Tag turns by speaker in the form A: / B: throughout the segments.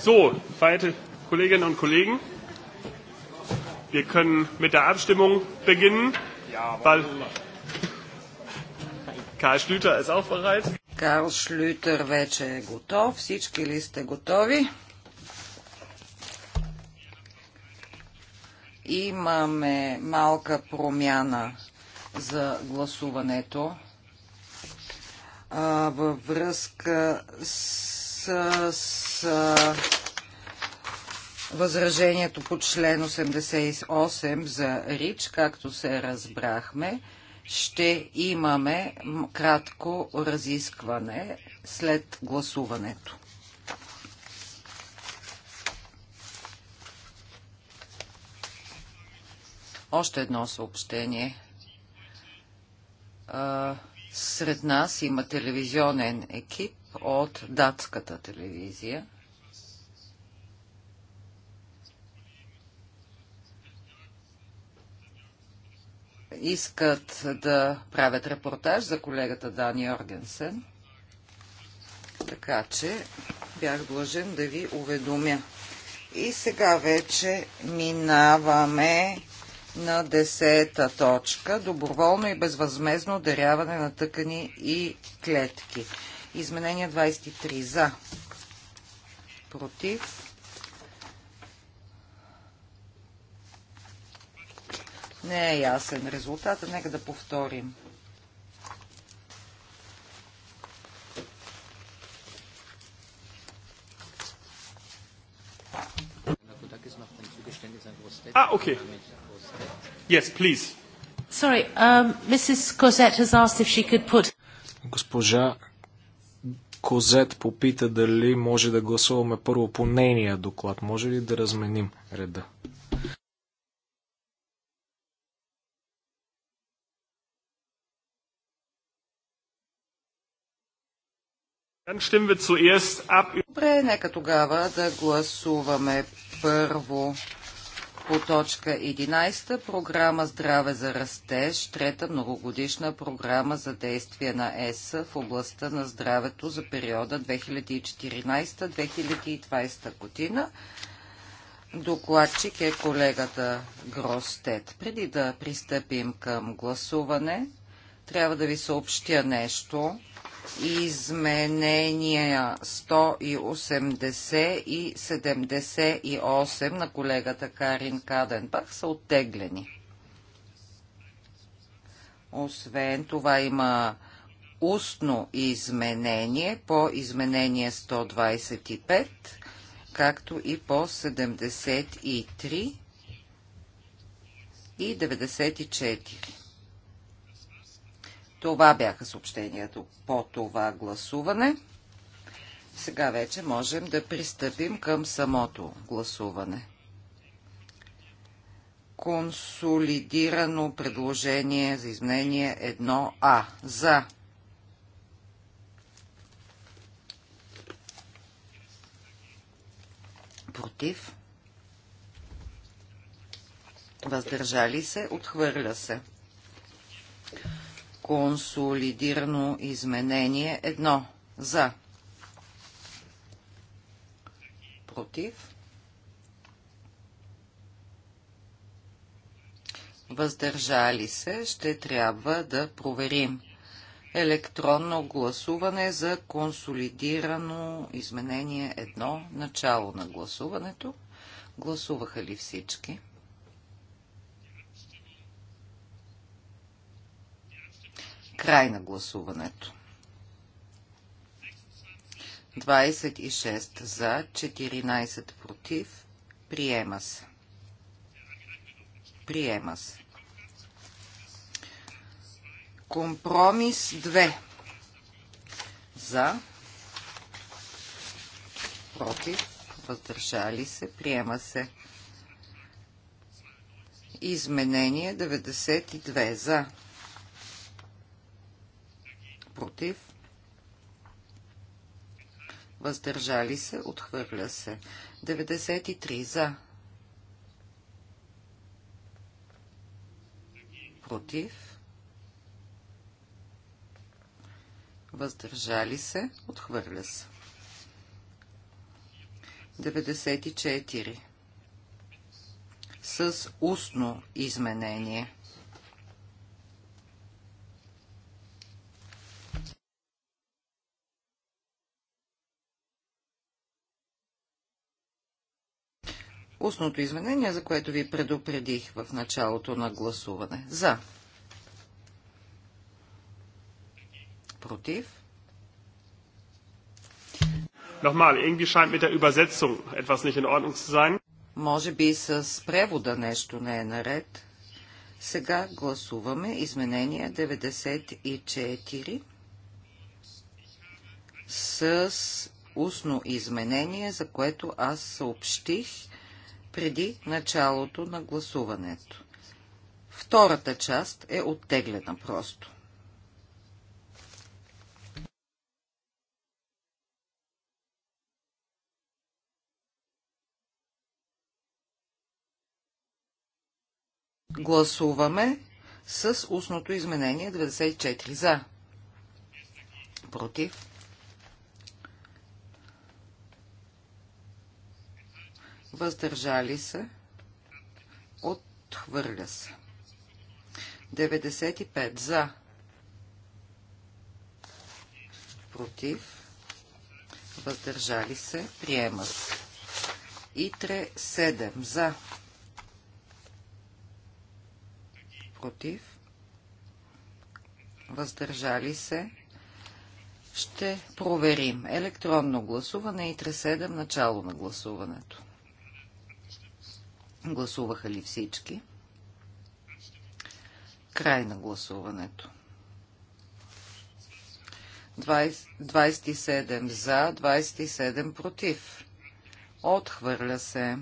A: So, verehrte Kolleginnen und Kollegen, wir können mit der Abstimmung beginnen, weil Karl Schlüter ist auch bereit. Karl Schlüter
B: вече е готов. Всички ли сте готови? Имаме малка промяна за гласуването а, във връзка с с възражението по член 88 за РИЧ, както се разбрахме, ще имаме кратко разискване след гласуването. Още едно съобщение. Сред нас има телевизионен екип, от датската телевизия. Искат да правят репортаж за колегата Дани Оргенсен. Така че бях длъжен да ви уведомя. И сега вече минаваме на десета точка – доброволно и безвъзмезно даряване на тъкани и клетки. Изменение 23 за. Против. Не е ясен резултата. Нека да повторим.
C: Ah, okay. Yes,
A: please. Sorry,
D: um, Mrs. Cosette has asked if she could put...
C: Госпожа Козет попита дали може да гласуваме първо по нейния доклад. Може ли да разменим реда?
B: Добре, нека тогава да гласуваме първо по точка 11 програма Здраве за растеж, трета многогодишна програма за действие на ЕС в областта на здравето за периода 2014-2020 година. Докладчик е колегата Гростет. Преди да пристъпим към гласуване, трябва да ви съобщя нещо изменения 180 и 78 на колегата Карин Каденбах са оттеглени. Освен това има устно изменение по изменение 125, както и по 73 и 94. Това бяха съобщението по това гласуване. Сега вече можем да пристъпим към самото гласуване. Консолидирано предложение за изменение 1А. За. Против. Въздържали се. Отхвърля се консолидирано изменение едно за против въздържали се ще трябва да проверим електронно гласуване за консолидирано изменение 1 начало на гласуването гласуваха ли всички Край на гласуването. 26 за, 14 против. Приема се. Приема се. Компромис 2. За. Против. Въздържали се. Приема се. Изменение 92. За против, въздържали се, отхвърля се. 93 за, против, въздържали се, отхвърля се. 94 с устно изменение. устното изменение, за което ви предупредих в началото на гласуване. За.
A: Против. Nochmal, irgendwie scheint mit der Übersetzung etwas nicht in Ordnung zu sein. Може
B: би с превода нещо не е наред. Сега гласуваме изменение 94 с устно изменение, за което аз съобщих преди началото на гласуването. Втората част е оттеглена просто. Гласуваме с устното изменение 94 за. Против. въздържали се, отхвърля се. 95 за, против, въздържали се, приема се. Итре 7 за, против, въздържали се, ще проверим. Електронно гласуване и 37 начало на гласуването. Гласуваха ли всички? Край на гласуването. 27 за, 27 против. Отхвърля се.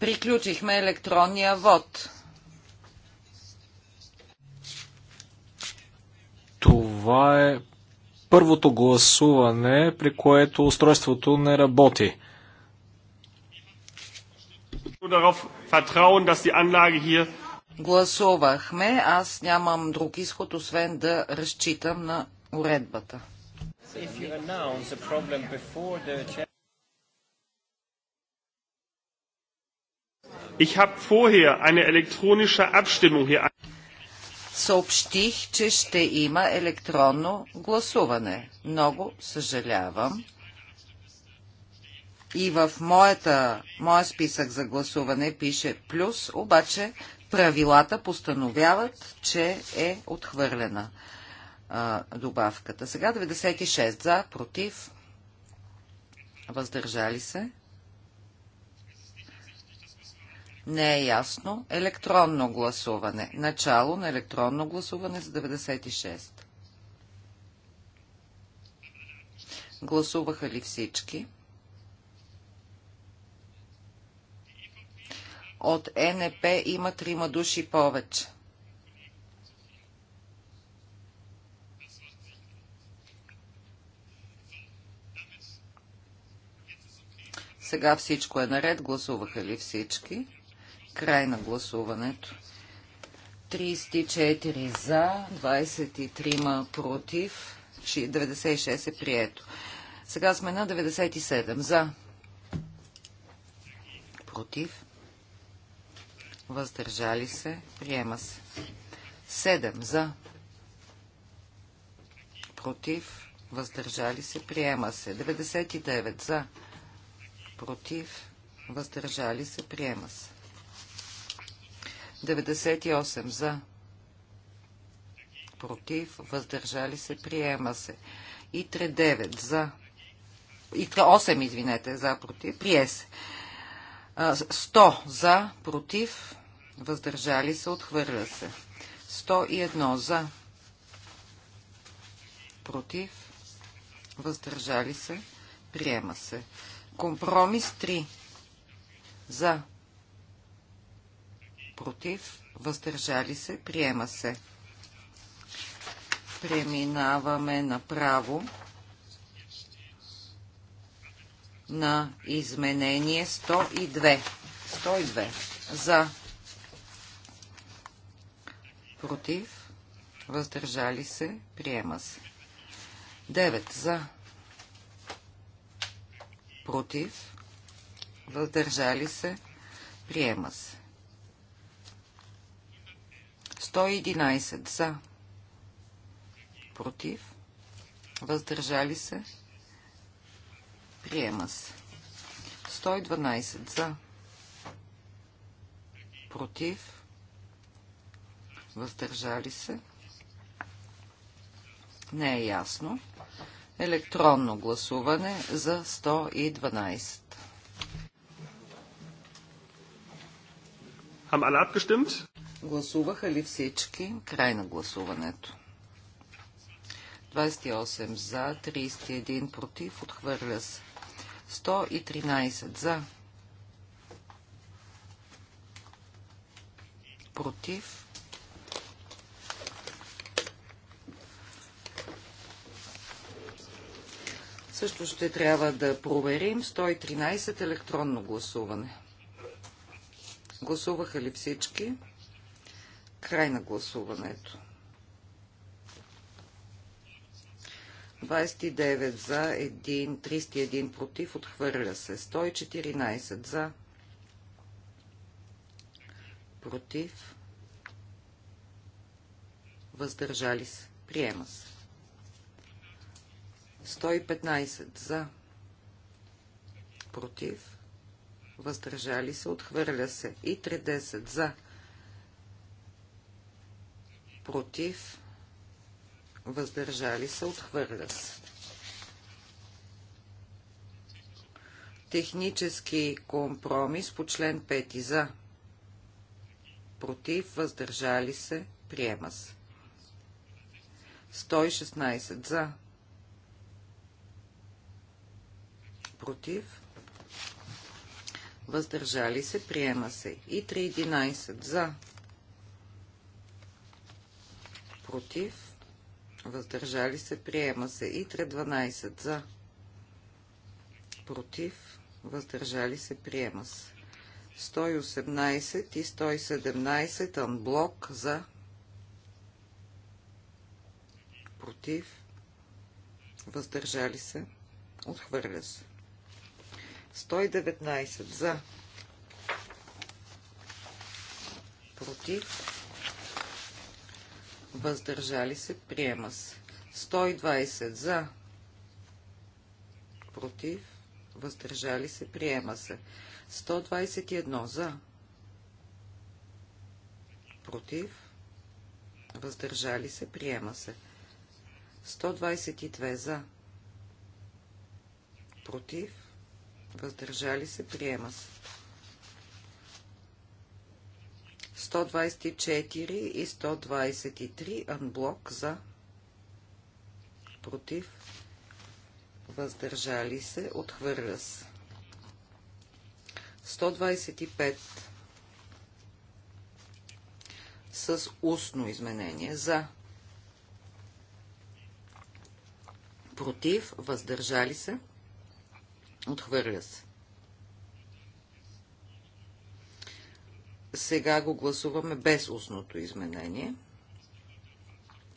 A: Приключихме електронния вод.
C: Това е първото гласуване, при което устройството не работи.
B: Гласувахме. Аз нямам друг изход, освен да разчитам на уредбата.
A: Ich habe vorher eine elektronische Abstimmung hier съобщих, че ще
B: има електронно гласуване. Много съжалявам. И в моята, моя списък за гласуване пише плюс, обаче правилата постановяват, че е отхвърлена а, добавката. Сега 96 за, против, въздържали се. не е ясно. Електронно гласуване. Начало на електронно гласуване за 96. Гласуваха ли всички? От НП има трима души повече. Сега всичко е наред. Гласуваха ли всички? Край на гласуването. 34 за, 23 против, 96 е прието. Сега сме на 97 за, против, въздържали се, приема се. 7 за, против, въздържали се, приема се. 99 за, против, въздържали се, приема се. 98 за, против, въздържали се, приема се. И 39 за, и 8, извинете, за, против, прие се. 100 за, против, въздържали се, отхвърля се. 101 за, против, въздържали се, приема се. Компромис 3 за, против, въздържали се, приема се. Преминаваме направо на изменение 102. 102. За. Против. Въздържали се. Приема се. 9. За. Против. Въздържали се. Приема се. 111 за, против, въздържали се, приема се. 112 за, против, въздържали се, не е ясно. Електронно гласуване за 112. Haben alle abgestimmt? Гласуваха ли всички? Край на гласуването. 28 за, 31 против, отхвърля се. 113 за. Против. Също ще трябва да проверим 113 електронно гласуване. Гласуваха ли всички? Край на гласуването. 29 за, 1, 301 против, отхвърля се. 114 за, против, въздържали се. Приема се. 115 за, против, въздържали се, отхвърля се. И 30 за, против против, въздържали се, отхвърля се. Технически компромис по член 5 за, против, въздържали се, приема се. 116 за, против, въздържали се, приема се. И 311 за, против, въздържали се, приема се. Итре 12 за, против, въздържали се, приема се. 118 и 117 анблок за, против, въздържали се, отхвърля се. 119 за, против, въздържали се, приема се. 120 за, против, въздържали се, приема се. 121 за, против, въздържали се, приема се. 122 за, против, въздържали се, приема се. 124 и 123 анблок за против въздържали се отхвърля се. 125 с устно изменение за против въздържали се отхвърля се. сега го гласуваме без устното изменение.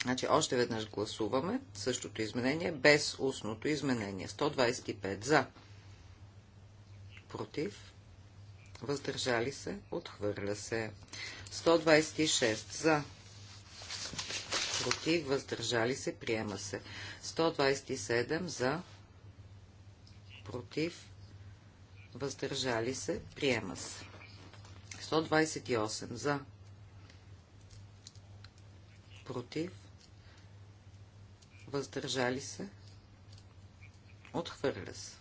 B: Значи още веднъж гласуваме същото изменение без устното изменение. 125 за. Против. Въздържали се. Отхвърля се. 126 за. Против. Въздържали се. Приема се. 127 за. Против. Въздържали се. Приема се. 128 за. Против. Въздържали се. Отхвърля се.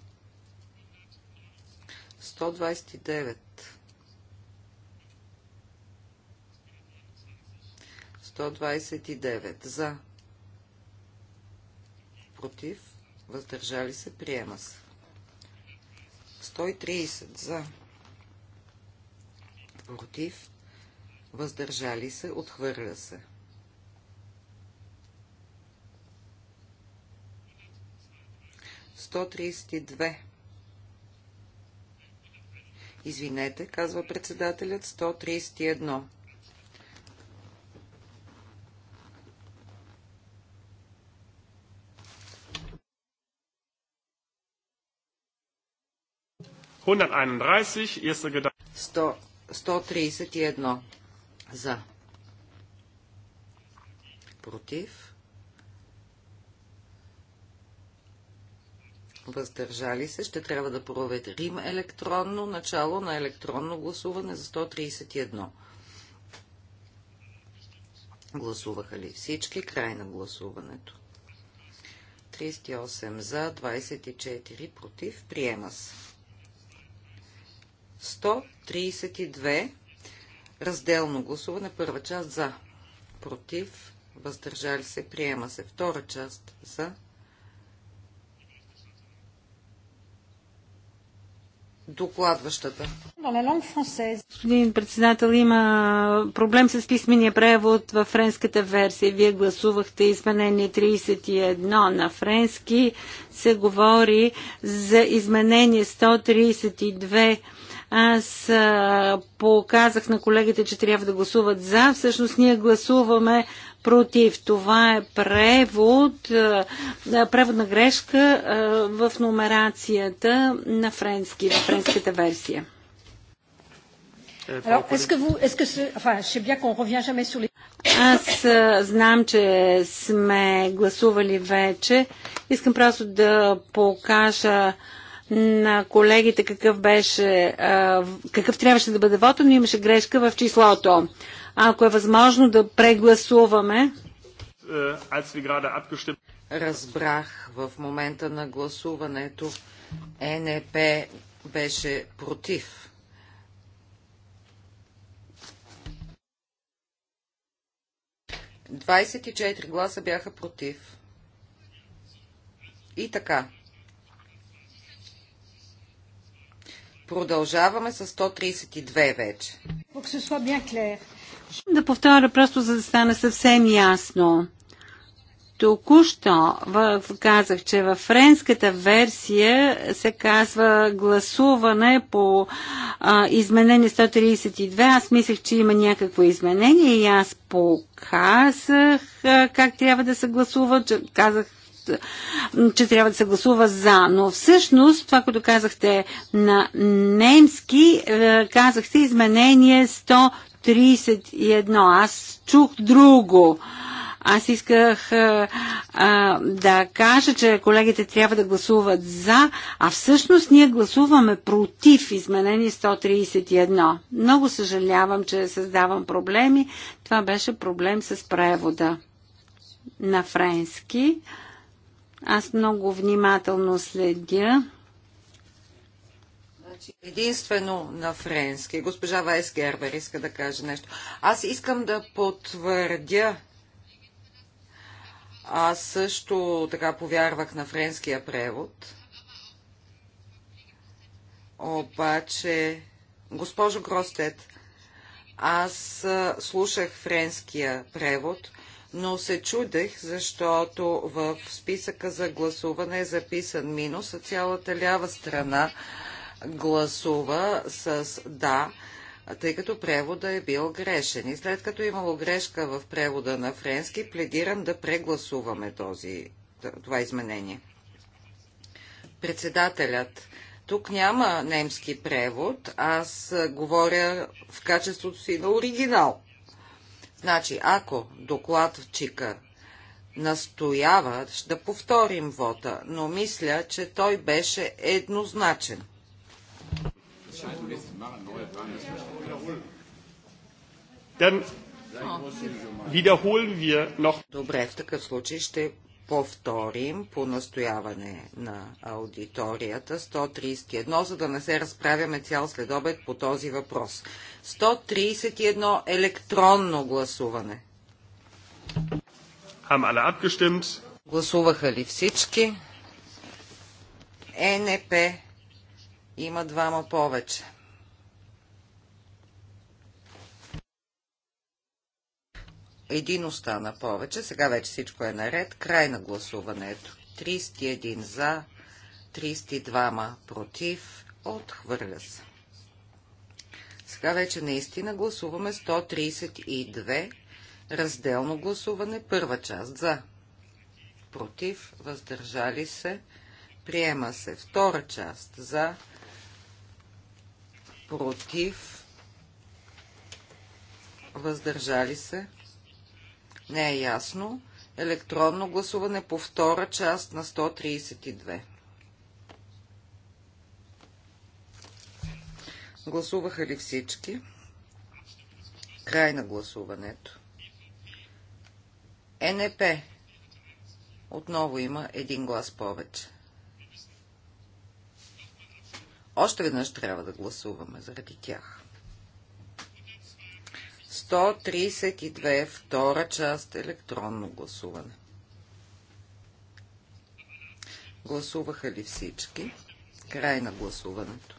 B: 129. 129 за. Против. Въздържали се. Приема се. 130 за против, въздържали се, отхвърля се. Сто Извинете, казва председателят, 131.
A: Hunderteinunddreißig, erster Gedanke. 131
B: за. Против. Въздържали се. Ще трябва да проверим електронно начало на електронно гласуване за 131. Гласуваха ли всички? Край на гласуването. 38 за, 24 против. Приема се. 132. Разделно гласуване. Първа част за. Против. Въздържали се. Приема се. Втора част за. докладващата.
D: Господин председател, има проблем с писмения превод във френската версия. Вие гласувахте изменение 31 на френски. Се говори за изменение 132 аз а, показах на колегите, че трябва да гласуват за. Всъщност ние гласуваме против. Това е превод, а, преводна грешка а, в номерацията на френски, на френската версия. Аз знам, че сме гласували вече. Искам просто да покажа на колегите какъв беше, какъв трябваше да бъде вота, но имаше грешка в
B: числото.
D: Ако е възможно да прегласуваме.
B: Е, Разбрах в момента на гласуването е НП беше против. Двадесет и четири гласа бяха против. И така, Продължаваме с 132 вече.
D: Да повторя просто, за да стане съвсем ясно. Току-що казах, че във френската версия се казва гласуване по а, изменение 132. Аз мислех, че има някакво изменение и аз показах а, как трябва да се гласува. Че, казах че трябва да се гласува за. Но всъщност това, което казахте на немски, е, казахте изменение 131. Аз чух друго. Аз исках а, е, а, е, да кажа, че колегите трябва да гласуват за, а всъщност ние гласуваме против изменение 131. Много съжалявам, че създавам проблеми. Това беше проблем с превода на френски. А, аз много внимателно следя.
B: Значи, единствено на френски. Госпожа Вайс Гербер иска да каже нещо. Аз искам да потвърдя. Аз също така повярвах на френския превод. Обаче, госпожо Гростет, аз слушах френския превод, но се чудех, защото в списъка за гласуване е записан минус, а цялата лява страна гласува с да, тъй като превода е бил грешен. И след като е имало грешка в превода на френски, пледирам да прегласуваме този, това изменение. Председателят тук няма немски превод. Аз говоря в качеството си на оригинал. Значи, ако докладчика настоява да повторим вота, но мисля, че той беше еднозначен. Добре, в такъв случай ще повторим по настояване на аудиторията 131, за да не се разправяме цял следобед по този въпрос. 131 електронно гласуване. Гласуваха ли всички? ЕНП има двама повече. Един остана повече. Сега вече всичко е наред. Край на гласуването. 31 за, 32 против. Отхвърля се. Сега вече наистина гласуваме 132 разделно гласуване. Първа част за, против, въздържали се. Приема се втора част за, против, въздържали се. Не е ясно. Електронно гласуване по втора част на 132. Гласуваха ли всички? Край на гласуването. Е НП. Отново има един глас повече. Още веднъж трябва да гласуваме заради тях. 132, втора част, електронно гласуване. Гласуваха ли всички? Край на гласуването.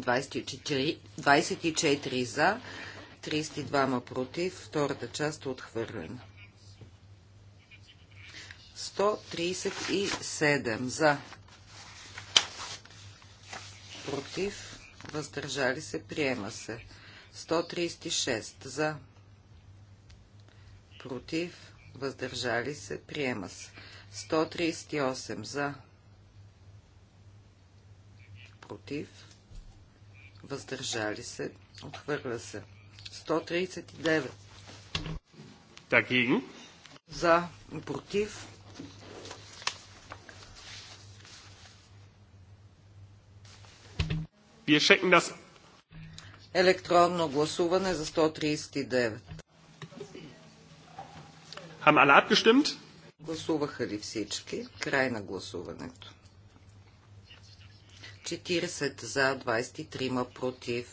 B: 24, 24 за, 32 против, втората част е отхвърлена. 137 за, против, въздържали се, приема се. 136 за, против, въздържали се, приема се. 138 за, против, въздържали се, отхвърля се. 139 Dagegen? За, против.
A: Wir checken das
B: Електронно гласуване за 139. Haben alle abgestimmt? Гласуваха ли всички? Край на гласуването. 40 за, 23 против.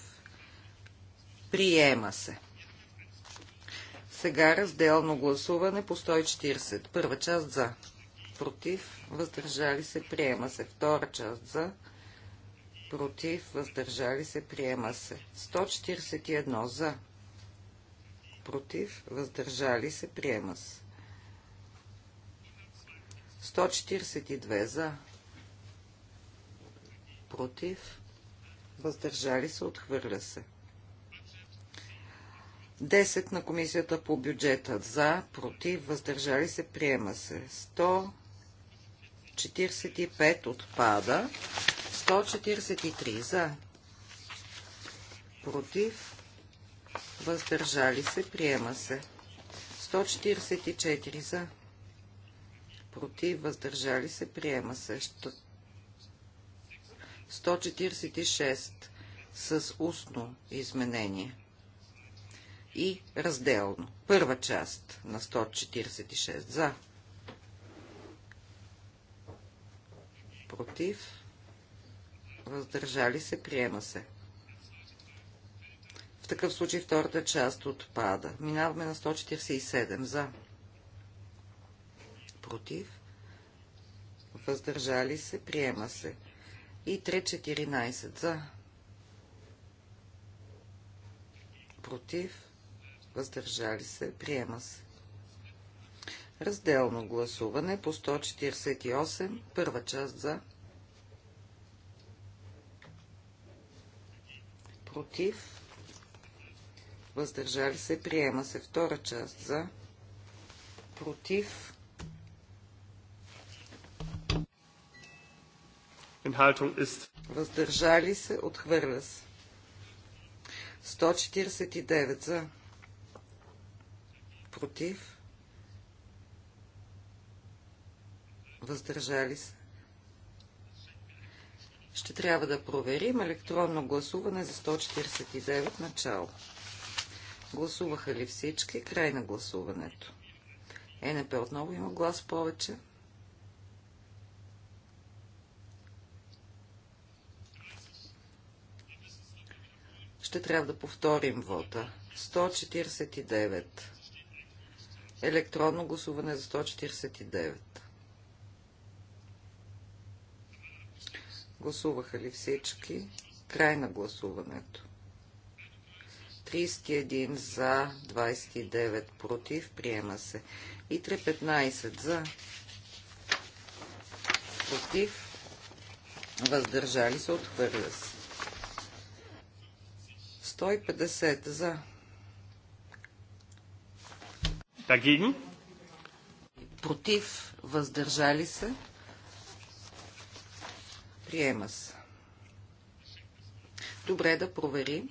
B: Приема се. Сега разделно гласуване по 140. Първа част за. Против. Въздържали се. Приема се. Втора част за против, въздържали се, приема се. 141 за, против, въздържали се, приема се. 142 за, против, въздържали се, отхвърля се. 10 на комисията по бюджета за, против, въздържали се, приема се. 145 отпада. 143 за, против, въздържали се, приема се. 144 за, против, въздържали се, приема се. 146 с устно изменение и разделно. Първа част на 146 за, против, въздържали се, приема се. В такъв случай втората част отпада. Минаваме на 147 за. Против. Въздържали се, приема се. И 3.14 за. Против. Въздържали се, приема се. Разделно гласуване по 148, първа част за против, въздържали се, приема се. Втора част за,
A: против.
B: Въздържали се, отхвърля се. 149 за, против, въздържали се. Ще трябва да проверим електронно гласуване за 149 начало. Гласуваха ли всички? Край на гласуването. ЕНП отново има глас повече. Ще трябва да повторим вота. 149. Електронно гласуване за 149. Гласуваха ли всички? Край на гласуването. 31 за, 29 против, приема се. И 315 за, против, въздържали се, отхвърля се. 150 за. Тагини? Против, въздържали се. Приема се. Добре да проверим.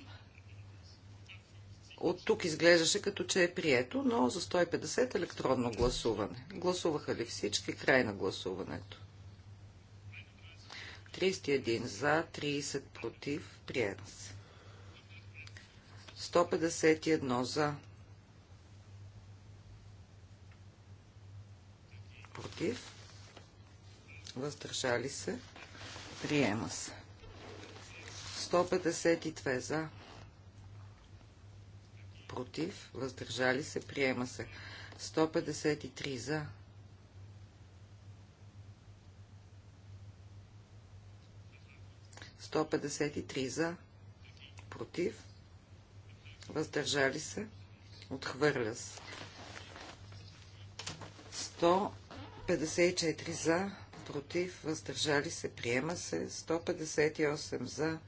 B: От тук изглеждаше като че е прието, но за 150 електронно гласуване. Гласуваха ли всички? Край на гласуването. 31 за, 30 против. Приема се. 151 за. Против. Въздържали се. Приема се. 152 за. Против. Въздържали се. Приема се. 153 за. за, против, въздържали се, отхвърля се. 154 за, против, въздържали се, приема се. 158 за,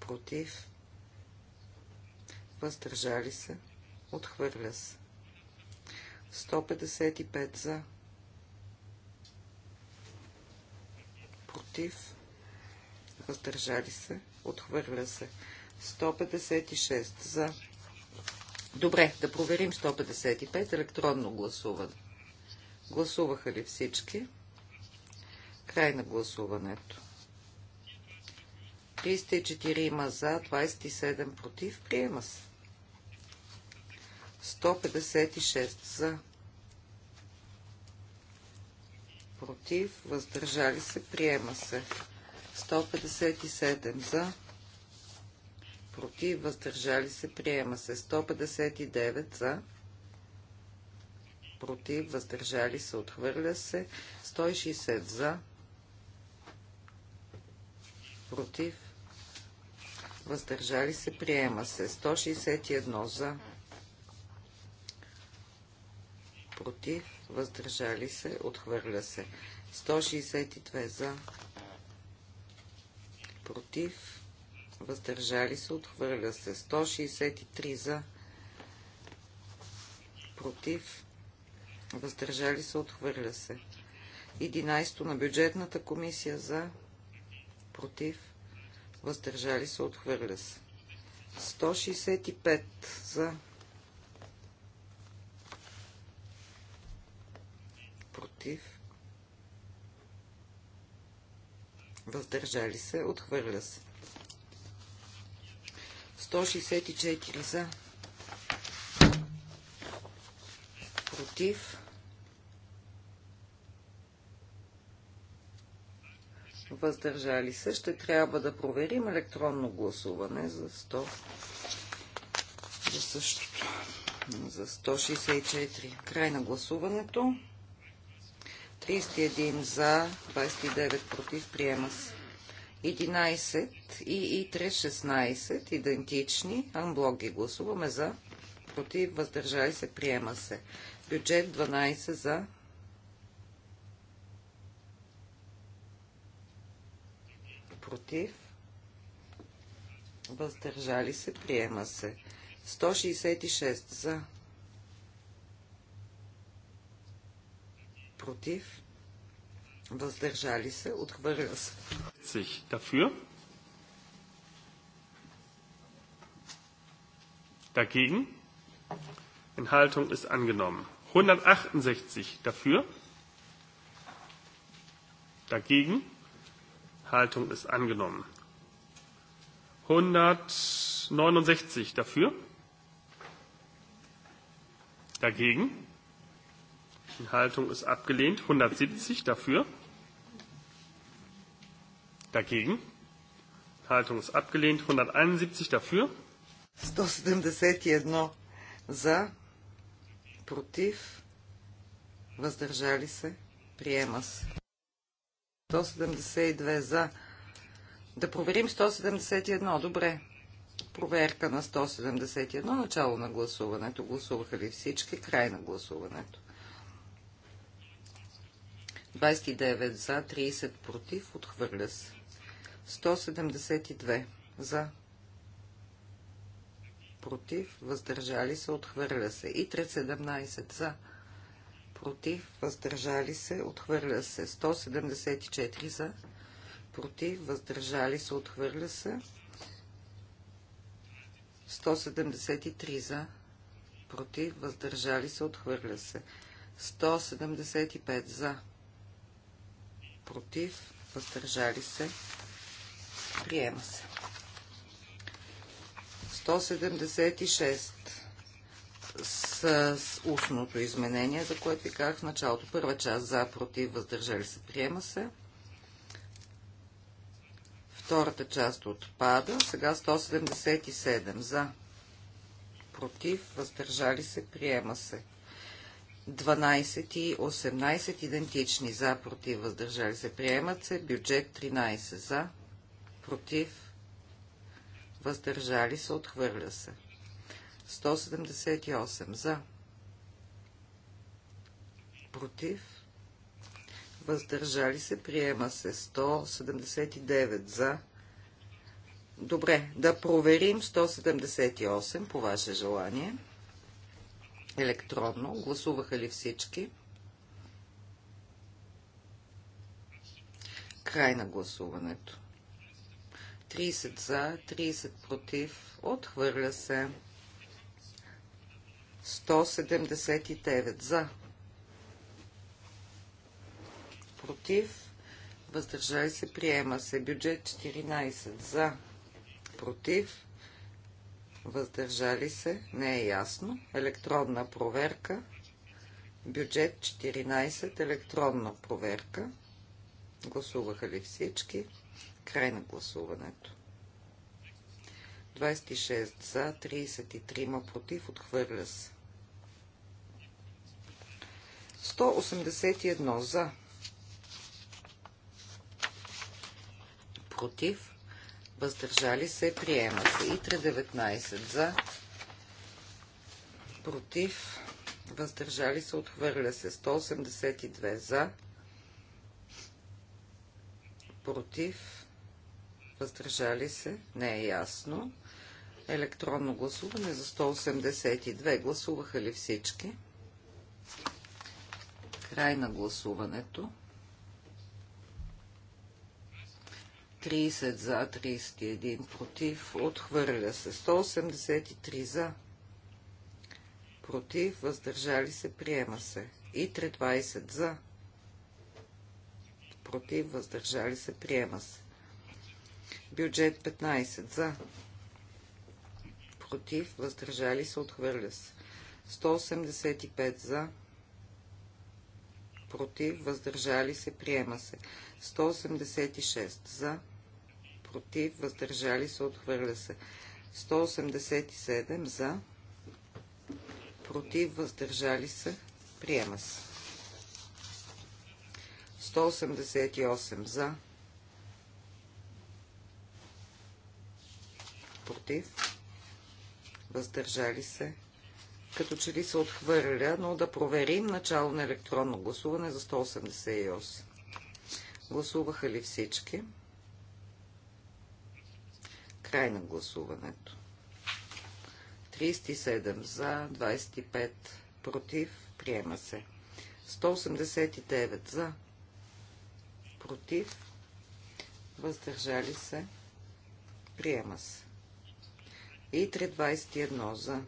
B: против, въздържали се, отхвърля се. 155 за, против, въздържали се, отхвърля се. 156 за. Добре, да проверим 155 електронно гласуване. Гласуваха ли всички? Край на гласуването. 304 има за, 27 против. Приема се. 156 за. Против. Въздържали се. Приема се. 157 за. Против. Въздържали се. Приема се. 159 за против, въздържали се, отхвърля се. 160 за, против, въздържали се, приема се. 161 за, против, въздържали се, отхвърля се. 162 за, против, въздържали се, отхвърля се. 163 за, против, въздържали се, отхвърля се. 11 на бюджетната комисия за, против, въздържали се, отхвърля се. 165 за, против, въздържали се, отхвърля се. 164 за, против, въздържали се. Ще трябва да проверим електронно гласуване за 100. За същото. За 164. Край на гласуването. 31 за, 29 против, приема се. 11 и 3, 16, идентични, анблок ги гласуваме за, против, въздържали се, приема се. Бюджет 12 за, против, въздържали се, приема се. 166 за, против, въздържали се, отхвърля се.
A: Дафюр. Дагеген. Enthaltung ist angenommen. 168 dafür. Dagegen? Enthaltung ist angenommen. 169 dafür. Dagegen. Enthaltung ist abgelehnt. 170 dafür. Dagegen. Enthaltung ist abgelehnt. 171 dafür.
B: 171 за. Против. Въздържали се. Приема се. 172 за. Да проверим 171. Добре. Проверка на 171. Начало на гласуването. Гласуваха ли всички? Край на гласуването. 29 за, 30 против. Отхвърля се. 172 за. Против. Въздържали се. Отхвърля се. И 317 за против, въздържали се, отхвърля се. 174 за, против, въздържали се, отхвърля се. 173 за, против, въздържали се, отхвърля се. 175 за, против, въздържали се, приема се. 176 с, с устното изменение, за което ви казах в началото. Първа част за, против, въздържали се, приема се. Втората част отпада. Сега 177 за, против, въздържали се, приема се. 12 и 18 идентични за, против, въздържали се, приемат се. Бюджет 13 за, против, въздържали се, отхвърля се. 178 за. Против. Въздържали се. Приема се 179 за. Добре, да проверим 178 по ваше желание. Електронно. Гласуваха ли всички? Край на гласуването. 30 за, 30 против. Отхвърля се. 179 за. Против. Въздържали се. Приема се. Бюджет 14 за. Против. Въздържали се. Не е ясно. Електронна проверка. Бюджет 14. Електронна проверка. Гласуваха ли всички? Край на гласуването. 26 за, 33 против, отхвърля се. 181 за. Против. Въздържали се. Приема се. И 319 за. Против. Въздържали се. Отхвърля се. 182 за. Против. Въздържали се. Не е ясно електронно гласуване за 182. Гласуваха ли всички? Край на гласуването. 30 за, 31 против, отхвърля се 183 за, против, въздържали се, приема се и 320 за, против, въздържали се, приема се. Бюджет 15 за, против, въздържали се, отхвърля се. 185 за, против, въздържали се, приема се. 186 за, против, въздържали се, отхвърля се. 187 за, против, въздържали се, приема се. 188 за, против, въздържали се, като че ли се отхвърля, но да проверим начало на електронно гласуване за 188. Гласуваха ли всички? Край на гласуването. 37 за, 25 против, приема се. 189 за, против, въздържали се, приема се. И 321 за,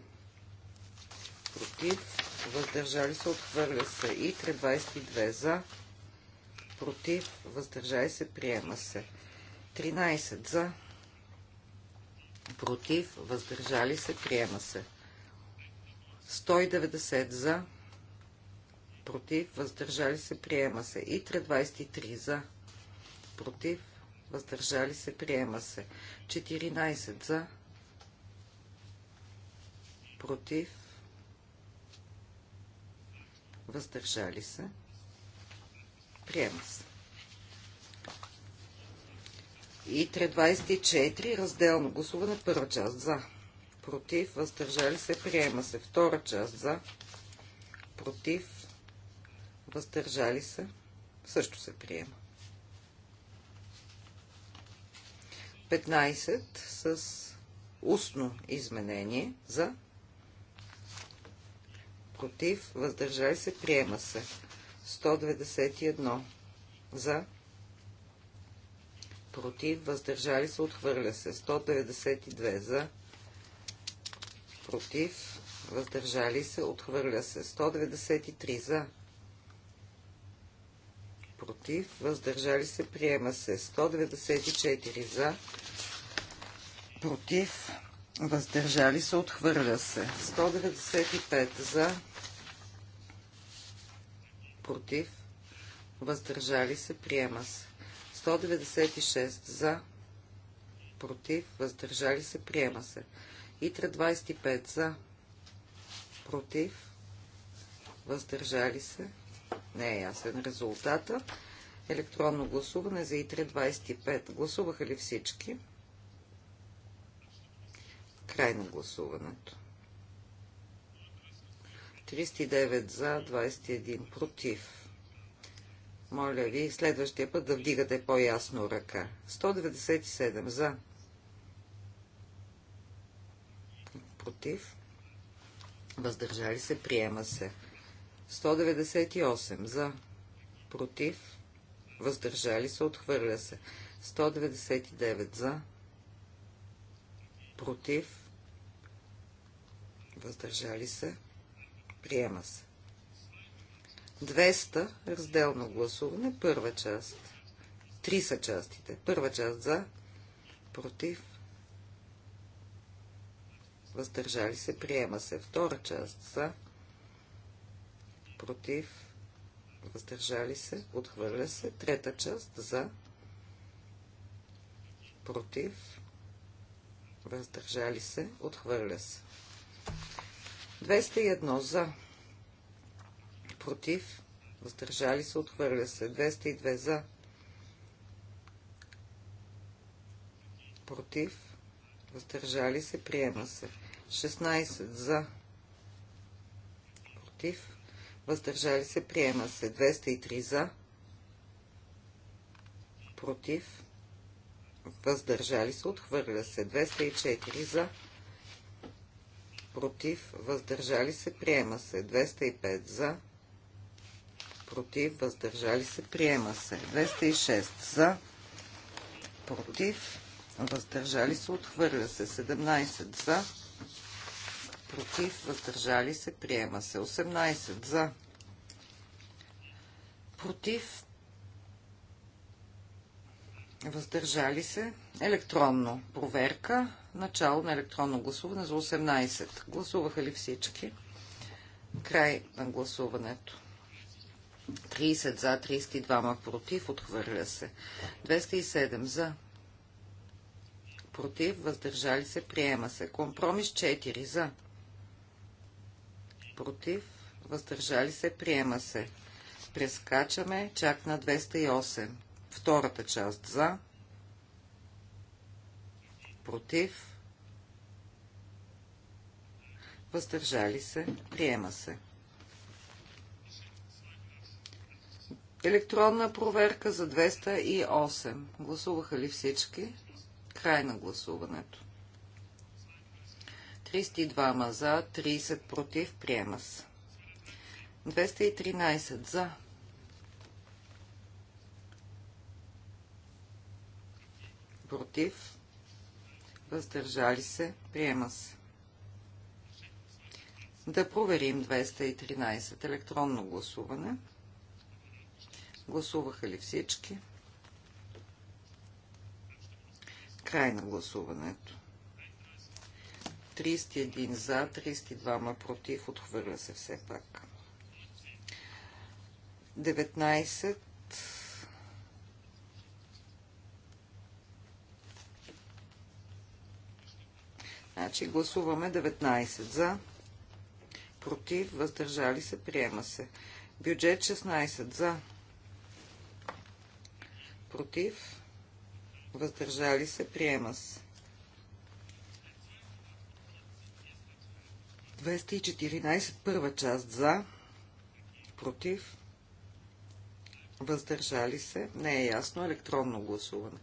B: против, въздържали се, отхвърля се. И 322 за, против, въздържали се, приема се. 13 за, против, въздържали се, приема се. 190 за, против, въздържали се, приема се. И 323 за, против, въздържали се, приема се. 14 за, против, въздържали се, приема се. И 324 разделно гласуване, първа част за, против, въздържали се, приема се, втора част за, против, въздържали се, също се приема. 15 с устно изменение за против, въздържали се, приема се. 191 за, против, въздържали се, отхвърля се. 192 за, против, въздържали се, отхвърля се. 193 за, против, въздържали се, приема се. 194 за, против, въздържали се, отхвърля се. 195 за, против, въздържали се, приема се. 196 за, против, въздържали се, приема се. Итра 25 за, против, въздържали се, не е ясен резултата. Електронно гласуване за Итре 25. Гласуваха ли всички? Край на гласуването. 39 за, 21 против. Моля ви, следващия път да вдигате по-ясно ръка. 197 за. Против. Въздържали се, приема се. 198 за. Против. Въздържали се, отхвърля се. 199 за. Против въздържали се, приема се. 200 разделно гласуване, първа част. Три са частите. Първа част за, против, въздържали се, приема се. Втора част за, против, въздържали се, отхвърля се. Трета част за, против, въздържали се, отхвърля се. 201 за, против, въздържали се, отхвърля се. 202 за, против, въздържали се, приема се. 16 за, против, въздържали се, приема се. 203 за, против, въздържали се, отхвърля се. 204 за, против, против, въздържали се, приема се. 205 за, против, въздържали се, приема се. 206 за, против, въздържали се, отхвърля се. 17 за, против, въздържали се, приема се. 18 за, против, въздържали се, електронно проверка, начало на електронно гласуване за 18. Гласуваха ли всички? Край на гласуването. 30 за, 32 против, отхвърля се. 207 за, против, въздържали се, приема се. Компромис 4 за, против, въздържали се, приема се. Прескачаме чак на 208. Втората част за, против, въздържали се, приема се. Електронна проверка за 208. Гласуваха ли всички? Край на гласуването. 32 за, 30 против, приема се. 213 за, против, въздържали се, приема се. Да проверим 213 електронно гласуване. Гласуваха ли всички? Край на гласуването. 31 за, 32 ма против, отхвърля се все пак. 19 Значи гласуваме 19 за, против, въздържали се, приема се. Бюджет 16 за, против, въздържали се, приема се. 214 първа част за, против, въздържали се, не е ясно, електронно гласуване. 214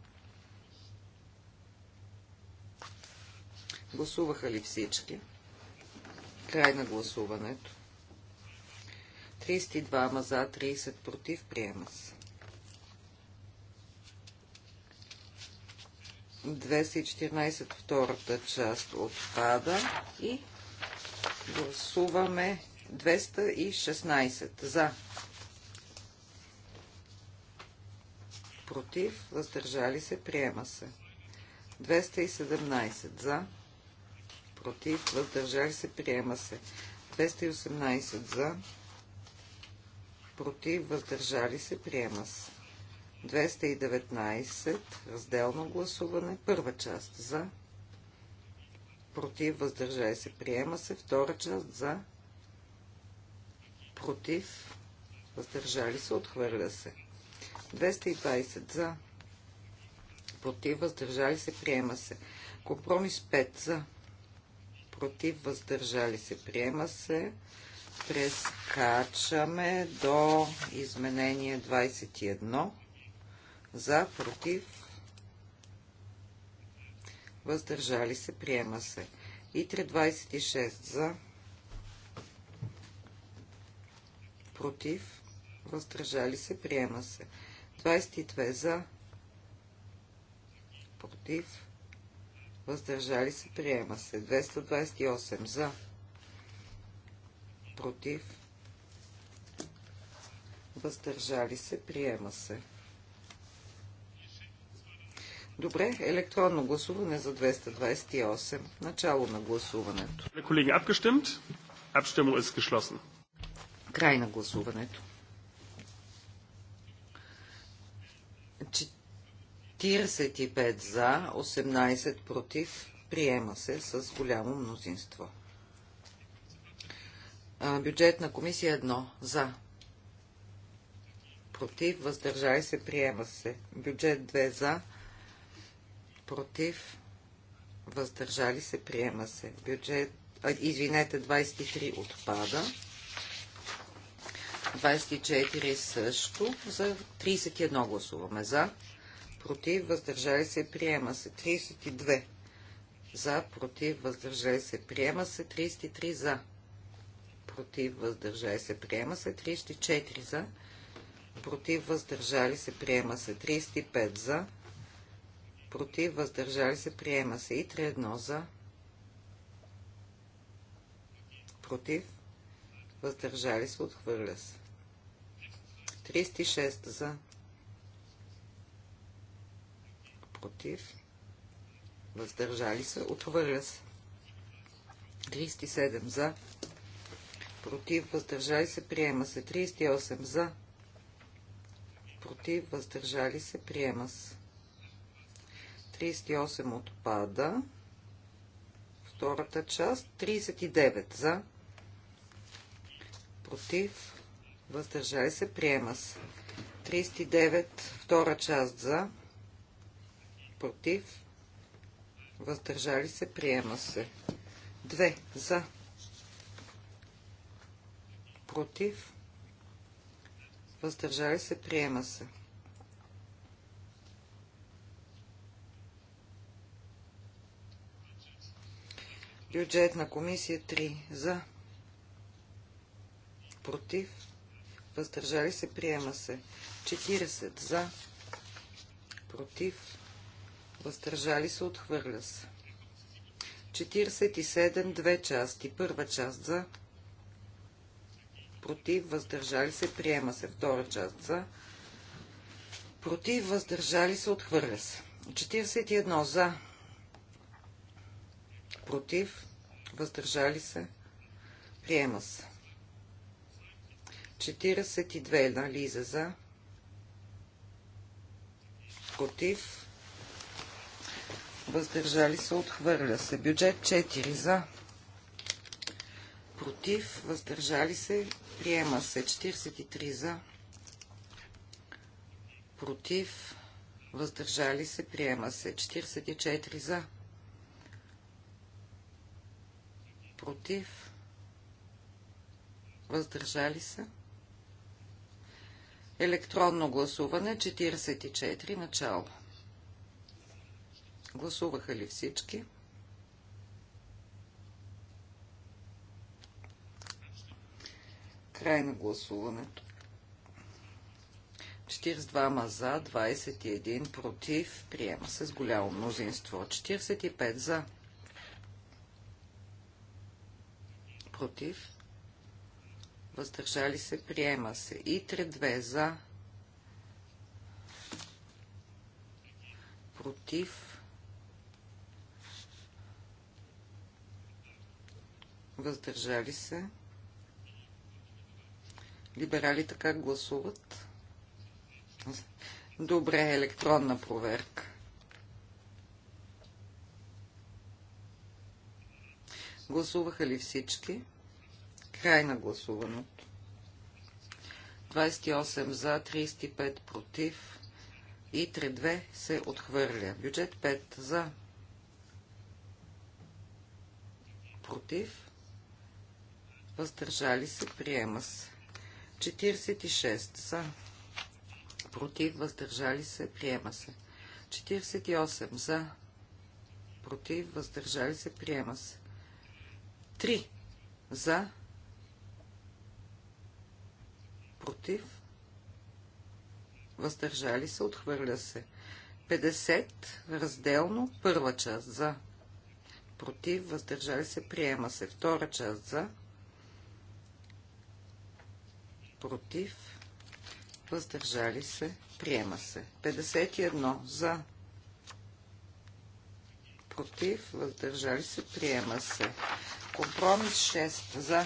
B: Гласуваха ли всички? Край на гласуването. 32 за, 30 против. Приема се. 214 втората част отпада и гласуваме 216 за. Против, въздържали се, приема се. 217 за против, въздържали се, приема се. 218 за, против, въздържали се, приема се. 219, разделно гласуване, първа част за, против, въздържали се, приема се, втора част за, против, въздържали се, отхвърля се. 220 за, против, въздържали се, приема се. Компромис 5 за, против, въздържали се, приема се. Прескачаме до изменение 21 за, против, въздържали се, приема се. И 326 за, против, въздържали се, приема се. 22 за, против, въздържали се, приема се. 228 за, против, въздържали се, приема се. Добре, електронно гласуване за 228.
A: Начало на гласуването. Колеги, abgestimmt. Abstimmung ist geschlossen. Край на гласуването.
B: 45 за, 18 против. Приема се с голямо мнозинство. Бюджетна комисия 1 е за. Против. Въздържай се. Приема се. Бюджет 2 за. Против. Въздържали се. Приема се. Бюджет. Извинете, 23 отпада. 24 също. За 31 гласуваме за против, въздържали се, приема се. 32 за, против, въздържали се, приема се. 33 за, против, въздържали се, приема се. 34 за, против, въздържали се, приема се. 35 за, против, въздържали се, приема се. И 31 за, против, въздържали се, отхвърля се. 36 за, против, въздържали се, отвърля се. 37 за, против, въздържали се, приема се. 38 за, против, въздържали се, приема се. 38 отпада. Втората част. 39 за. Против. Въздържали се. Приема се. 39. Втора част за против, въздържали се, приема се. 2 за, против, въздържали се, приема се. Бюджет на комисия 3 за, против, въздържали се, приема се. 40 за, против, въздържали се, отхвърля се. 47, две части. Първа част за, против, въздържали се, приема се. Втора част за, против, въздържали се, отхвърля се. 41 за, против, въздържали се, приема се. 42 на Лиза за, против, въздържали се, отхвърля се. Бюджет 4 за, против, въздържали се, приема се. 43 за, против, въздържали се, приема се. 44 за, против, въздържали се. Електронно гласуване 44 начало. Гласуваха ли всички? Край на гласуването. 42 за, 21 против. Приема се с голямо мнозинство. 45 за. Против. Въздържали се. Приема се. И 3-2 за. Против въздържали се. Либералите как гласуват? Добре, електронна проверка. Гласуваха ли всички? Край на гласуването. 28 за, 35 против и 3-2 се отхвърля. Бюджет 5 за, против, въздържали се, приема се. 46 за, против, въздържали се, приема се. 48 за, против, въздържали се, приема се. 3 за, против, въздържали се, отхвърля се. 50 разделно, първа част за, против, въздържали се, приема се. Втора част за, против, въздържали се, приема се. 51 за, против, въздържали се, приема се. Компромис 6 за,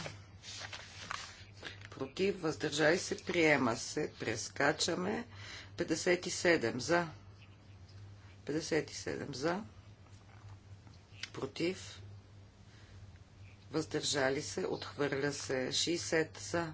B: против, въздържали се, приема се. Прескачаме. 57 за, 57 за, против, въздържали се, отхвърля се. 60 за,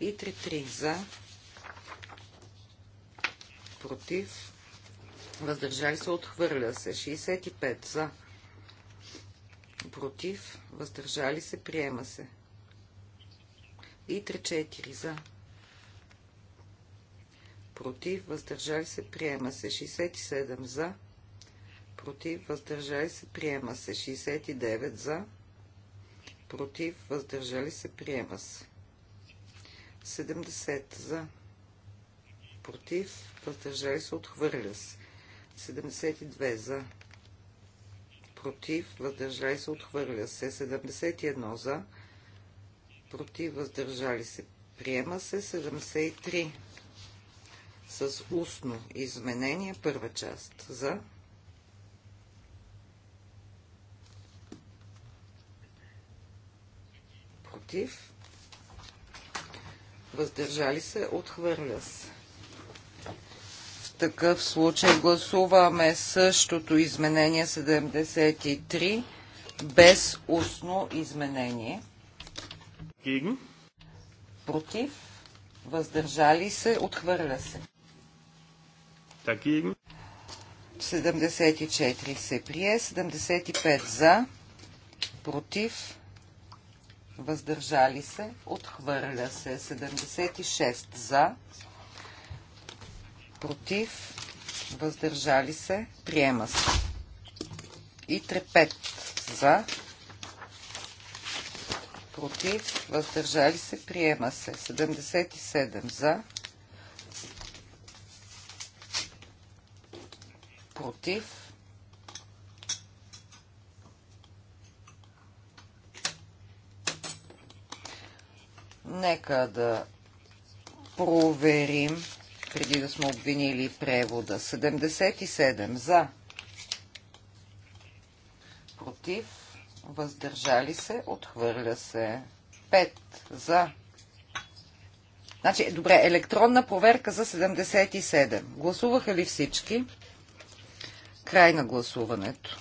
B: и 3-3 за, против, въздържали се, отхвърля се, 65 за, против, въздържали се, приема се. И 3-4 за, против, въздържали се, приема се, 67 за, против, въздържали се, приема се, 69 за, против, въздържали се, приема се. 70 за. Против. Въздържали се. Отхвърля се. 72 за. Против. Въздържали се. Отхвърля се. 71 за. Против. Въздържали се. Приема се. 73 с устно изменение. Първа част за. Против въздържали се, отхвърля се. В такъв случай гласуваме същото изменение 73 без устно изменение. Gegen. Против, въздържали се, отхвърля се. Dagegen. 74 се прие, 75 за, против, въздържали се, отхвърля се. 76 за, против, въздържали се, приема се. И трепет за, против, въздържали се, приема се. 77 за, против, Нека да проверим, преди да сме обвинили превода. 77 за, против, въздържали се, отхвърля се. 5 за. Значи, добре, електронна проверка за 77. Гласуваха ли всички? Край на гласуването.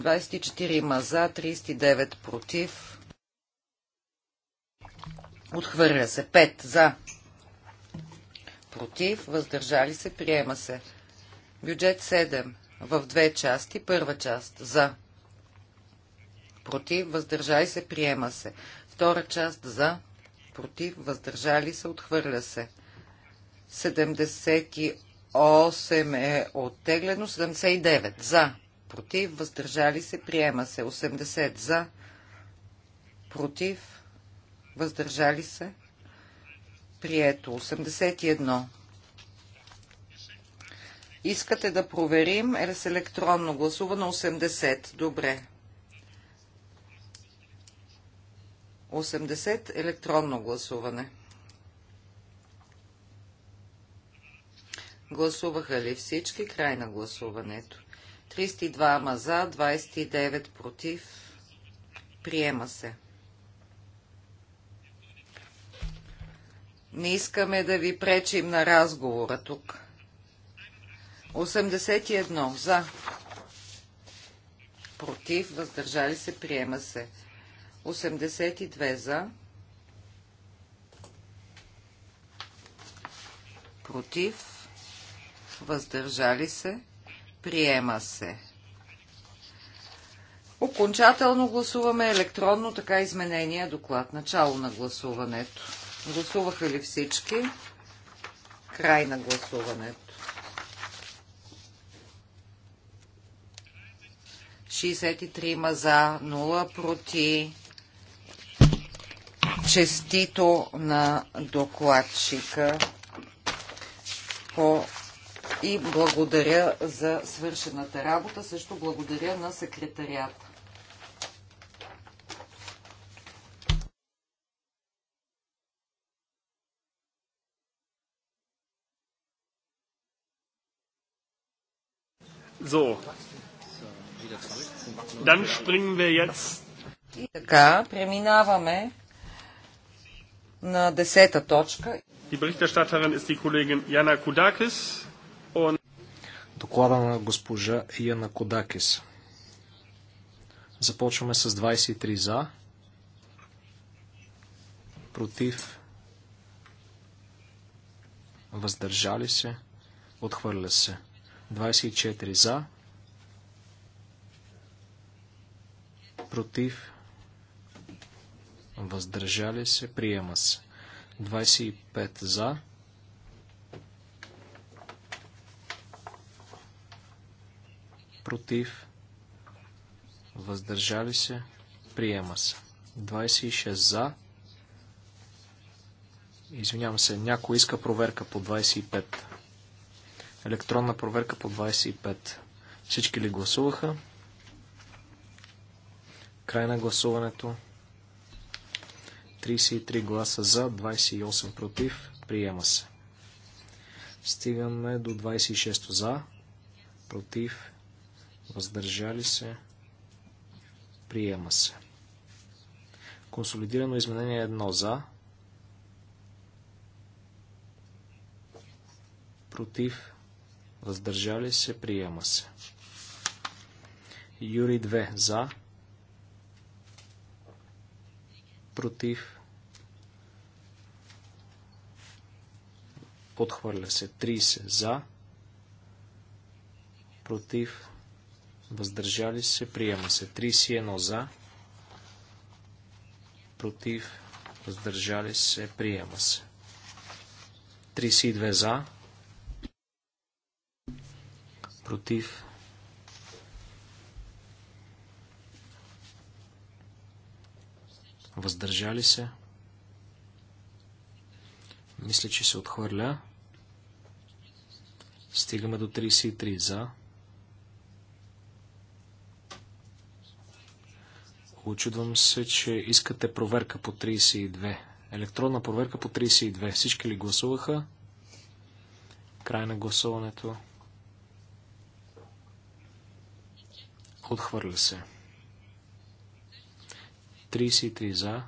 B: 24 ма за, 39 против, Отхвърля се. 5 за. Против. Въздържали се. Приема се. Бюджет 7. В две части. Първа част. За. Против. Въздържали се. Приема се. Втора част. За. Против. Въздържали се. Отхвърля се. 78 е оттеглено. 79. За. Против. Въздържали се. Приема се. 80. За. Против въздържали се, прието. 81. Искате да проверим е с електронно гласуване 80. Добре. 80 електронно гласуване. Гласуваха ли всички? Край на гласуването. 32 ма за, 29 против. Приема се. Не искаме да ви пречим на разговора тук. 81 за. Против, въздържали се, приема се. 82 за. Против, въздържали се, приема се. Окончателно гласуваме електронно така изменения доклад. Начало на гласуването. Гласуваха ли всички? Край на гласуването. 63 за, 0 против. Честито на докладчика по и благодаря за свършената работа. Също благодаря на секретарията.
A: So. Dann springen wir jetzt. така, преминаваме
B: на десета точка. Die
A: Berichterstatterin ist die Kollegin Jana Kudakis. Und...
C: Доклада на госпожа Яна Кодакис. Започваме с 23 за, против, въздържали се, отхвърля се. 24 за, против, въздържали се, приема се. 25 за, против, въздържали се, приема се. 26 за, извинявам се, някой иска проверка по 25. Електронна проверка по 25. Всички ли гласуваха? Край на гласуването. 33 гласа за, 28 против. Приема се. Стигаме до 26 за, против, въздържали се, приема се. Консолидирано изменение 1 за, против, въздържали се, приема се. Юри 2 за, против, отхвърля се 30 за, против, въздържали се, приема се 31 за, против, въздържали се, приема се. 32 за, против, въздържали се. Мисля, че се отхвърля. Стигаме до 33 за. Очудвам се, че искате проверка по 32. Електронна проверка по 32. Всички ли гласуваха? Край на гласуването. Отхвърля се. 33 за.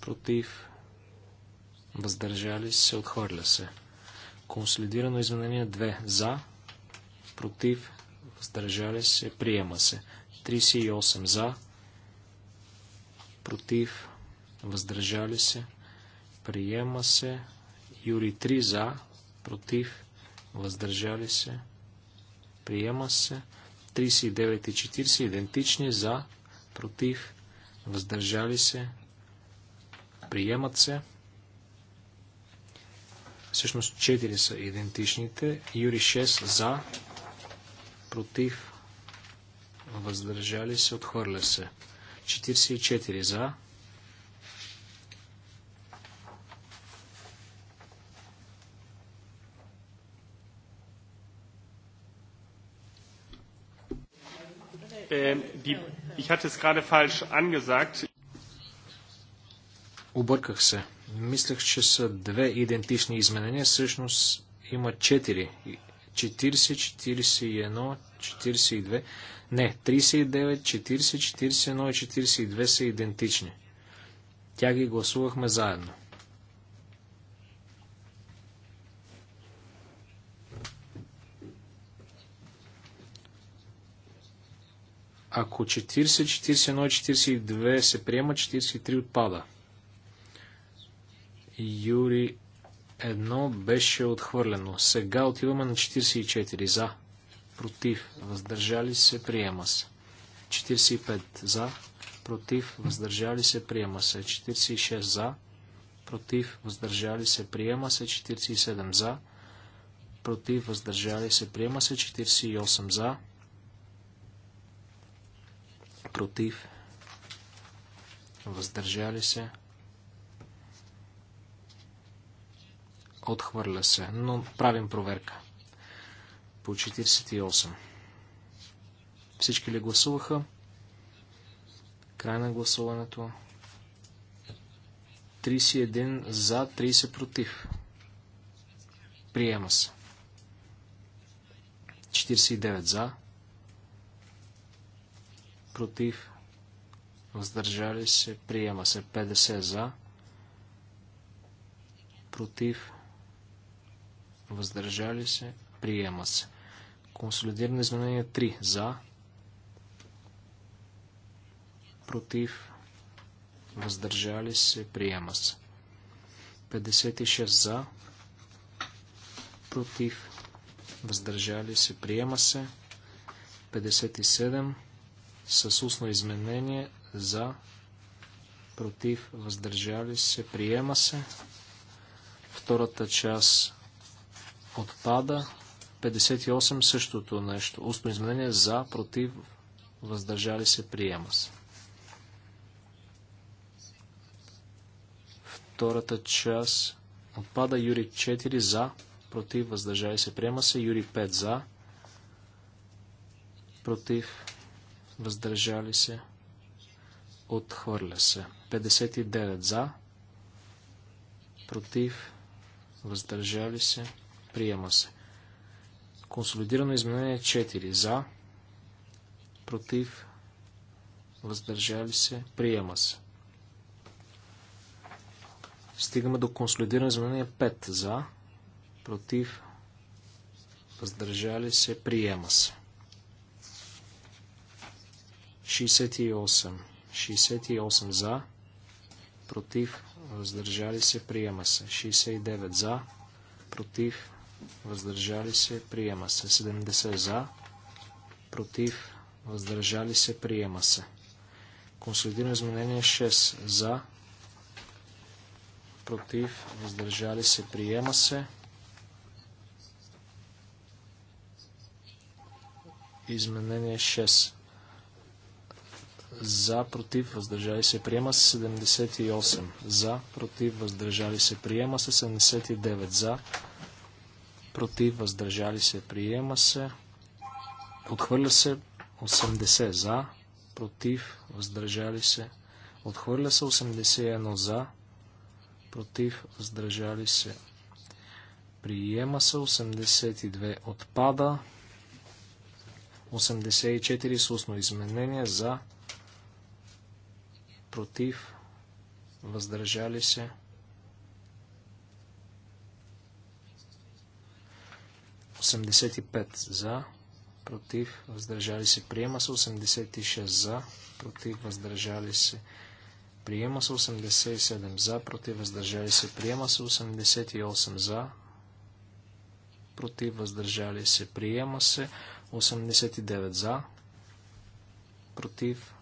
C: Против. Въздържали се. Отхвърля се. Консолидирано изменение 2 за. Против. Въздържали се. Приема се. 38 за. Против. Въздържали се. Приема се. Юри 3 за. Против. Въздържали се приема се. 39 и 40 идентични за, против, въздържали се, приемат се. Всъщност 4 са идентичните. Юри 6 за, против, въздържали се, отхвърля се. 44 за, Äh,
A: die, ich hatte es gerade falsch angesagt.
C: Обърках се. Мислех, че са две идентични изменения. Всъщност има четири. 40, 41, 42. Не, 39, 40, 41 и 42 са идентични. Тя ги гласувахме заедно. Ако 40, 41 и 42 се приема, 43 отпада. Юри 1 беше отхвърлено. Сега отиваме на 44 за. Против. Въздържали се. Приема се. 45 за. Против. Въздържали се. Приема се. 46 за. Против. Въздържали се. Приема се. 47 за. Против. Въздържали се. Приема се. 48 за против, въздържали се, отхвърля се, но правим проверка. По 48. Всички ли гласуваха? Край на гласуването. 31 за, 30 против. Приема се. 49 за, против, въздържали се, приема се 50 за, против, въздържали се, приема се. Консолидирано изменение 3 за, против, въздържали се, приема се. 56 за, против, въздържали се, приема се. 57 с устно изменение за, против, въздържали се, приема се. Втората част отпада. 58 същото нещо. Устно изменение за, против, въздържали се, приема се. Втората част отпада. Юри 4 за, против, въздържали се, приема се. Юри 5 за, против, въздържали се, отхвърля се. 59 за, против, въздържали се, приема се. Консолидирано изменение 4 за, против, въздържали се, приема се. Стигаме до консолидирано изменение 5 за, против, въздържали се, приема се. 68. 68 за, против, въздържали се, приема се. 69 за, против, въздържали се, приема се. 70 за, против, въздържали се, приема се. Консолидирано изменение 6 за, против, въздържали се, приема се. Изменение 6 за, против, въздържали се, приема се 78, за, против, въздържали се, приема се 79, за, против, въздържали се, приема се, отхвърля се 80, за, против, въздържали се, отхвърля се 81, за, против, въздържали се, приема се 82, отпада, 84 с устно изменение за, против, въздържали се. Осемдесет и пет за, против, въздържали се. Приема се 86 за, против, въздържали се. Приема се 87 за, против, въздържали се. Приема се 88 за, против, въздържали се. Приема се 89 за, против,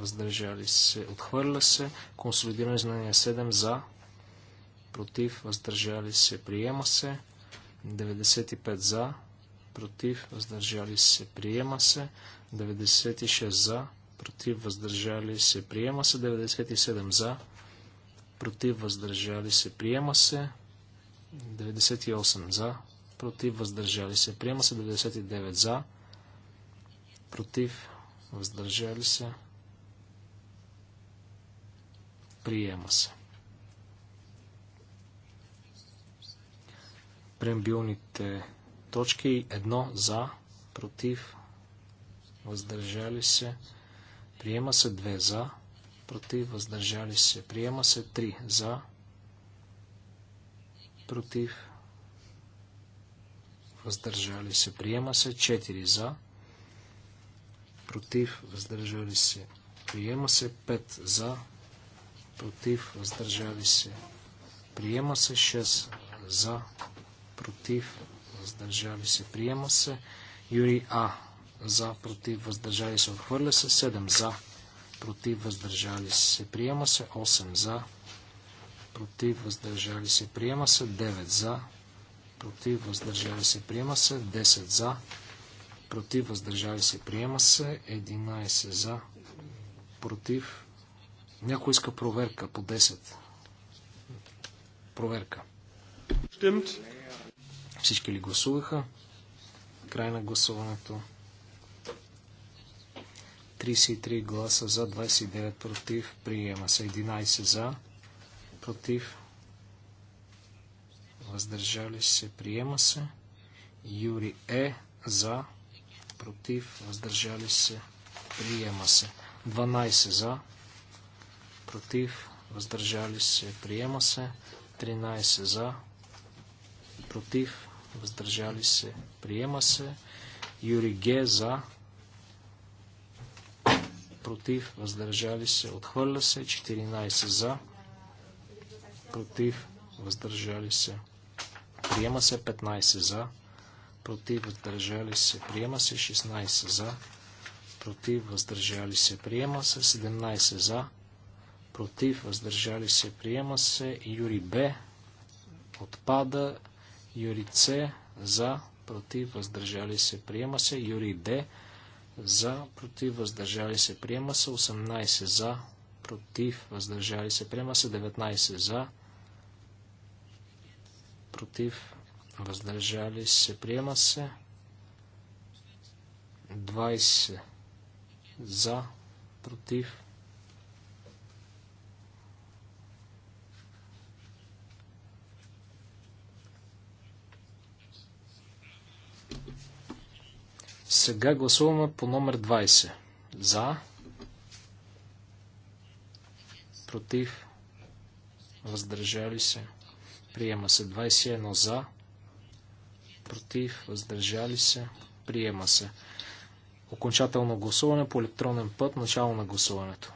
C: въздържали се, отхвърля се. Консолидирано изменение 7 за, против, въздържали се, приема се. 95 за, против, въздържали се, приема се. 96 за, против, въздържали се, приема се. 97 за, против, въздържали се, приема се. 98 за, против, въздържали се, приема се. 99 за, против, въздържали се, Приема се. Прембилните точки. Едно за, против, въздържали се. Приема се две за, против, въздържали се. Приема се три за, против, въздържали се. Приема се 4 за, против, въздържали се. Приема се 5 за, против, въздържали се. Приема се 6 за, против, въздържали се. Приема се Юри А. За, против, въздържали се. Отхвърля се 7 за, против, въздържали се. Приема се 8 за, против, въздържали се. Приема се 9 за, против, въздържали се. Приема се 10 за, против, въздържали се. Приема се 11 за, против, някой иска проверка по 10. Проверка. Всички ли гласуваха? Край на гласуването. 33 гласа за, 29 против. Приема се 11 за, против. Въздържали се. Приема се. Юри Е за, против. Въздържали се. Приема се. 12 за, против, въздържали се, приема се. 13 за, против, въздържали се, приема се. Юри Ге за, против, въздържали се, отхвърля се. 14 за, против, въздържали се, приема се. 15 за, против, въздържали се, приема се. 16 за, против, въздържали се, приема се. 17 за, против, въздържали се, приема се. Юри Б отпада. Юри С за, против, въздържали се, приема се. Юри Д за, против, въздържали се, приема се. 18 за, против, въздържали се, приема се. 19 за, против, въздържали се, приема се. 20 за, против, Сега гласуваме по номер 20. За. Против. Въздържали се. Приема се 21 за. Против. Въздържали се. Приема се. Окончателно гласуване по електронен път. Начало на гласуването.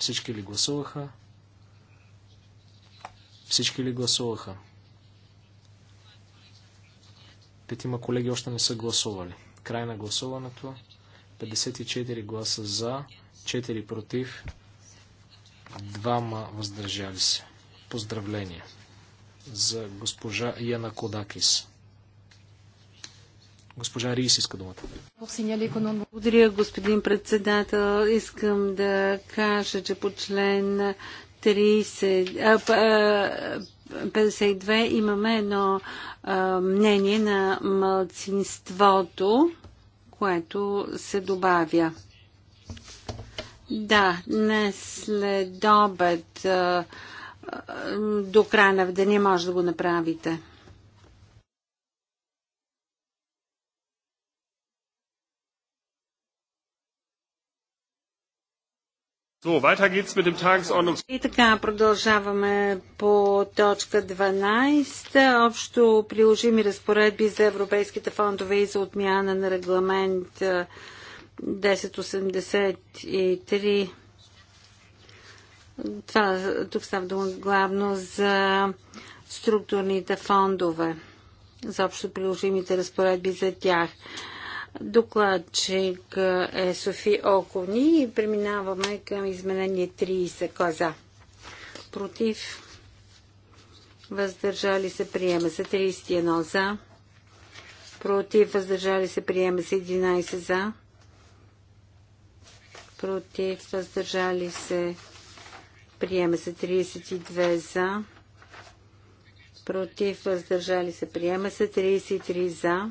C: Всички ли гласуваха? Всички ли гласуваха? Петима колеги още не са гласували. Край на гласуването. 54 гласа за, 4 против, 2 въздържали се. Поздравления за госпожа Яна Кодакис. Госпожа Рис иска думата.
D: Благодаря, господин председател. Искам да кажа, че по член 30, а, 52 имаме едно а, мнение на мълцинството, което се добавя. Да, не след обед а, а, до края на деня може да го направите. И така продължаваме по точка 12. Общо приложими разпоредби за европейските фондове и за отмяна на регламент 1083. Това, тук става дума главно за структурните фондове, за общо приложимите разпоредби за тях. Докладчик е Софи Окони и преминаваме към изменение 30. Коза. Против. Въздържали се приема се 31 за. Против. Въздържали се приема се 11 за. Против. Въздържали се приема се 32 за. Против. Въздържали се приема се 33 за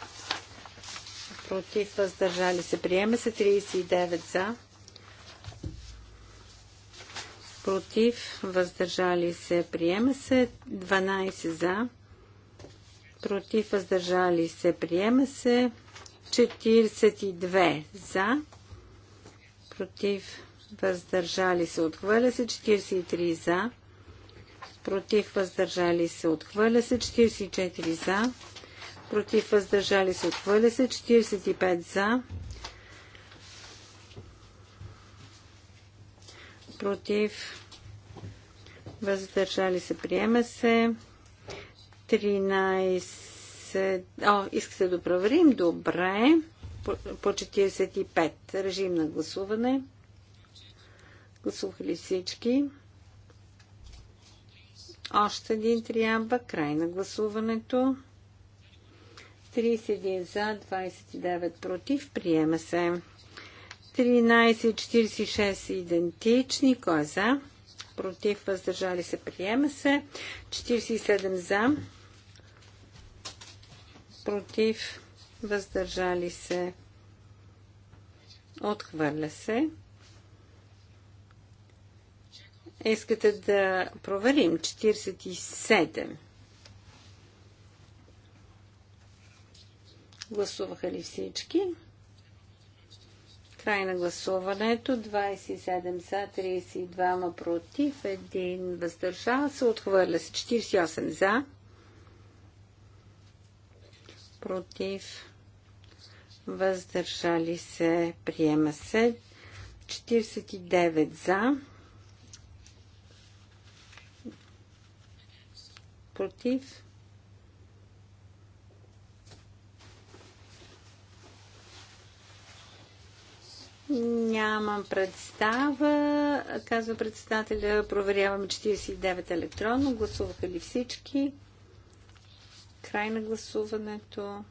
D: против, въздържали се. Приема се 39 за, против, въздържали се. Приема се 12 за, против, въздържали се. Приема се 42 за, против, въздържали се. Отхвърля се 43 за, против, въздържали се. Отхвърля се 44 за, против въздържали се отхвърля се, 45 за, против въздържали се приема се, 13, о, иска се да проверим, добре, по, 45, режим на гласуване, гласуваха ли всички? Още един трябва. Край на гласуването. 31 за, 29 против. Приема се. 13 46 идентични. Кой е за? Против, въздържали се. Приема се. 47 за. Против, въздържали се. Отхвърля се. Искате да проверим 47. Гласуваха ли всички? Край на гласуването. 27 за, 32 ма против, 1 въздържал се. Отхвърля се 48 за. Против. Въздържали се. Приема се. 49 за. Против. Нямам представа. Казва председателя, проверяваме 49 електронно. Гласуваха ли всички? Край на гласуването.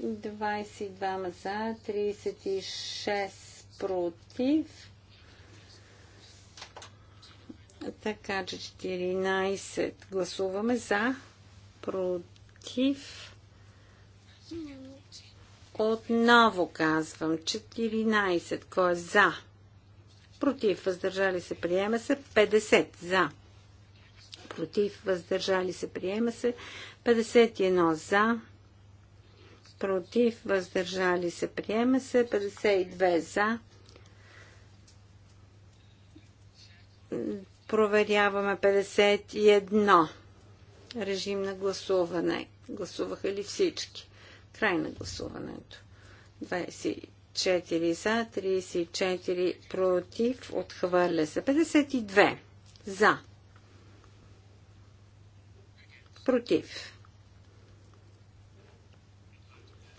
D: 22 за, 36 против. Така че 14 гласуваме за, против, отново казвам 14. Кой е за? Против. Въздържали се. Приема се. 50. За. Против. Въздържали се. Приема се. 51. За. Против. Въздържали се. Приема се. 52. За. Проверяваме 51. Режим на гласуване. Гласуваха ли всички? Край на гласуването. 24 за, 34 против, отхвърля се. 52 за. Против.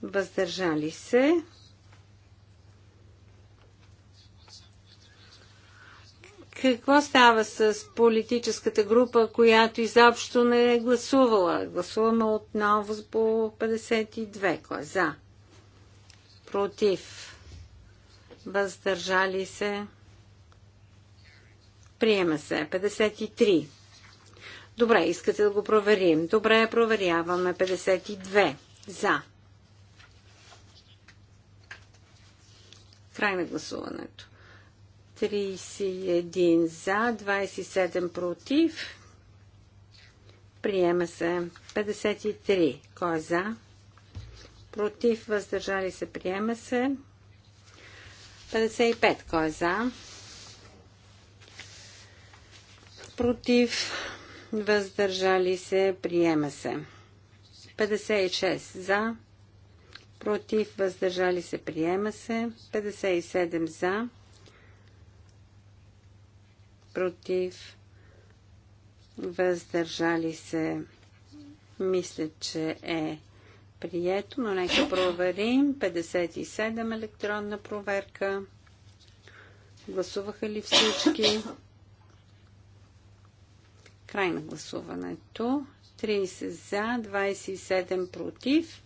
D: Въздържали се. какво става с политическата група, която изобщо не е гласувала? Гласуваме отново по 52. Кой е за? Против? Въздържали се? Приема се. 53. Добре, искате да го проверим. Добре, проверяваме. 52. За. Край на гласуването. 31 за, 27 против. Приема се 53. Кой е за? Против, въздържали се, приема се. 55. Кой е за? Против, въздържали се, приема се. 56 за, против, въздържали се, приема се. 57 за, против, въздържали се. Мисля, че е прието, но нека проверим. 57 електронна проверка. Гласуваха ли всички? Край на гласуването. 30 за, 27 против.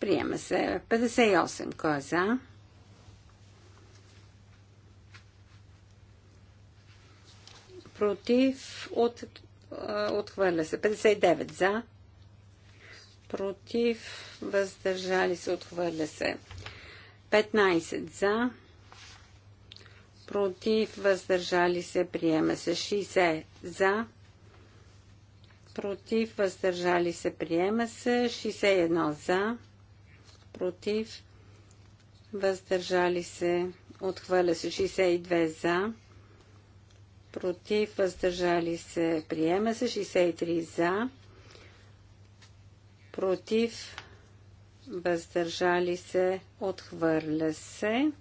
D: Приема се 58. Кой е за? против, от, отхвърля се. 59 за, против, въздържали се, отхвърля се. 15 за, против, въздържали се, приема се. 60 за, против, въздържали се, приема се. 61 за, против, въздържали се, отхвърля се. 62 за, против, въздържали се, приема се, 63 за, против, въздържали се, отхвърля се,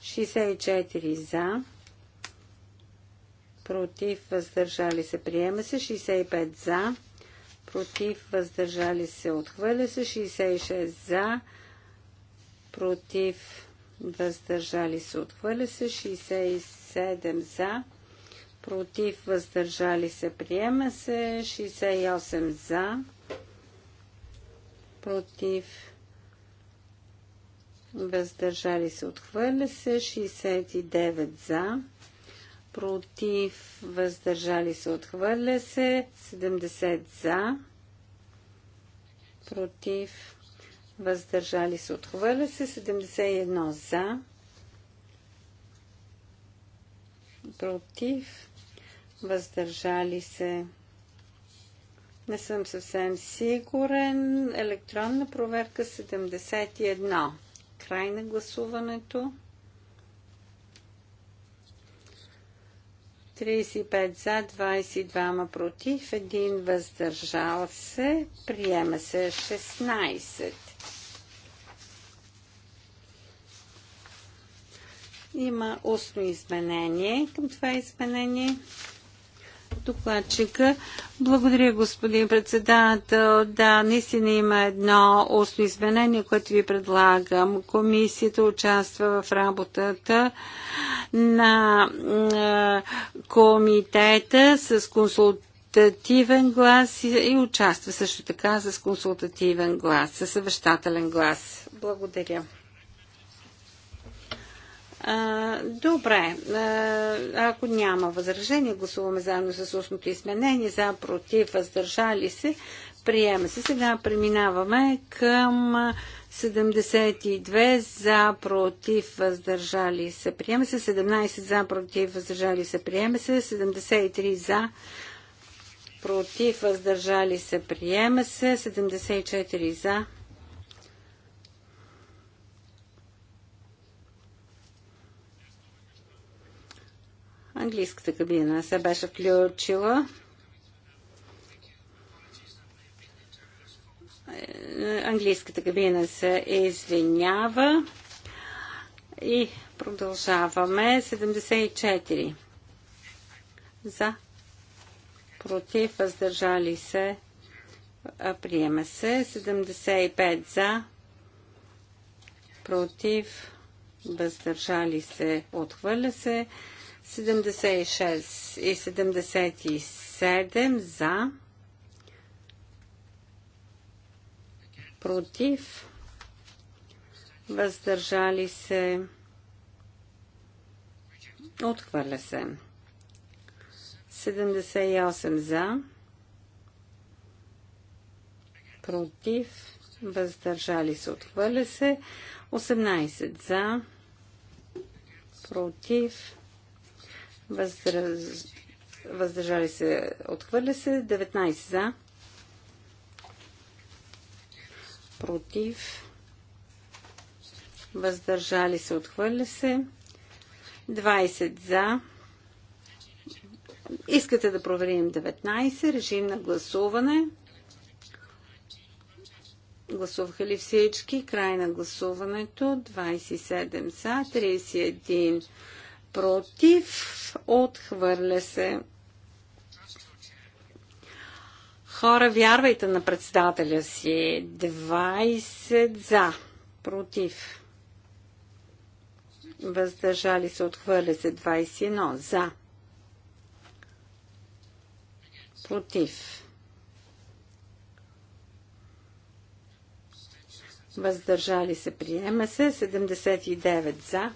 D: 64 за, против, въздържали се, приема се, 65 за, против, въздържали се, отхвърля се, 66 за, против, въздържали се, отхвърля се, 67 за, против, въздържали се, приема се. 68 за, против, въздържали се, отхвърля се. 69 за, против, въздържали се, отхвърля се. 70 за, против, въздържали се, отхвърля се. 71 за, против, въздържали се. Не съм съвсем сигурен. Електронна проверка 71. Край на гласуването. 35 за, 22 против, 1 въздържал се. Приема се 16. Има устно изменение към това изменение докладчика. Благодаря, господин председател. Да, наистина има едно устно изменение, което ви предлагам. Комисията участва в работата на е, комитета с консултация консултативен глас и, и участва също така с консултативен глас, с съвещателен глас. Благодаря. Добре, ако няма възражение, гласуваме заедно с устното изменение, за, против, въздържали се, приема се. Сега преминаваме към 72 за, против, въздържали се, приема се. 17 за, против, въздържали се, приема се. 73 за, против, въздържали се, приема се. 74 за, Английската кабина се беше включила. Е, английската кабина се извинява. И продължаваме. 74. За. Против. Въздържали се. Приема се. 75 за. Против. Въздържали се. Отхвърля се. 76 и 77 за, против, въздържали се, отхвърля се. 78 за, против, въздържали се, отхвърля се. 18 за, против, Въздържали се, отхвърля се. 19 за. Против. Въздържали се, отхвърля се. 20 за. Искате да проверим 19. Режим на гласуване. Гласуваха ли всички? Край на гласуването. 27 за, 31 против, отхвърля се. Хора, вярвайте на председателя си. 20 за, против. Въздържали се, отхвърля се 21 за. Против. Въздържали се, приема се 79 за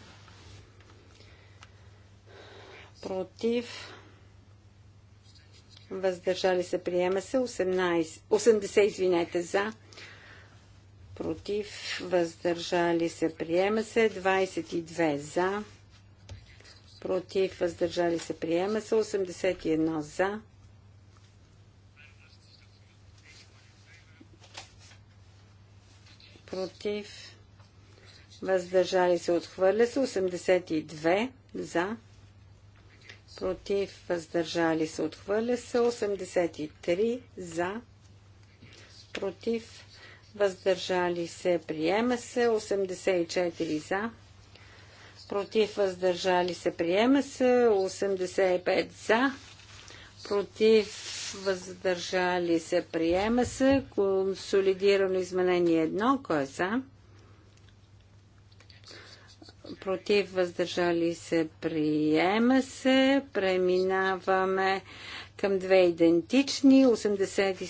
D: против, въздържали се, приема се 18, 80, извинете, за, против, въздържали се, приема се 22 за, против, въздържали се, приема се 81 за, против, въздържали се, отхвърля се 82 за, против, въздържали се, отхвърля се, 83 за, против, въздържали се, приема се, 84 за, против, въздържали се, приема се, 85 за, против, въздържали се, приема се, консолидирано изменение 1, кой е за? против, въздържали се, приема се. Преминаваме към две идентични, 87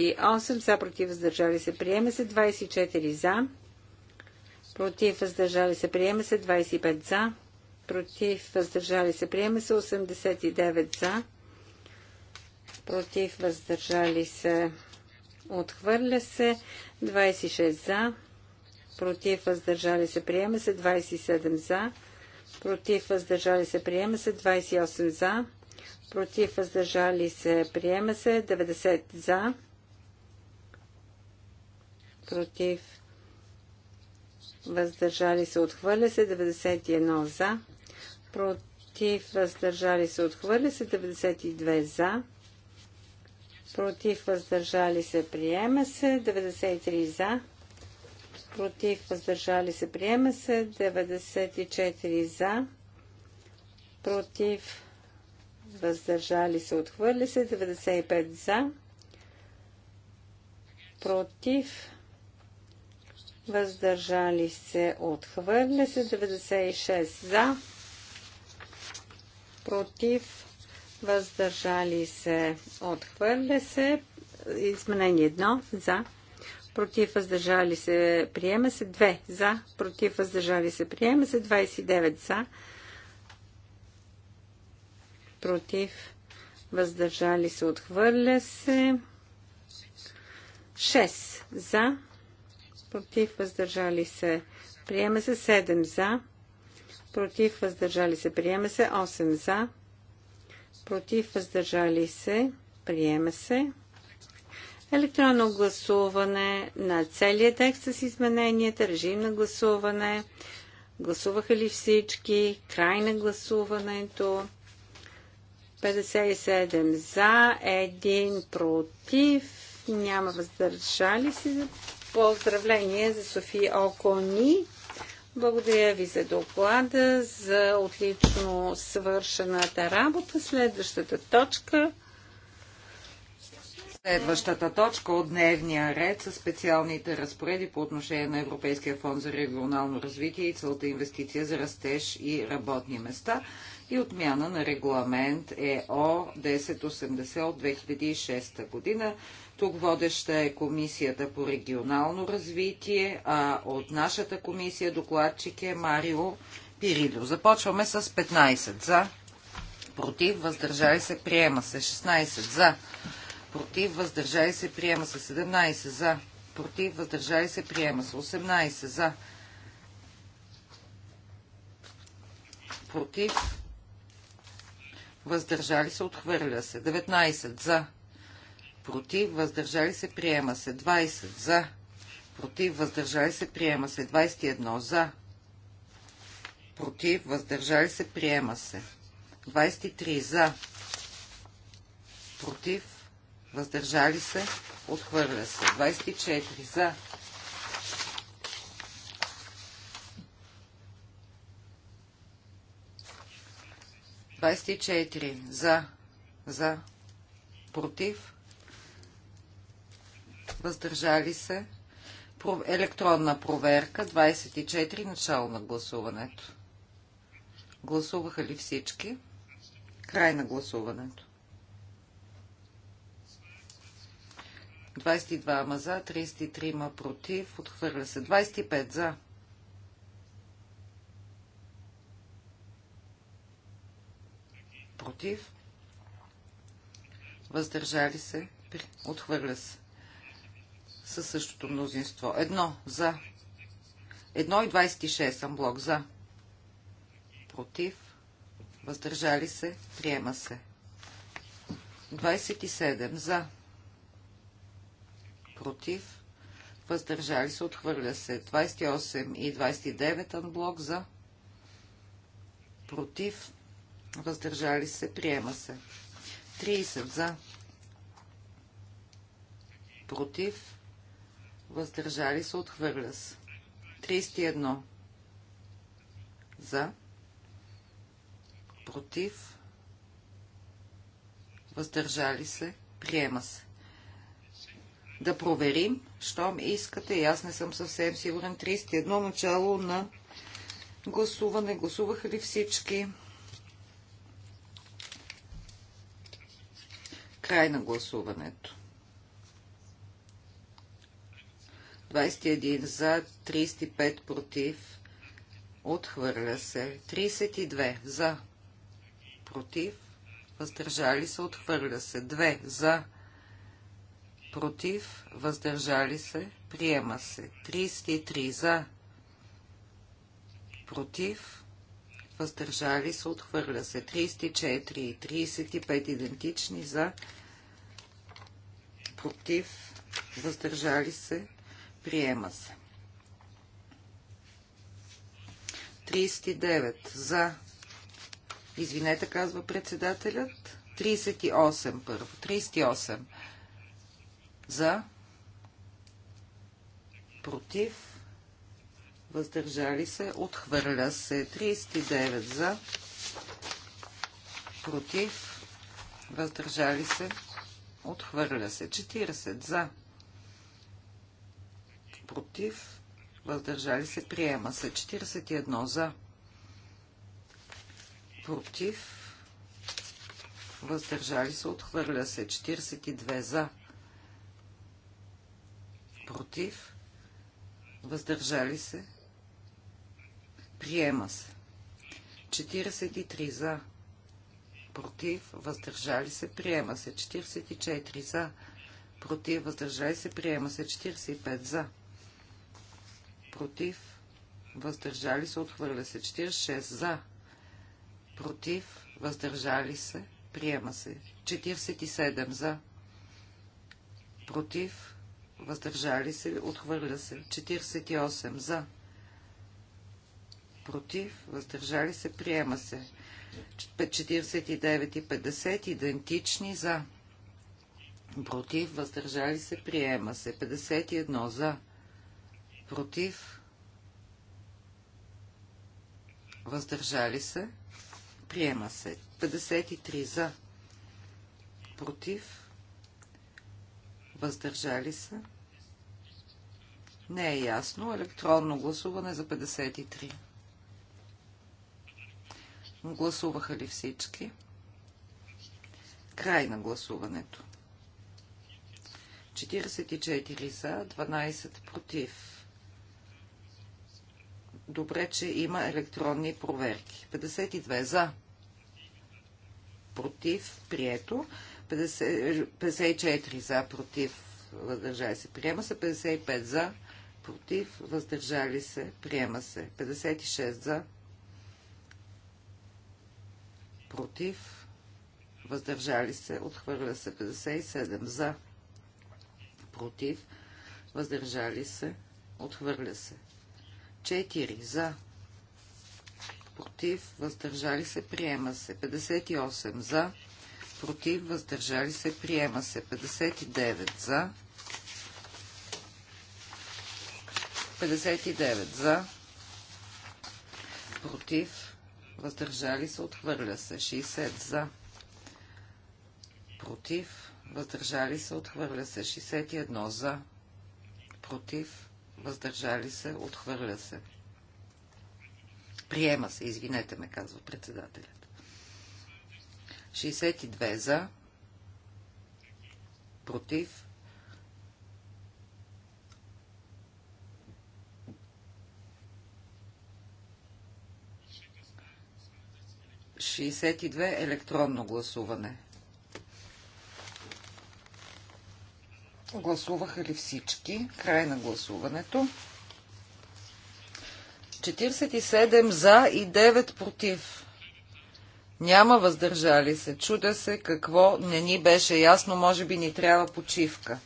D: и 88, за, против, въздържали се, приема се, 24 за, против, въздържали се, приема се, 25 за, против, въздържали се, приема се, 89 за, против, въздържали се, отхвърля се, 26 за, против, въздържали се, приема се 27 за, против, въздържали се, приема се 28 за, против, въздържали се, приема се 90 за, против, въздържали се, отхвърля се 91 за, против, въздържали се, отхвърля се 92 за, против, въздържали се, приема се 93 за, против, въздържали се, приема се, 94 за, против, въздържали се, отхвърли се, 95 за, против, въздържали се, отхвърли се, 96 за, против, въздържали се, отхвърли се, изменение 1 за, против въздържали се, приема се 2 за, против въздържали се, приема се 29 за, против въздържали се, отхвърля се 6 за, против въздържали се, приема се 7 за, против въздържали се, приема се 8 за, против въздържали се, приема се Електронно гласуване на целият текст с измененията, режим на гласуване, гласуваха ли всички, край на гласуването. 57 за, 1 против, няма въздържали се. Поздравление за София Окони. Благодаря ви за доклада, за отлично свършената
B: работа. Следващата точка Следващата точка от дневния ред са специалните разпореди по отношение на Европейския фонд за регионално развитие и целта инвестиция за растеж и работни места и отмяна на регламент ЕО 1080 от 2006 година. Тук водеща е Комисията по регионално развитие, а от нашата комисия докладчик е Марио Пирилю. Започваме с 15 за, против, въздържали се, приема се 16 за против, въздържали се, приема се 17 за, против, въздържали се, приема се 18 за, против, въздържали се, отхвърля се 19 за, против, въздържали се, приема се 20 за, против, въздържали се, приема се 21 за, против, въздържали се, приема се 23 за, против, въздържали се, отхвърля се. 24 за, за, за, против, въздържали се, електронна проверка, 24, начало на гласуването. Гласуваха ли всички? Край на гласуването. 22 ма за, 33 против, отхвърля се. 25 за. Против. Въздържали се. Отхвърля се. Със същото мнозинство. Едно за. Едно и 26 съм блок за. Против. Въздържали се. Приема се. 27 за против, въздържали се, отхвърля се. 28 и 29 анблок за, против, въздържали се, приема се. 30 за, против, въздържали се, отхвърля се. 31 за, против, въздържали се, приема се. Да проверим, щом искате. И аз не съм съвсем сигурен. 31 начало на гласуване. Гласуваха ли всички? Край на гласуването. 21 за, 35 против. Отхвърля се. 32 за, против. Въздържали се. Отхвърля се. 2 за, против против, въздържали се, приема се. 33 за, против, въздържали се, отхвърля се. 34 и 35 идентични за, против, въздържали се, приема се. 39 за, извинете, казва председателят, 38 първо, 38 за. Против. Въздържали се. Отхвърля се. 39 за. Против. Въздържали се. Отхвърля се. 40 за. Против. Въздържали се. Приема се. 41 за. Против. Въздържали се. Отхвърля се. 42 за против, въздържали се, приема се. 43 за, против, въздържали се, приема се. 44 за, против, въздържали се, приема се. 45 за, против, въздържали се, отхвърля се. 46 за, против, въздържали се, приема се. 47 за, против, въздържали се, отхвърля се. 48 за, против, въздържали се, приема се. 49 и 50 идентични за, против, въздържали се, приема се. 51 за, против, въздържали се, приема се. 53 за, против, въздържали се. Не е ясно. Електронно гласуване за 53. Гласуваха ли всички? Край на гласуването. 44 за, 12 против. Добре, че има електронни проверки. 52 за, против, прието. 50, 54 за, против, въздържали се, приема се. 55 за, против, въздържали се, приема се. 56 за, против, въздържали се, отхвърля се. 57 за, против, въздържали се, отхвърля се. 4 за, против, въздържали се, приема се. 58 за, против, въздържали се, приема се. 59 за, 59 за, против, въздържали се, отхвърля се. 60 за, против, въздържали се, отхвърля се. 61 за, против, въздържали се, отхвърля се. Приема се, извинете ме, казва председателя. 62 за, против, 62 две електронно гласуване. Гласуваха ли всички? Край на гласуването. 47 за и 9 против няма въздържали се. Чуда се какво не ни беше ясно, може би ни трябва почивка.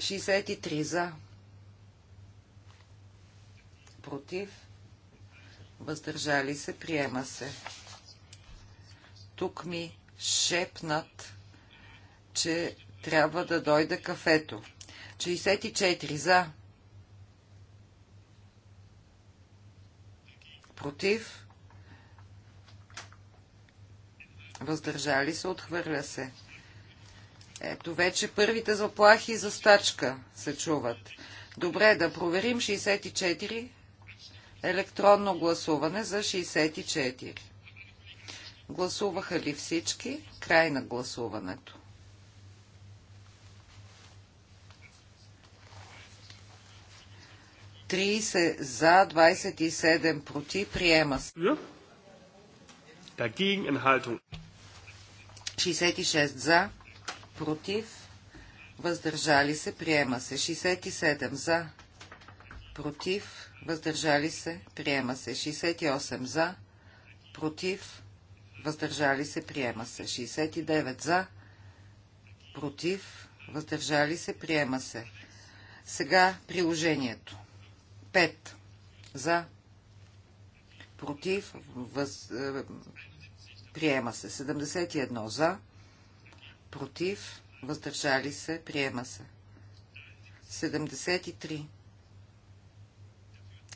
B: 63 за. Против. Въздържали се. Приема се. Тук ми шепнат, че трябва да дойде кафето. 64 за. против, въздържали се, отхвърля се. Ето вече първите заплахи за стачка се чуват. Добре, да проверим 64. Електронно гласуване за 64. Гласуваха ли всички? Край на гласуването. 30 за, 27 против. Приема се. 66 за, против. Въздържали се. Приема се. 67 за, против. Въздържали се. Приема се. 68 за, против. Въздържали се. Приема се. 69 за, против. Въздържали се. Приема се. Сега приложението. 5 за, против, въз... Е, приема се. 71 за, против, въздържали се, приема се. 73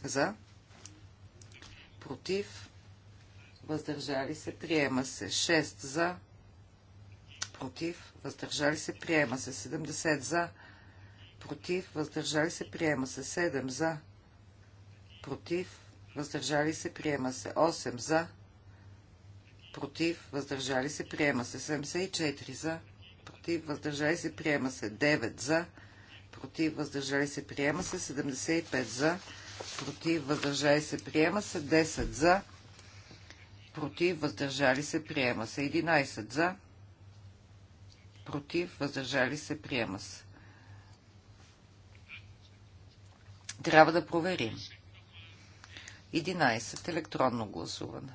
B: за, против, въздържали се, приема се. 6 за, против, въздържали се, приема се. 70 за, против, въздържали се, приема се. 7 за, против, въздържали се, приема се. 8 за, против, въздържали се, приема се. 74 за, против, въздържали се, приема се. 9 за, против, въздържали се, приема се. 75 за, против, въздържали се, приема се. 10 за, против, въздържали се, приема се. 11 за, против, въздържали се, приема се. Трябва да проверим. 11. Електронно гласуване.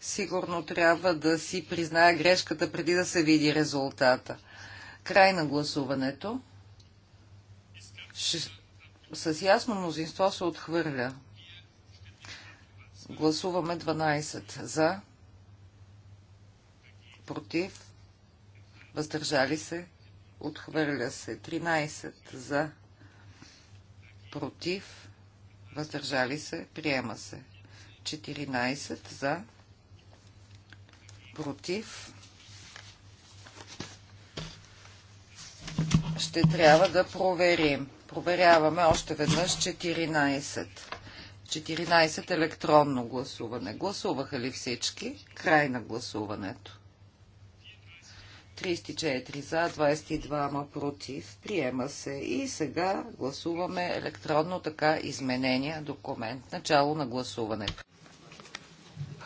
B: Сигурно трябва да си призная грешката преди да се види резултата. Край на гласуването. Ш... С ясно мнозинство се отхвърля. Гласуваме 12 за, против, въздържали се, Отхвърля се 13 за. Против. Въздържали се. Приема се. 14 за. Против. Ще трябва да проверим. Проверяваме още веднъж 14. 14 електронно гласуване. Гласуваха ли всички? Край на гласуването. 34 за, 22 против. Приема се. И сега гласуваме електронно така изменения документ. Начало на гласуването.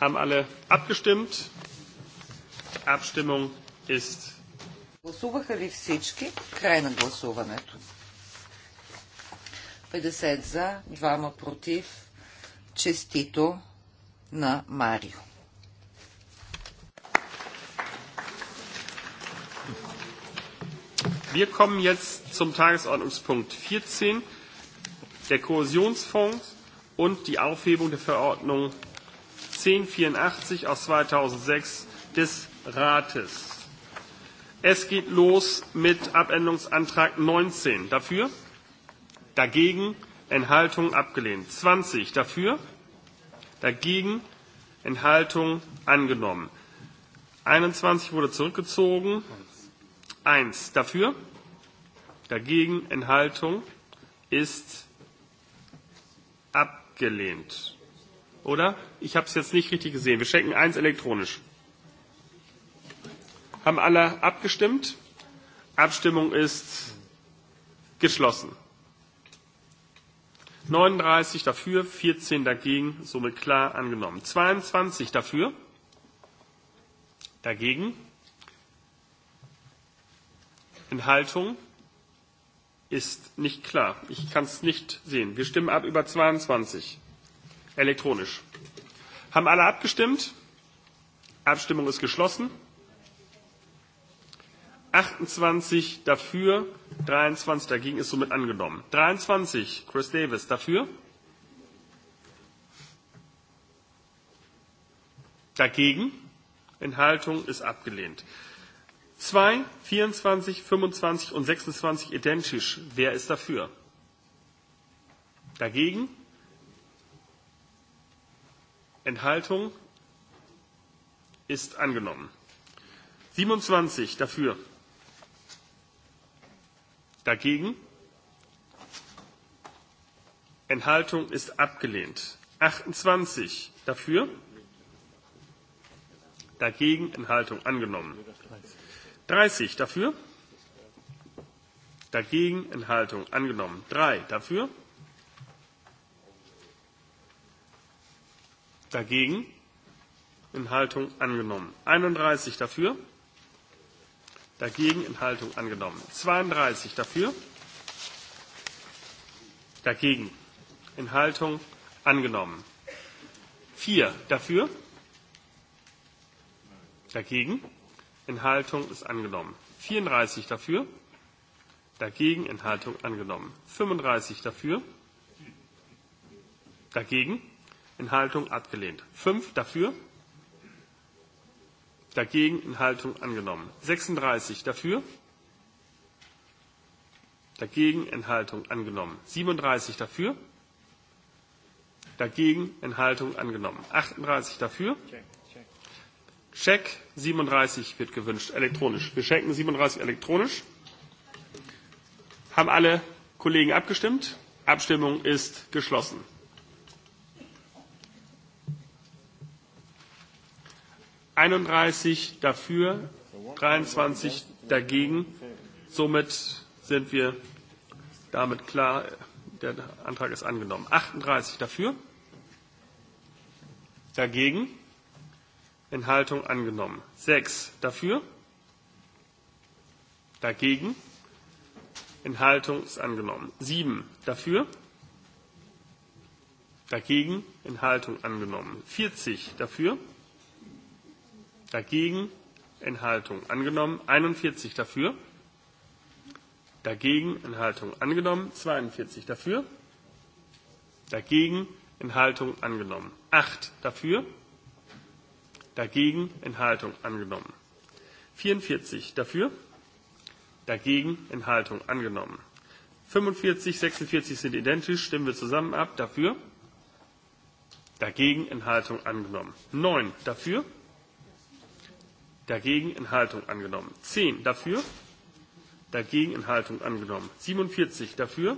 A: Haben alle abgestimmt? Abstimmung ist. Гласуваха ли всички? Край на гласуването.
B: 50 за, 2 против. Честито на
A: Марио. Wir kommen jetzt zum Tagesordnungspunkt 14, der Kohäsionsfonds und die Aufhebung der Verordnung 1084 aus 2006 des Rates. Es geht los mit Abänderungsantrag 19. Dafür? Dagegen? Enthaltung abgelehnt. 20. Dafür? Dagegen? Enthaltung angenommen. 21 wurde zurückgezogen. 1 dafür, dagegen Enthaltung ist abgelehnt. Oder? Ich habe es jetzt nicht richtig gesehen. Wir schenken 1 elektronisch. Haben alle abgestimmt? Abstimmung ist geschlossen. 39 dafür, 14 dagegen, somit klar angenommen. 22 dafür, dagegen Enthaltung ist nicht klar. Ich kann es nicht sehen. Wir stimmen ab über 22 elektronisch. Haben alle abgestimmt? Abstimmung ist geschlossen. 28 dafür, 23 dagegen ist somit angenommen. 23, Chris Davis dafür. Dagegen. Enthaltung ist abgelehnt. 2, 24, 25 und 26 identisch. Wer ist dafür? Dagegen? Enthaltung ist angenommen. 27 dafür. Dagegen? Enthaltung ist abgelehnt. 28 dafür. Dagegen Enthaltung angenommen. 30 dafür. Dagegen Enthaltung angenommen. 3 dafür. Dagegen Enthaltung angenommen. 31 dafür. Dagegen Enthaltung angenommen. 32 dafür. Dagegen Enthaltung angenommen. 4 dafür. Dagegen Enthaltung ist angenommen. 34 dafür, dagegen Enthaltung angenommen. 35 dafür, dagegen Enthaltung abgelehnt. 5 dafür, dagegen Enthaltung angenommen. 36 dafür, dagegen Enthaltung angenommen. 37 dafür, dagegen Enthaltung angenommen. 38 dafür. Check 37 wird gewünscht, elektronisch. Wir checken 37 elektronisch. Haben alle Kollegen abgestimmt? Abstimmung ist geschlossen. Einunddreißig dafür, dreiundzwanzig dagegen. Somit sind wir damit klar, der Antrag ist angenommen. Achtunddreißig dafür, dagegen Enthaltung angenommen. 6 dafür, dagegen, Enthaltung ist angenommen. 7 dafür, dagegen, Enthaltung angenommen. 40 dafür, dagegen, Enthaltung angenommen. 41 dafür, dagegen, Enthaltung angenommen. 42 dafür, dagegen, Enthaltung angenommen. 8 dafür, dagegen, Dagegen Enthaltung angenommen. 44 dafür. Dagegen Enthaltung angenommen. 45, 46 sind identisch. Stimmen wir zusammen ab. Dafür. Dagegen Enthaltung angenommen. 9 dafür. Dagegen Enthaltung angenommen. 10 dafür. Dagegen Enthaltung angenommen. 47 dafür.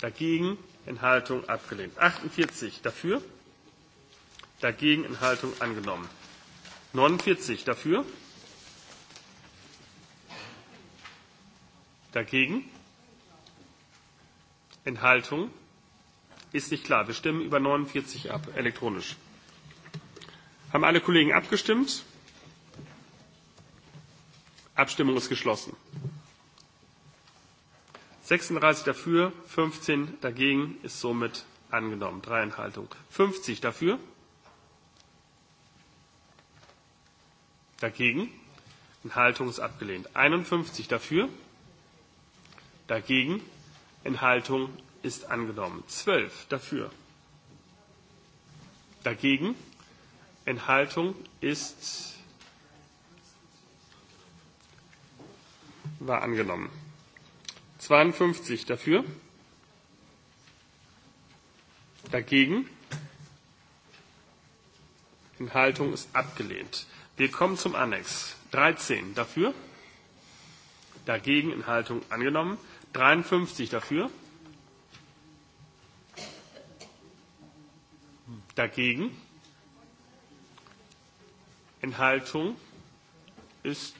A: Dagegen Enthaltung abgelehnt. 48 dafür dagegen Enthaltung angenommen. 49 dafür, dagegen Enthaltung ist nicht klar. Wir stimmen über 49 ab, elektronisch. Haben alle Kollegen abgestimmt? Abstimmung ist geschlossen. 36 dafür, 15 dagegen ist somit angenommen. Drei Enthaltungen. 50 dafür. Dagegen. Enthaltung ist abgelehnt. 51 dafür. Dagegen. Enthaltung ist angenommen. 12 dafür. Dagegen. Enthaltung ist war angenommen. 52 dafür. Dagegen. Enthaltung ist abgelehnt. Wir kommen zum Annex. 13 dafür, dagegen Enthaltung angenommen. 53 dafür, dagegen Enthaltung ist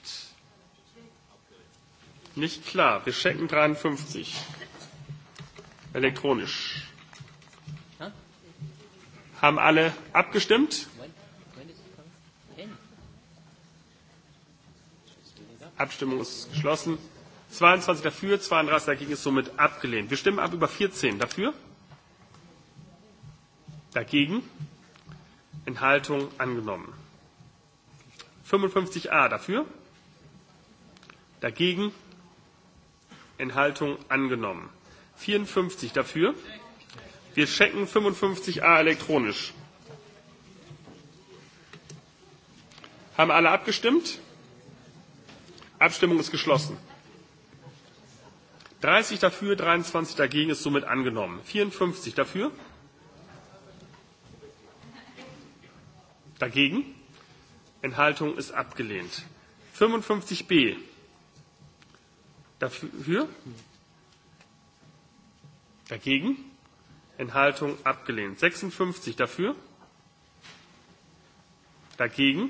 A: nicht klar. Wir checken 53 elektronisch. Haben alle abgestimmt? Abstimmung ist geschlossen. 22 dafür, 32 dagegen ist somit abgelehnt. Wir stimmen ab über 14 dafür. Dagegen. Enthaltung angenommen. 55a dafür. Dagegen. Enthaltung angenommen. 54 dafür. Wir checken 55a elektronisch. Haben alle abgestimmt? Abstimmung ist geschlossen. 30 dafür, 23 dagegen ist somit angenommen. 54 dafür. Dagegen. Enthaltung ist abgelehnt. 55b. Dafür. Dagegen. Enthaltung abgelehnt. 56 dafür. Dagegen.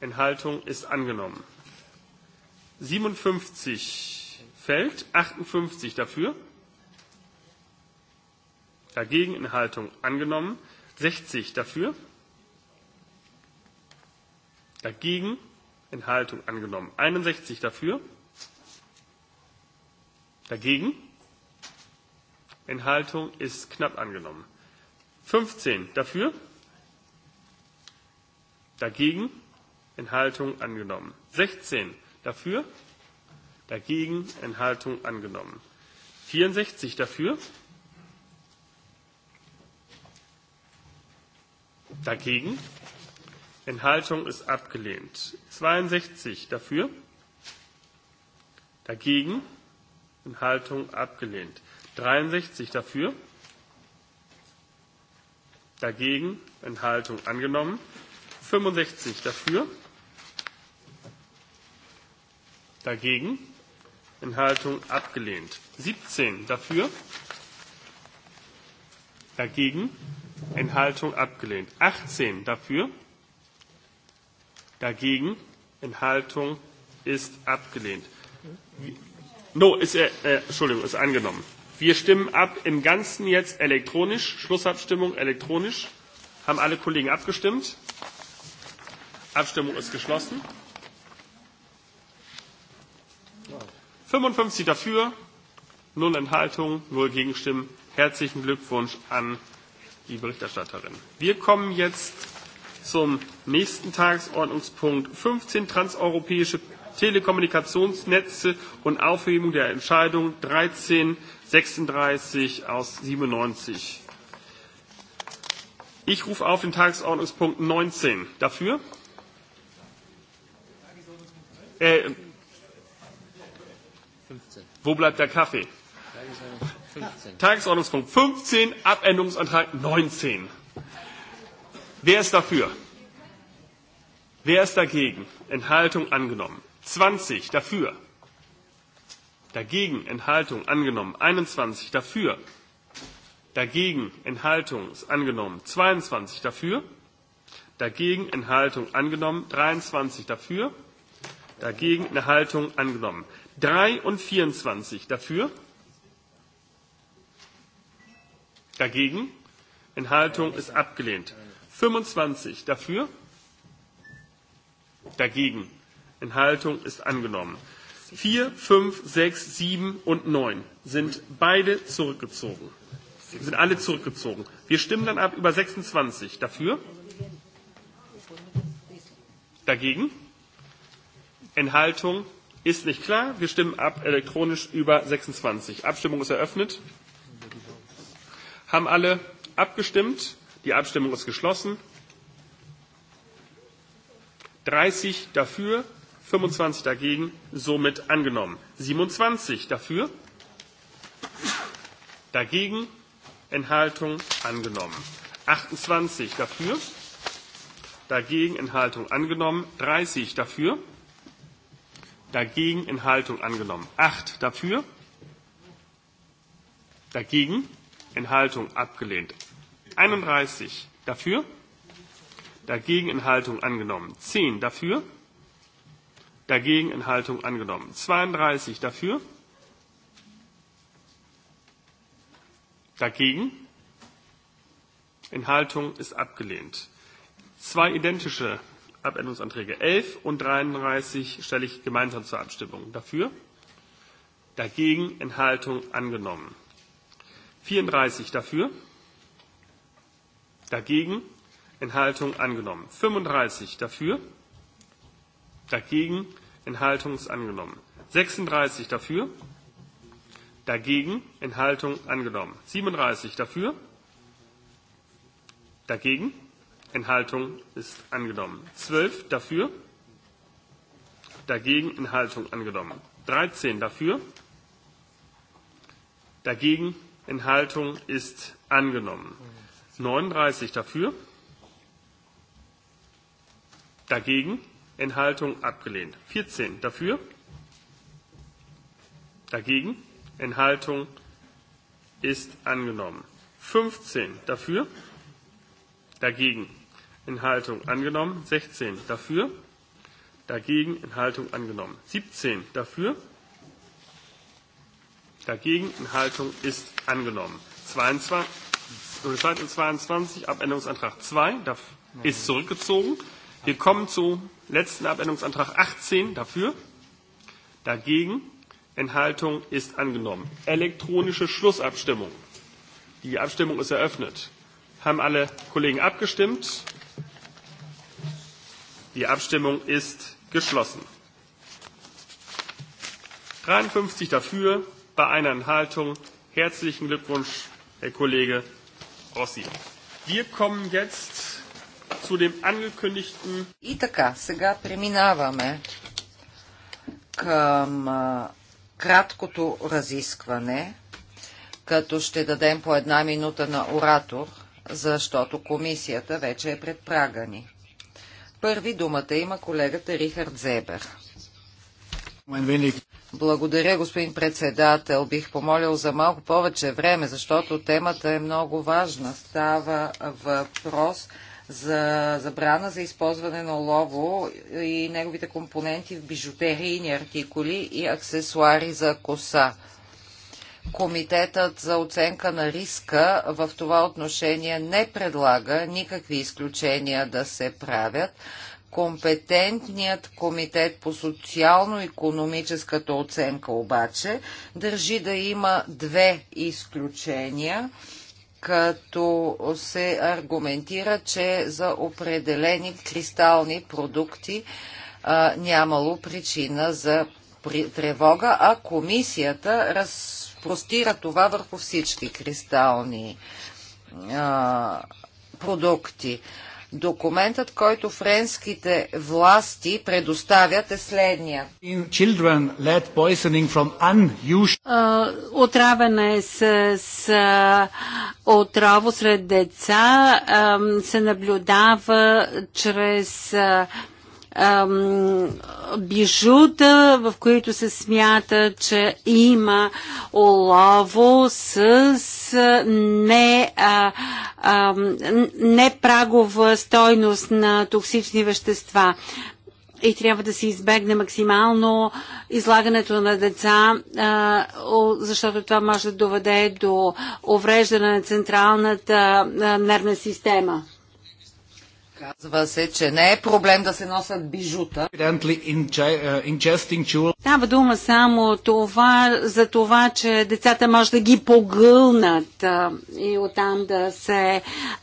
A: Enthaltung ist angenommen. 57 fällt, 58 dafür, dagegen Enthaltung angenommen, 60 dafür, dagegen Enthaltung angenommen, 61 dafür, dagegen Enthaltung ist knapp angenommen, 15 dafür, dagegen Enthaltung angenommen, 16 dafür, dagegen, Enthaltung angenommen. 64 dafür, dagegen, Enthaltung ist abgelehnt. 62 dafür, dagegen, Enthaltung abgelehnt. 63 dafür, dagegen, Enthaltung angenommen. 65 dafür, Dagegen? Enthaltung abgelehnt. 17 dafür. Dagegen? Enthaltung abgelehnt. 18 dafür. Dagegen? Enthaltung ist abgelehnt. No, ist, äh, Entschuldigung, ist angenommen. Wir stimmen ab im Ganzen jetzt elektronisch. Schlussabstimmung elektronisch. Haben alle Kollegen abgestimmt? Abstimmung ist geschlossen. 55 dafür, null Enthaltungen, null Gegenstimmen. Herzlichen Glückwunsch an die Berichterstatterin. Wir kommen jetzt zum nächsten Tagesordnungspunkt 15 transeuropäische Telekommunikationsnetze und Aufhebung der Entscheidung 1336 aus 97. Ich rufe auf den Tagesordnungspunkt 19. Dafür? Äh, Wo bleibt der Kaffee? Tagesordnungspunkt 15, Abänderungsantrag 19. Wer ist dafür? Wer ist dagegen? Enthaltung angenommen. 20 dafür. Dagegen Enthaltung angenommen. 21 dafür. Dagegen Enthaltung ist angenommen. 22 dafür. Dagegen Enthaltung angenommen. 23 dafür. Dagegen Enthaltung angenommen. 3 und 24 dafür. Dagegen. Enthaltung ist abgelehnt. 25 dafür. Dagegen. Enthaltung ist angenommen. 4, 5, 6, 7 und 9 sind beide zurückgezogen. Sind alle zurückgezogen. Wir stimmen dann ab über 26 dafür. Dagegen. Enthaltung Ist nicht klar. Wir stimmen ab elektronisch über 26. Abstimmung ist eröffnet. Haben alle abgestimmt? Die Abstimmung ist geschlossen. 30 dafür, 25 dagegen, somit angenommen. 27 dafür, dagegen, Enthaltung angenommen. 28 dafür, dagegen, Enthaltung angenommen. 30 dafür, dagegen Enthaltung angenommen. 8 dafür, dagegen Enthaltung abgelehnt. 31 dafür, dagegen Enthaltung angenommen. 10 dafür, dagegen Enthaltung angenommen. 32 dafür, dagegen Enthaltung ist abgelehnt. Zwei identische Abänderungsanträge 11 und 33 stelle ich gemeinsam zur Abstimmung. Dafür? Dagegen Enthaltung angenommen. 34 dafür? Dagegen Enthaltung angenommen. 35 dafür? Dagegen Enthaltung angenommen. 36 dafür? Dagegen Enthaltung angenommen. 37 dafür? Dagegen Enthaltung ist angenommen. 12 dafür, dagegen Enthaltung angenommen. 13 dafür, dagegen Enthaltung ist angenommen. 39 dafür, dagegen Enthaltung abgelehnt. 14 dafür, dagegen Enthaltung ist angenommen. 15 dafür, dagegen Enthaltung angenommen. 16 dafür, dagegen Enthaltung angenommen. 17 dafür, dagegen Enthaltung ist angenommen. 22, 22 Abänderungsantrag 2 ist zurückgezogen. Wir kommen zum letzten Abänderungsantrag 18 dafür, dagegen Enthaltung ist angenommen. Elektronische Schlussabstimmung. Die Abstimmung ist eröffnet. Haben alle Kollegen abgestimmt? Die Abstimmung ist geschlossen. 53 dafür, bei einer Enthaltung. Herzlichen Glückwunsch, Herr Kollege Rossi. Wir kommen jetzt zu dem angekündigten. И така, сега преминаваме
B: към краткото разискване, като ще дадем по една минута на оратор, защото комисията вече е пред ни. Първи думата има колегата Рихард Зебер. Благодаря, господин председател. Бих помолил за малко повече време, защото темата е много важна. Става въпрос за забрана за използване на олово и неговите компоненти в бижутерийни артикули и аксесуари за коса. Комитетът за оценка на риска в това отношение не предлага никакви изключения да се правят. Компетентният комитет по социално-економическата оценка обаче държи да има две изключения като се аргументира, че за определени кристални продукти а, нямало причина за тревога, а комисията раз Простира това върху всички кристални а, продукти. Документът, който френските власти предоставят е следния. Отравяне с,
D: с отраво сред деца се наблюдава чрез бижута, в които се смята, че има олово с не, а, а, не прагова стойност на токсични вещества и трябва да се избегне максимално излагането на деца, защото това може да доведе до увреждане на централната нервна система.
B: Казва се, че не е проблем да се носят бижута. Uh,
D: Става дума само това, за това, че децата може да ги погълнат и оттам да се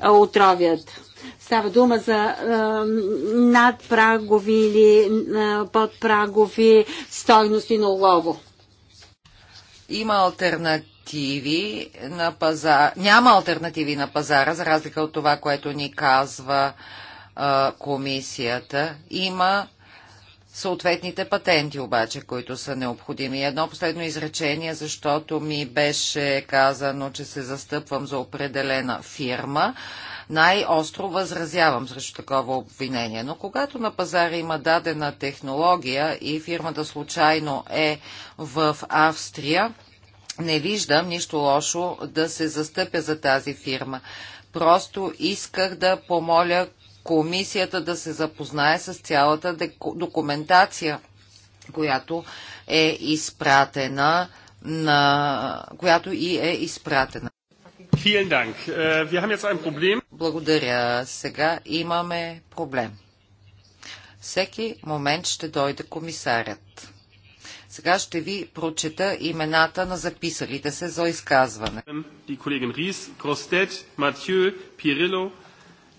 D: отровят. Става дума за е, надпрагови или е, подпрагови стойности на
B: улово. Има альтернативи на пазара. Няма альтернативи на пазара, за разлика от това, което ни казва комисията. Има съответните патенти обаче, които са необходими. Едно последно изречение, защото ми беше казано, че се застъпвам за определена фирма. Най-остро възразявам срещу такова обвинение. Но когато на пазара има дадена технология и фирмата случайно е в Австрия, не виждам нищо лошо да се застъпя за тази фирма. Просто исках да помоля комисията да се запознае с цялата документация, която е изпратена на която и е изпратена. Äh, Благодаря. Сега имаме проблем. Всеки момент ще дойде комисарят. Сега ще ви прочета имената на записалите се за изказване.
A: Ries, Grostet, Mathieu, Pirillo,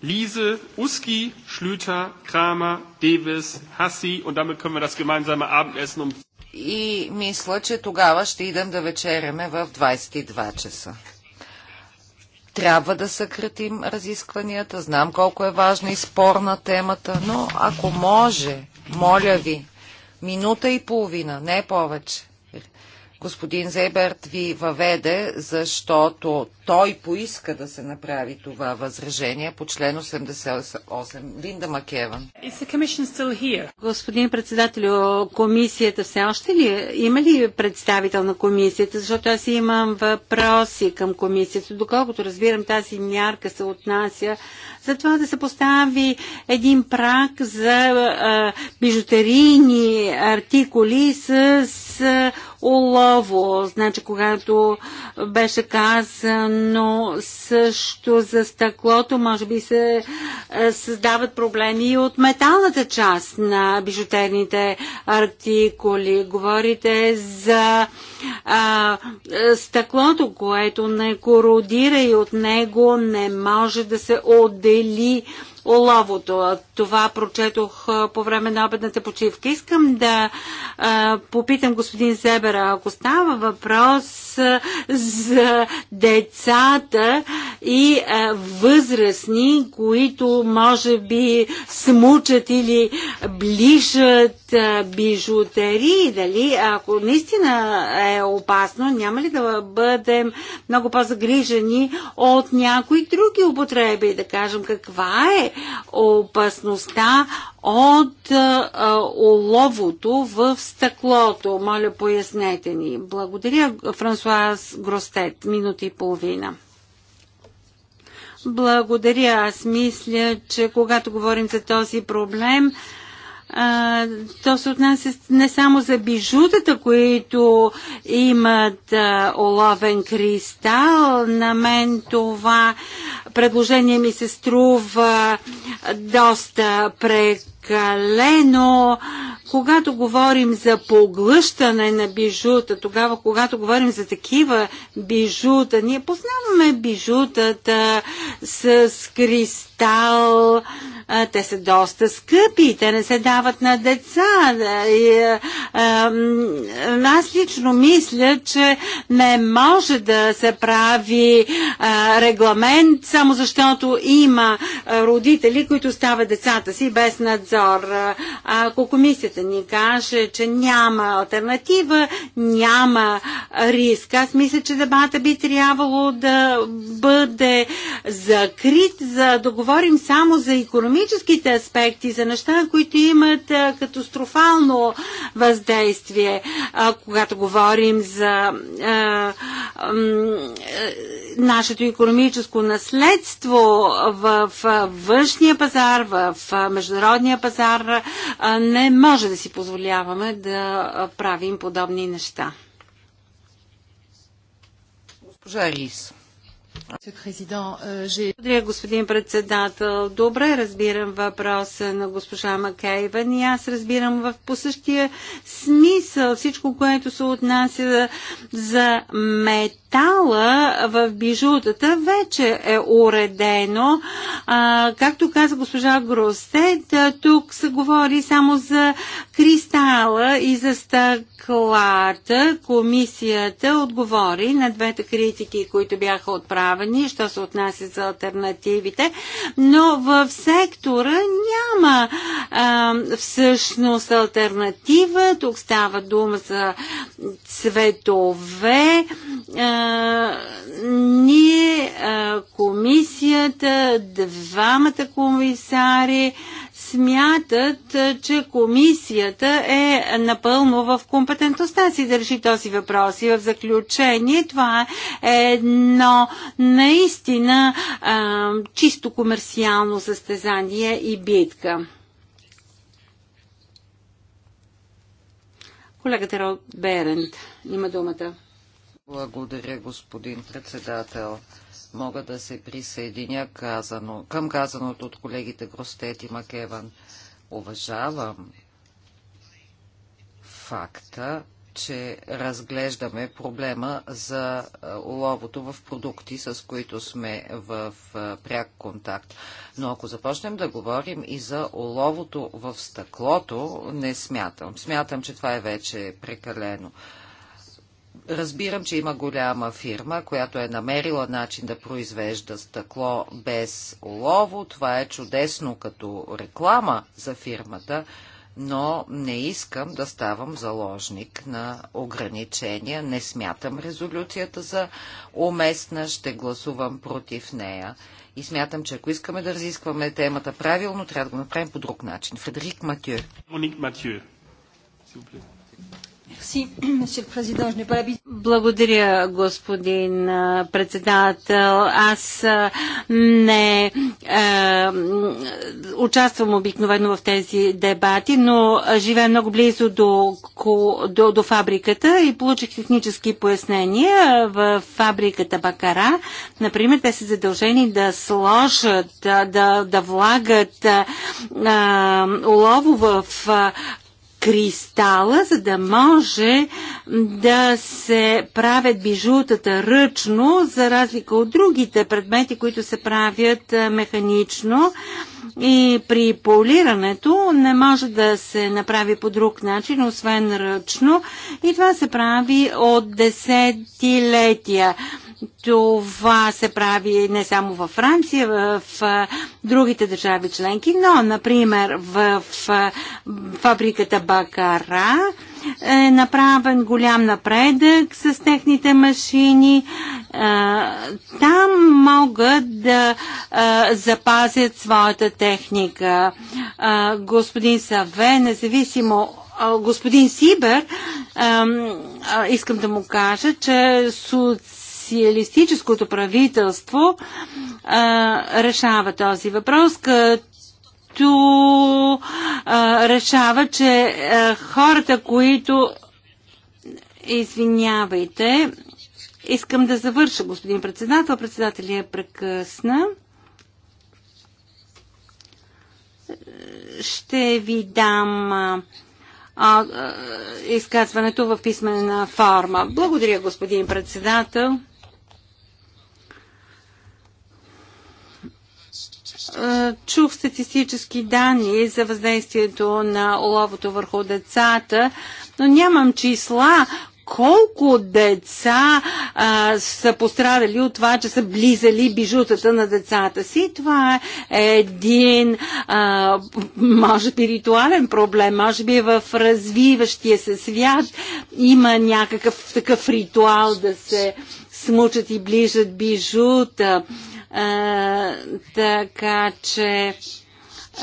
A: Liese, Uski, Schlüter, Kramer, Davis, Hassi und damit können wir das gemeinsame Abendessen um.
B: И мисля, че тогава ще идем да вечеряме в 22 часа. Трябва да съкратим разискванията. Знам колко е важна и спорна темата, но ако може, моля ви, минута и половина, не повече господин Зейберт ви въведе, защото той поиска да се направи това възражение по член 88. Линда Макеван. Господин
D: председател, комисията все още ли е? Има ли представител на комисията? Защото аз имам въпроси към комисията. Доколкото разбирам, тази мярка се отнася за това да се постави един прак за а, бижутерийни артикули с, с олово. Значи, когато беше казано също за стъклото, може би се създават проблеми и от металната част на бижутерните артикули. Говорите за а, е, стъклото, което не кородира и от него не може да се отдели оловото. Това прочетох е, по време на обедната почивка. Искам да а, е, попитам господин Зебера, ако става въпрос за децата и а, възрастни, които може би смучат или ближат а, Дали, ако наистина е опасно, няма ли да бъдем много по-загрижени от някои други употреби? Да кажем каква е опасността от а, уловото в стъклото. Моля, пояснете ни. Благодаря, Франсуа. Франсуаз Гростет. Минута и половина. Благодаря. Аз мисля, че когато говорим за този проблем, а, то се отнася не само за бижутата, които имат а, оловен кристал. На мен това предложение ми се струва доста прекалено прекалено, когато говорим за поглъщане на бижута, тогава когато говорим за такива бижута, ние познаваме бижутата с кристал, те са доста скъпи, те не се дават на деца. Аз лично мисля, че не може да се прави регламент, само защото има родители, които стават децата си без надзор надзор. Ако комисията ни каже, че няма альтернатива, няма риск. Аз мисля, че дебата би трябвало да бъде закрит, за да говорим само за економическите аспекти, за неща, които имат катастрофално въздействие, когато говорим за нашето економическо наследство в външния пазар, в международния пазар, не може да си позволяваме да правим подобни неща. Госпожа Рис. Благодаря, господин председател. Добре разбирам въпроса на госпожа Макейвен и аз разбирам в по същия смисъл всичко, което се отнася за метала в бижутата вече е уредено. А, както каза госпожа Гростет, тук се говори само за кристала и за стъклата. Комисията отговори на двете критики, които бяха отправени представени, що се отнася за альтернативите, но в сектора няма а, всъщност альтернатива. Тук става дума за цветове. А, ние, а, комисията, двамата комисари смятат, че комисията е напълно в компетентността си да реши този въпрос. И в заключение това е едно наистина а, чисто комерциално състезание и битка.
B: Колегата Роберент, Берент има думата. Благодаря, господин председател мога да се присъединя казано, към казаното от колегите Гростет и Макеван. Уважавам факта, че разглеждаме проблема за е, ловото в продукти, с които сме в е, пряк контакт. Но ако започнем да говорим и за ловото в стъклото, не смятам. Смятам, че това е вече прекалено. Разбирам, че има голяма фирма, която е намерила начин да произвежда стъкло без олово. Това е чудесно като реклама за фирмата, но не искам да ставам заложник на ограничения. Не смятам резолюцията за уместна, ще гласувам против нея. И смятам, че ако искаме да разискваме темата правилно, трябва да го направим по друг начин. Фредерик Матю.
A: Моник Матю. S'il
D: Благодаря, господин председател. Аз не е, участвам обикновено в тези дебати, но живея много близо до, до, до фабриката и получих технически пояснения. В фабриката Бакара, например, те са задължени да сложат, да, да влагат е, улово в кристала, за да може да се правят бижутата ръчно, за разлика от другите предмети, които се правят механично. И при полирането не може да се направи по друг начин, освен ръчно. И това се прави от десетилетия. Това се прави не само във Франция, в другите държави членки, но, например, в фабриката Бакара е направен голям напредък с техните машини. Там могат да запазят своята техника. Господин Саве, независимо господин Сибер, искам да му кажа, че суд социалистическото правителство а, решава този въпрос, като а, решава, че а, хората, които. Извинявайте, искам да завърша, господин председател. Председателя е прекъсна. Ще ви дам. А, а, изказването в писмена форма. Благодаря, господин председател. чух статистически данни за въздействието на оловото върху децата, но нямам числа колко деца а, са пострадали от това, че са близали бижутата на децата си. Това е един, а, може би, ритуален проблем, може би е в развиващия се свят има някакъв такъв ритуал да се смучат и ближат бижута. А, така че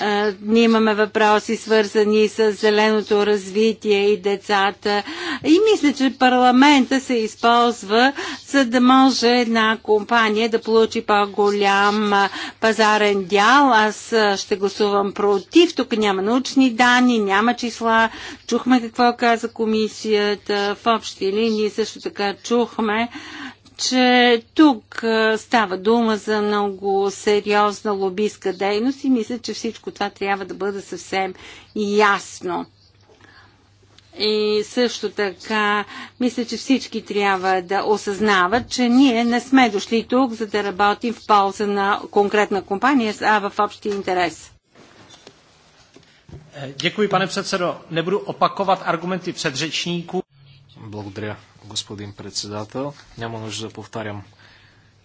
D: а, ние имаме въпроси свързани с зеленото развитие и децата. И мисля, че парламента се използва, за да може една компания да получи по-голям пазарен дял. Аз ще гласувам против. Тук няма научни данни, няма числа. Чухме какво каза комисията. В общи линии също така чухме че тук става дума за много сериозна лобистка дейност и мисля, че всичко това трябва да бъде съвсем ясно. И също така, мисля, че всички трябва да осъзнават, че ние не сме дошли тук, за да работим в полза на конкретна компания, а в общия интерес.
C: Е, děkuji, pane předsedo. Nebudu opakovat argumenty předřečníků. Благодаря, господин председател. Няма нужда да повтарям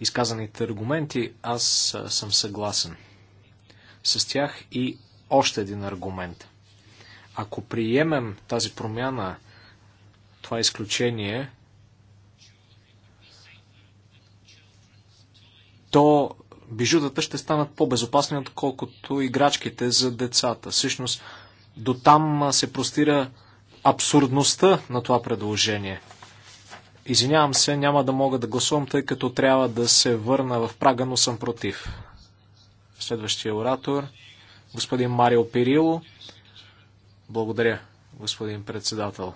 C: изказаните аргументи. Аз съм съгласен с тях и още един аргумент. Ако приемем тази промяна, това изключение, то бижутата ще станат по-безопасни, отколкото играчките за децата. Всъщност, до там се простира абсурдността на това предложение. Извинявам се, няма да мога да гласувам, тъй като трябва да се върна в Прага, но съм против. Следващия оратор, господин Марио Пирило. Благодаря, господин председател.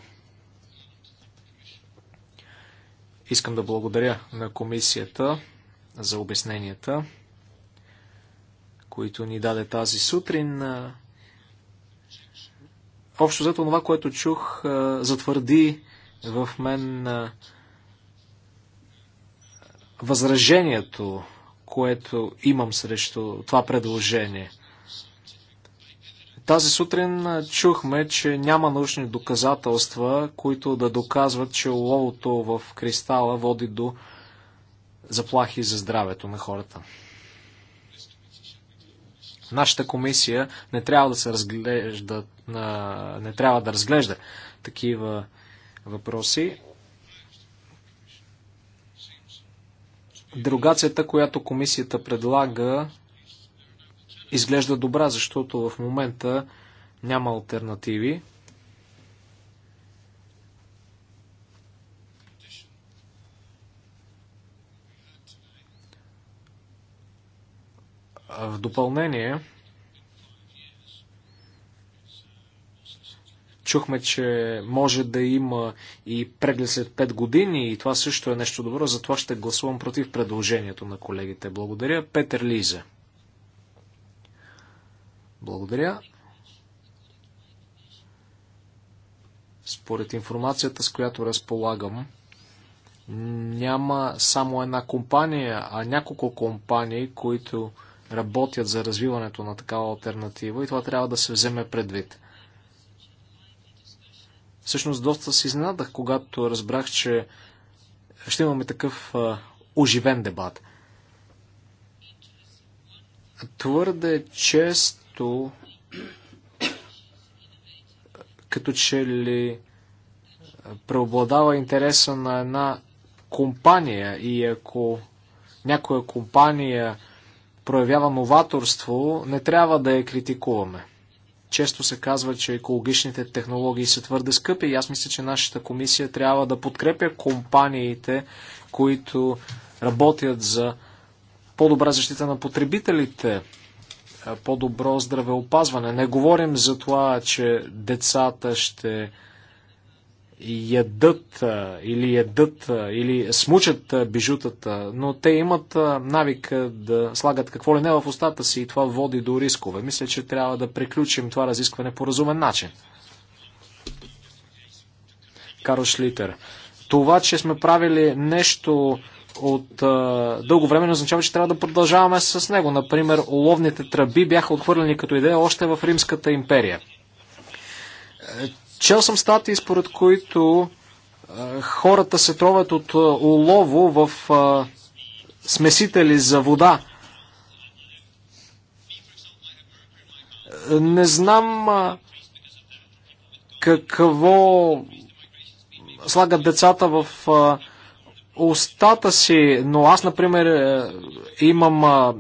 C: Искам да благодаря на комисията за обясненията, които ни даде тази сутрин. Общо взето това, което чух, затвърди в мен възражението, което имам срещу това предложение. Тази сутрин чухме, че няма научни доказателства, които да доказват, че ловото в кристала води до заплахи за здравето на хората. Нашата комисия не трябва да се разглежда, не трябва да разглежда такива въпроси. Дерогацията, която комисията предлага, изглежда добра, защото в момента няма альтернативи. В допълнение, Чухме, че може да има и преглед след 5 години и това също е нещо добро, затова ще гласувам против предложението на колегите. Благодаря. Петър Лиза. Благодаря. Според информацията, с която разполагам, няма само една компания, а няколко компании, които работят за развиването на такава альтернатива и това трябва да се вземе предвид. Всъщност доста си изненадах, когато разбрах, че ще имаме такъв а, оживен дебат. Твърде често, като че ли преобладава интереса на една компания и ако някоя компания проявява новаторство, не трябва да я критикуваме. Често се казва, че екологичните технологии са твърде скъпи и аз мисля, че нашата комисия трябва да подкрепя компаниите, които работят за по-добра защита на потребителите, по-добро здравеопазване. Не говорим за това, че децата ще ядат или ядат или смучат бижутата, но те имат навик да слагат какво ли не в устата си и това води до рискове. Мисля, че трябва да приключим това разискване по разумен начин. Карл Шлитер. Това, че сме правили нещо от а, дълго време не означава, че трябва да продължаваме с него. Например, уловните тръби бяха отхвърлени като идея още в Римската империя Чел съм статии, според които хората се троват от улово в смесители за вода. Не знам какво слагат децата в устата си, но аз, например, е, имам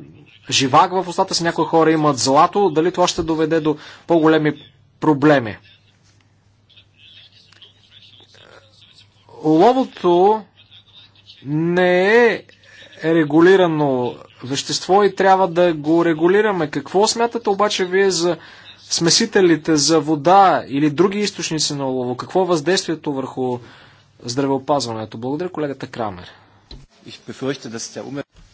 C: живак в устата си, някои хора имат злато, дали това ще доведе до по-големи проблеми? Оловото не е регулирано вещество и трябва да го регулираме. Какво смятате обаче вие за смесителите за вода или други източници на олово? Какво е въздействието върху здравеопазването? Благодаря колегата Крамер.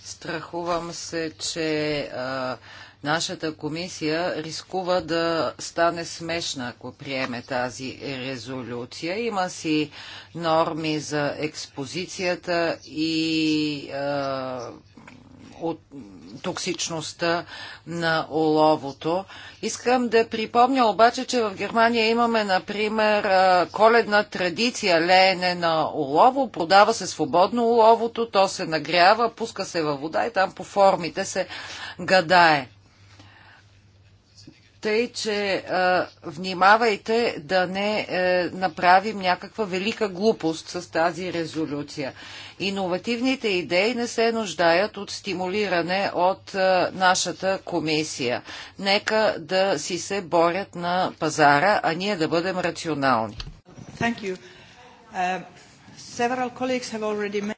B: Страхувам се, че а, Нашата комисия рискува да стане смешна, ако приеме тази резолюция. Има си норми за експозицията и от токсичността на оловото. Искам да припомня обаче, че в Германия имаме, например, коледна традиция леене на олово. Продава се свободно оловото, то се нагрява, пуска се във вода и там по формите се гадае. Тъй, е, че а, внимавайте да не е, направим някаква велика глупост с тази резолюция. Иновативните идеи не се нуждаят от стимулиране от а, е, нашата комисия. Нека да си се борят на пазара, а ние да бъдем рационални. Thank you. Uh...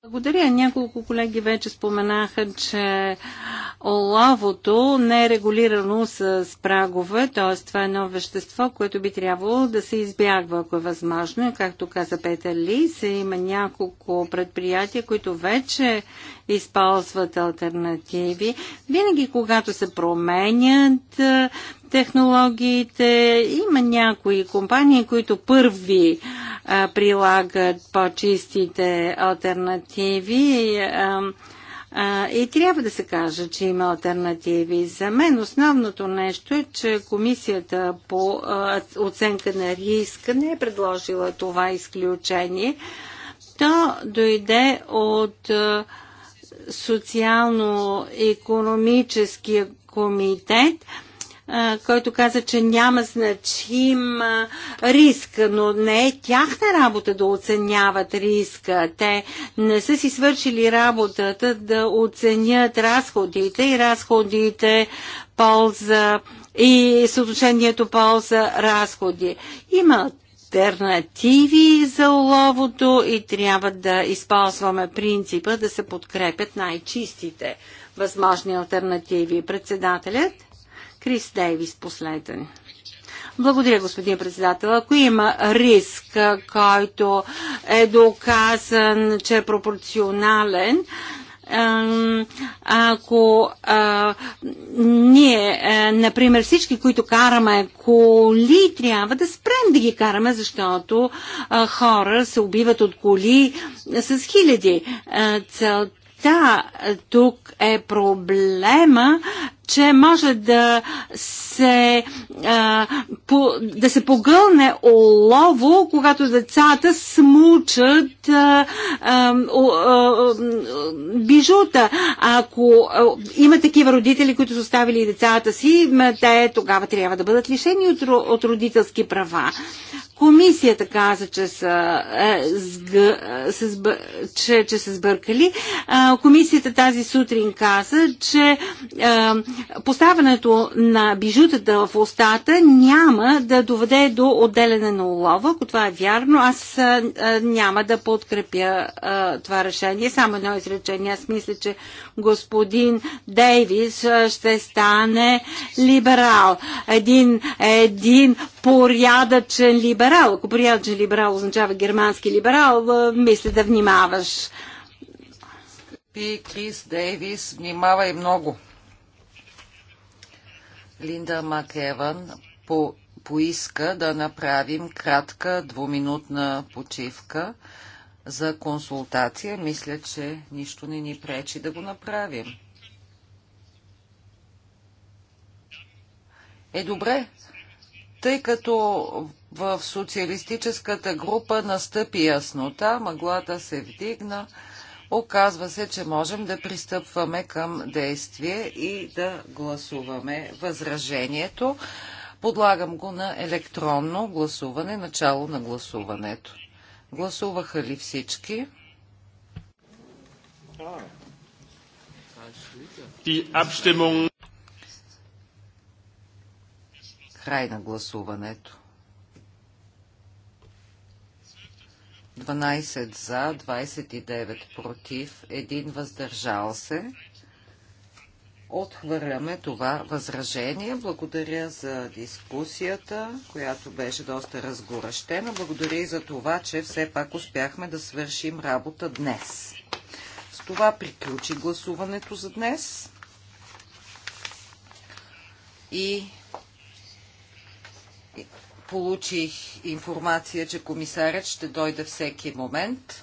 B: Благодаря. Няколко колеги вече споменаха,
D: че олавото не е регулирано с прагове, т.е. това е едно вещество, което би трябвало да се избягва, ако е възможно. Както каза Петър Лис, има няколко предприятия, които вече използват альтернативи. Винаги, когато се променят е, технологиите, има някои компании, които първи е, прилагат по-чистите альтернативи. и трябва да се каже, че има альтернативи. За мен основното нещо е, че комисията по оценка на риска не е предложила това изключение. То дойде от социално-економическия комитет, който каза, че няма значим риск, но не е тяхна работа да оценяват риска. Те не са си свършили работата да оценят разходите и разходите полза и съотношението полза разходи. Има альтернативи за уловото и трябва да използваме принципа да се подкрепят най-чистите възможни альтернативи. Председателят Крис Дейвис последен. Благодаря, господин председател. Ако има риск, който е доказан, че е пропорционален, ако а, ние, а, например, всички, които караме коли, трябва да спрем да ги караме, защото а, хора се убиват от коли с хиляди. Целта тук е проблема че може да се, по, да се погълне олово, когато децата смучат бижута. Ако има такива родители, които са оставили децата си, те тогава трябва да бъдат лишени от, от родителски права. Комисията каза, че са, е, сгъ, се сбър, че, че са сбъркали. Е, комисията тази сутрин каза, че е, поставянето на бижутата в устата няма да доведе до отделяне на улова. Ако това е вярно, аз няма да подкрепя това решение. Само едно изречение. Аз мисля, че господин Дейвис ще стане либерал. Един, един порядъчен либерал. Ако порядъчен либерал означава германски либерал, мисля да внимаваш.
B: Скъпи Крис Дейвис, внимавай много. Линда Макеван по поиска да направим кратка двуминутна почивка за консултация. Мисля, че нищо не ни пречи да го направим. Е, добре, тъй като в социалистическата група настъпи яснота, мъглата се вдигна, Оказва се, че можем да пристъпваме към действие и да гласуваме възражението. Подлагам го на електронно гласуване, начало на гласуването. Гласуваха ли всички? Край на гласуването. 12 за, 29 против, 1 въздържал се. Отхвърляме това възражение. Благодаря за дискусията, която беше доста разгорещена. Благодаря и за това, че все пак успяхме да свършим работа днес. С това приключи гласуването за днес. И Получих информация, че комисарят ще дойде всеки момент.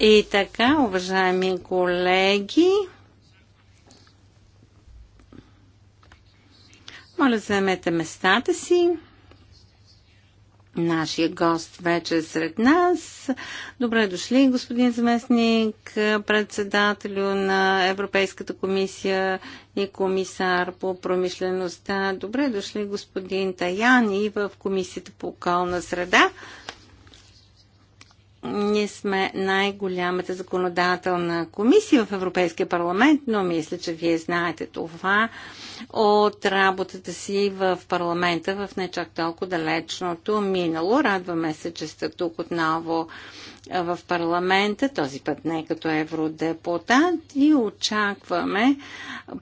D: и така, уважаеми колеги, моля заемете местата си. Нашия гост вече е сред нас. Добре дошли, господин заместник, председателю на Европейската комисия и комисар по промишлеността. Добре дошли, господин Таяни в Комисията по околна среда. Ние сме най-голямата законодателна комисия в Европейския парламент, но мисля, че вие знаете това от работата си в парламента в не чак толкова далечното минало. Радваме се, че сте тук отново в парламента, този път не като евродепутат и очакваме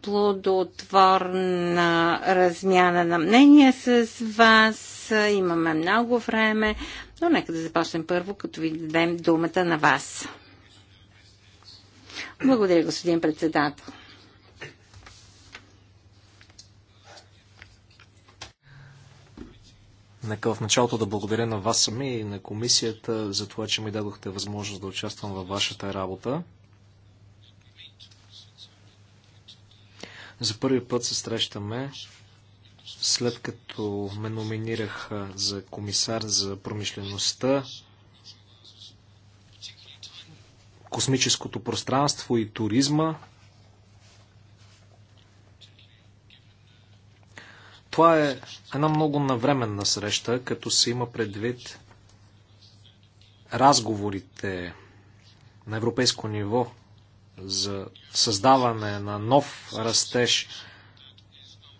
D: плодотворна размяна на мнения с вас. Имаме много време но нека да започнем първо, като ви дадем думата на вас. Благодаря, господин председател.
C: Нека в началото да благодаря на вас сами и на комисията за това, че ми дадохте възможност да участвам във вашата работа. За първи път се срещаме след като ме номинираха за комисар за промишлеността, космическото пространство и туризма, Това е една много навременна среща, като се има предвид разговорите на европейско ниво за създаване на нов растеж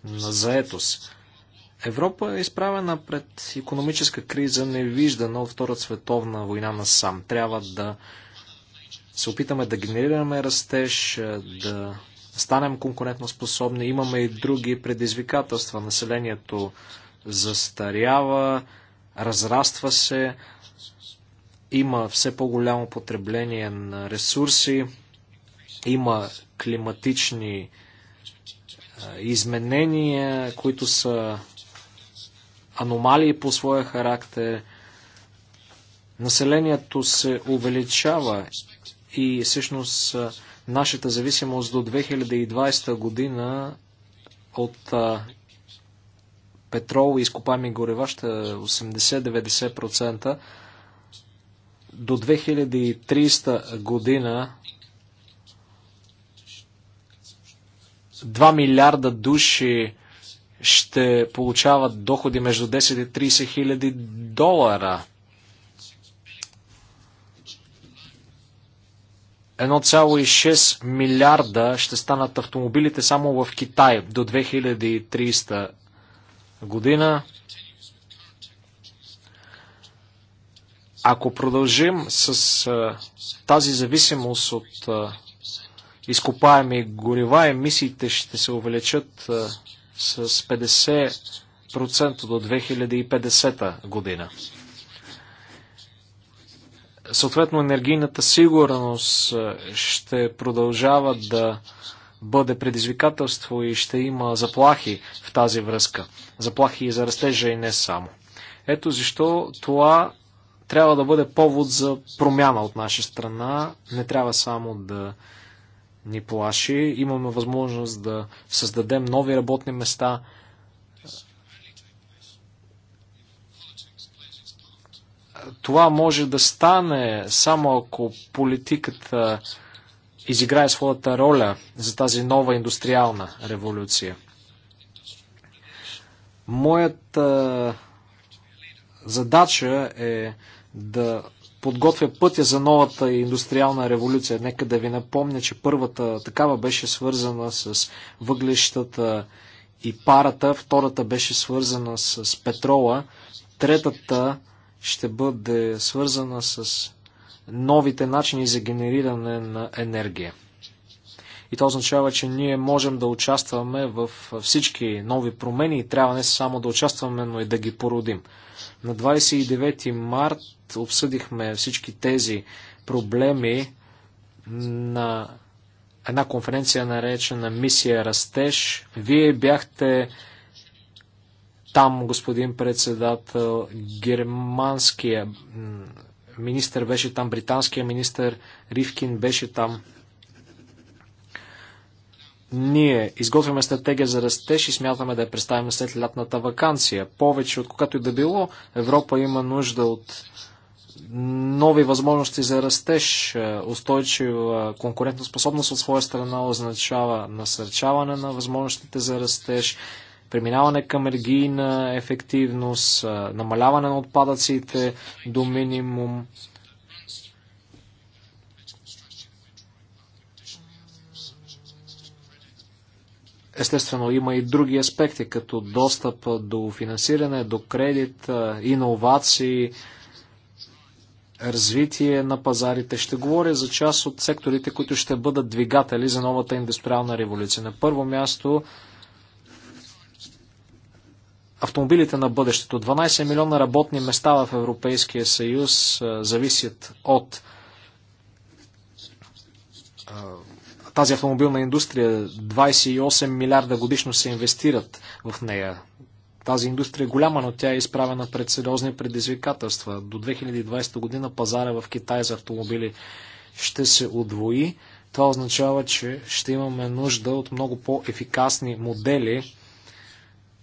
C: на заетост. Европа е изправена пред економическа криза, невиждана от Втората световна война на сам. Трябва да се опитаме да генерираме растеж, да станем конкурентно способни. Имаме и други предизвикателства. Населението застарява, разраства се, има все по-голямо потребление на ресурси, има климатични изменения, които са аномалии по своя характер. Населението се увеличава и всъщност нашата зависимост до 2020 година от а, петрол и изкопами горева ще е 80-90%. До 2030 година 2 милиарда души ще получават доходи между 10 и 30 хиляди долара. 1,6 милиарда ще станат автомобилите само в Китай до 2300 година. Ако продължим с а, тази зависимост от а, изкопаеми горива, емисиите ще се увеличат а, с 50% до 2050 година. Съответно, енергийната сигурност е, ще продължава да бъде предизвикателство и ще има заплахи в тази връзка. Заплахи и за растежа и не само. Ето защо това трябва да бъде повод за промяна от наша страна. Не трябва само да ни плаши. Имаме възможност да създадем нови работни места. Това може да стане само ако политиката изиграе своята роля за тази нова индустриална революция. Моята задача е да подготвя пътя за новата индустриална революция. Нека да ви напомня, че първата такава беше свързана с въглещата и парата, втората беше свързана с петрола, третата ще бъде свързана с новите начини за генериране на енергия. И това означава, че ние можем да участваме в всички нови промени и трябва не само да участваме, но и да ги породим. На 29 март обсъдихме всички тези проблеми на една конференция наречена Мисия Растеж. Вие бяхте там, господин председател, германския министър беше там, британския министър Ривкин беше там. Ние изготвяме стратегия за растеж и смятаме да я представим след лятната вакансия. Повече от когато и да било, Европа има нужда от нови възможности за растеж, е, устойчива конкурентоспособност от своя страна означава насърчаване на възможностите за растеж, преминаване към енергийна ефективност, е, намаляване на отпадъците до минимум, Естествено, има и други аспекти, като достъп до финансиране, до кредит, иновации, развитие на пазарите. Ще говоря за част от секторите, които ще бъдат двигатели за новата индустриална революция. На първо място автомобилите на бъдещето. 12 милиона работни места в Европейския съюз зависят от тази автомобилна индустрия. 28 милиарда годишно се инвестират в нея. Тази индустрия е голяма, но тя е изправена пред сериозни предизвикателства. До 2020 година пазара в Китай за автомобили ще се удвои. Това означава, че ще имаме нужда от много по-ефикасни модели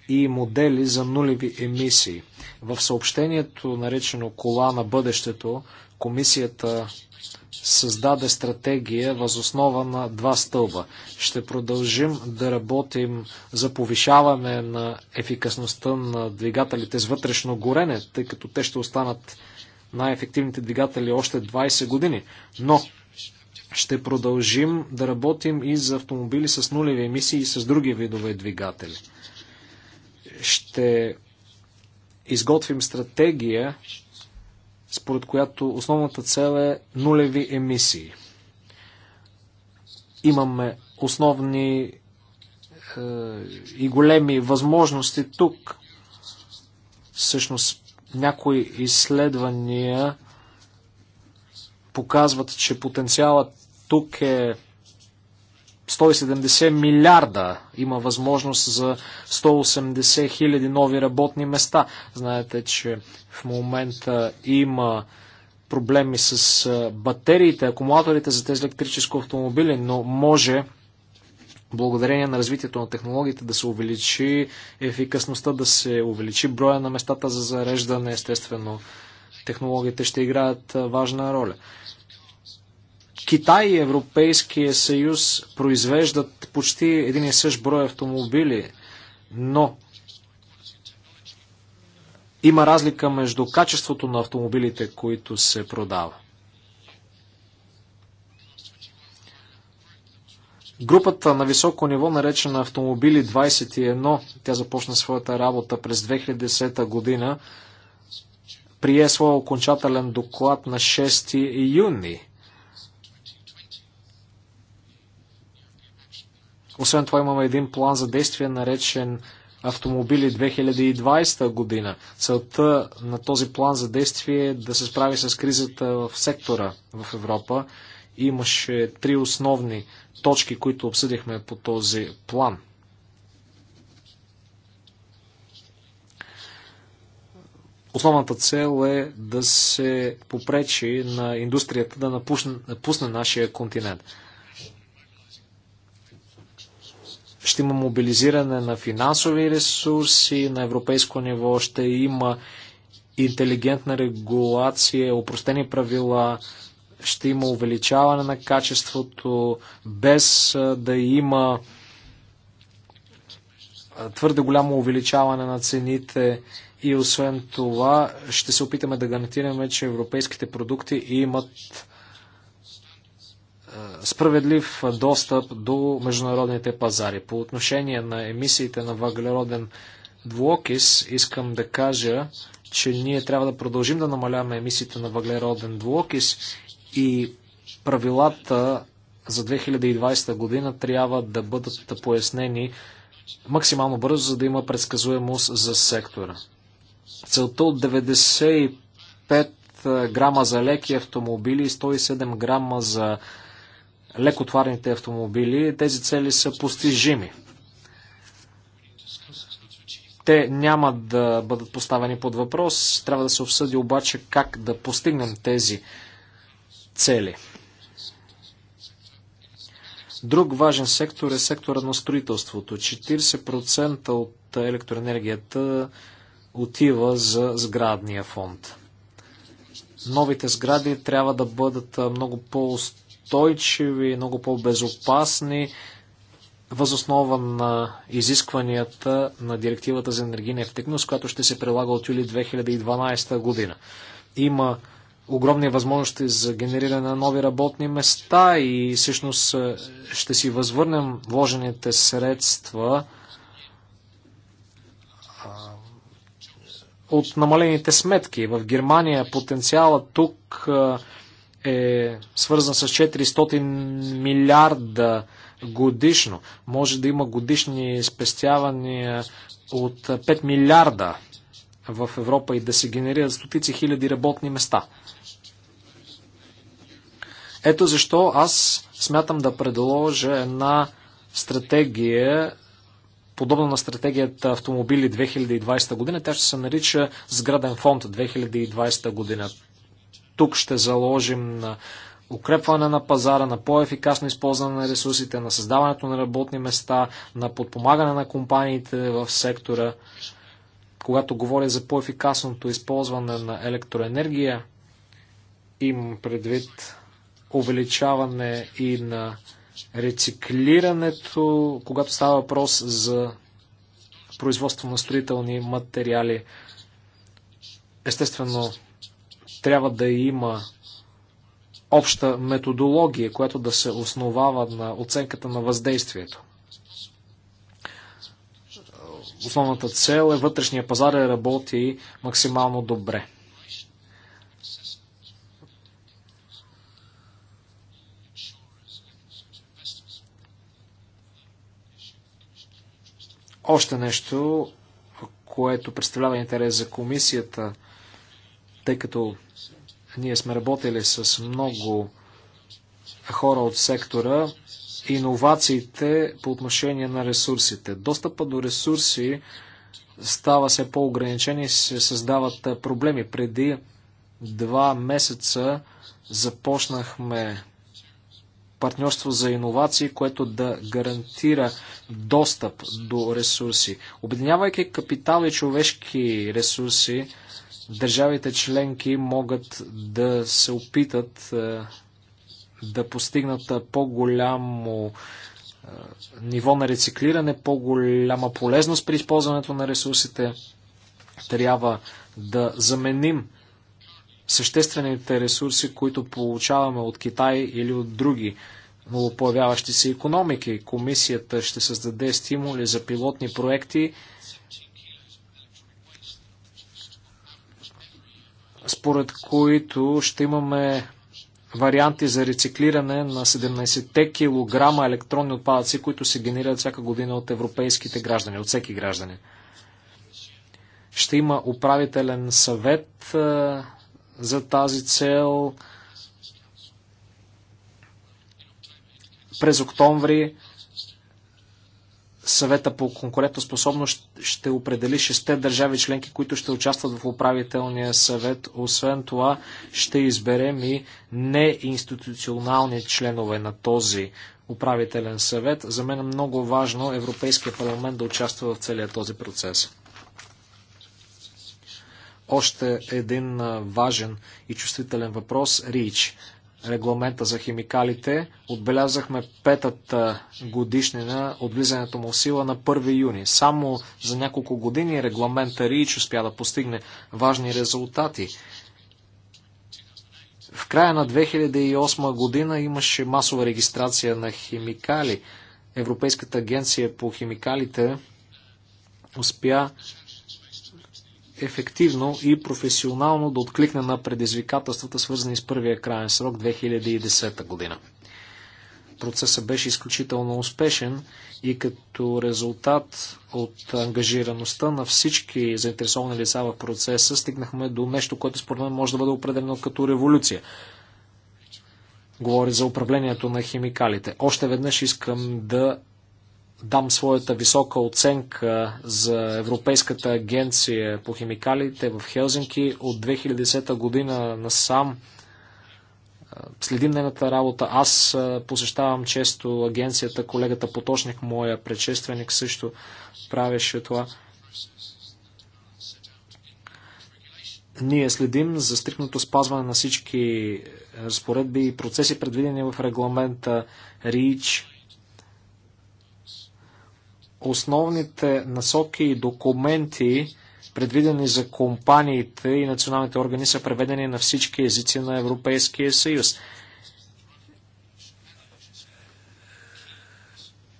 C: и модели за нулеви емисии. В съобщението, наречено кола на бъдещето, Комисията създаде стратегия възоснова на два стълба. Ще продължим да работим за повишаване на ефикасността на двигателите с вътрешно горене, тъй като те ще останат най-ефективните двигатели още 20 години. Но ще продължим да работим и за автомобили с нулеви емисии и с други видове двигатели. Ще изготвим стратегия според която основната цел е нулеви емисии. Имаме основни е, и големи възможности тук. Всъщност, някои изследвания показват, че потенциалът тук е 170 милиарда. Има възможност за 180 хиляди нови работни места. Знаете, че в момента има проблеми с батериите, акумулаторите за тези електрически автомобили, но може благодарение на развитието на технологиите да се увеличи ефикасността, да се увеличи броя на местата за зареждане. Естествено, технологиите ще играят важна роля. Китай и Европейския съюз произвеждат почти един и същ брой автомобили, но има разлика между качеството на автомобилите, които се продава. Групата на високо ниво, наречена Автомобили 21, тя започна своята работа през 2010 година, прие своя окончателен доклад на 6 юни Освен това имаме един план за действие, наречен автомобили 2020 година. Целта на този план за действие е да се справи с кризата в сектора в Европа. Имаше три основни точки, които обсъдихме по този план. Основната цел е да се попречи на индустрията да напусне, нашия континент. ще има мобилизиране на финансови ресурси, на европейско ниво ще има интелигентна регулация, упростени правила, ще има увеличаване на качеството, без да има твърде голямо увеличаване на цените и освен това ще се опитаме да гарантираме, че европейските продукти имат справедлив достъп до международните пазари. По отношение на емисиите на въглероден двуокис, искам да кажа, че ние трябва да продължим да намаляваме емисиите на въглероден двуокис и правилата за 2020 година трябва да бъдат пояснени максимално бързо, за да има предсказуемост за сектора. Целта от 95 грама за леки автомобили и 107 грама за лекотварните автомобили, тези цели са постижими. Те няма да бъдат поставени под въпрос. Трябва да се обсъди обаче как да постигнем тези цели. Друг важен сектор е сектора на строителството. 40% от електроенергията отива за сградния фонд. Новите сгради трябва да бъдат много по-устойчиви по-устойчиви, много по-безопасни, възоснова на изискванията на директивата за енергийна ефективност, която ще се прилага от юли 2012 година. Има огромни възможности за генериране на нови работни места и всъщност е, ще си възвърнем вложените средства е, от намалените сметки. В Германия потенциала тук е, е свързан с 400 милиарда годишно. Може да има годишни спестявания от 5 милиарда в Европа и да се генерират стотици хиляди работни места. Ето защо аз смятам да предложа една стратегия, подобна на стратегията Автомобили 2020 година. Тя ще се нарича Сграден фонд 2020 година. Тук ще заложим на укрепване на пазара, на по-ефикасно използване на ресурсите, на създаването на работни места, на подпомагане на компаниите в сектора. Когато говоря за по-ефикасното използване на електроенергия, имам предвид увеличаване и на рециклирането, когато става въпрос за производство на строителни материали. Естествено, трябва да има обща методология, която да се основава на оценката на въздействието. Основната цел е вътрешния пазар да работи максимално добре. Още нещо, което представлява интерес за комисията, тъй като ние сме работили с много хора от сектора. Иновациите по отношение на ресурсите. Достъпа до ресурси става се по-ограничен и се създават проблеми. Преди два месеца започнахме партньорство за иновации, което да гарантира достъп до ресурси. Обединявайки капитал и човешки ресурси, Държавите членки могат да се опитат е, да постигнат е, по-голямо е, ниво на рециклиране, по-голяма полезност при използването на ресурсите. Трябва да заменим съществените ресурси, които получаваме от Китай или от други новопоявяващи се економики. Комисията ще създаде стимули за пилотни проекти според които ще имаме варианти за рециклиране на 17 килограма електронни отпадъци, които се генерират всяка година от европейските граждани, от всеки граждани. Ще има управителен съвет за тази цел през октомври съвета по конкурентоспособност ще определи шесте държави членки, които ще участват в управителния съвет. Освен това, ще изберем и неинституционални членове на този управителен съвет. За мен е много важно Европейския парламент да участва в целия този процес. Още един важен и чувствителен въпрос – РИЧ – регламента за химикалите. Отбелязахме петата годишнина от влизането му в сила на 1 юни. Само за няколко години регламента РИЧ успя да постигне важни резултати. В края на 2008 година имаше масова регистрация на химикали. Европейската агенция по химикалите успя ефективно и професионално да откликне на предизвикателствата, свързани с първия крайен срок 2010 година. Процесът беше изключително успешен и като резултат от ангажираността на всички заинтересовани лица в процеса стигнахме до нещо, което според мен може да бъде определено като революция. Говори за управлението на химикалите. Още веднъж искам да дам своята висока оценка за Европейската агенция по химикалите в Хелзинки от 2010 година насам. Следим нейната работа. Аз посещавам често агенцията. Колегата Поточник, моя предшественик, също правеше това. Ние следим за стрикното спазване на всички разпоредби и процеси, предвидени в регламента РИЧ, основните насоки и документи, предвидени за компаниите и националните органи, са преведени на всички езици на Европейския съюз.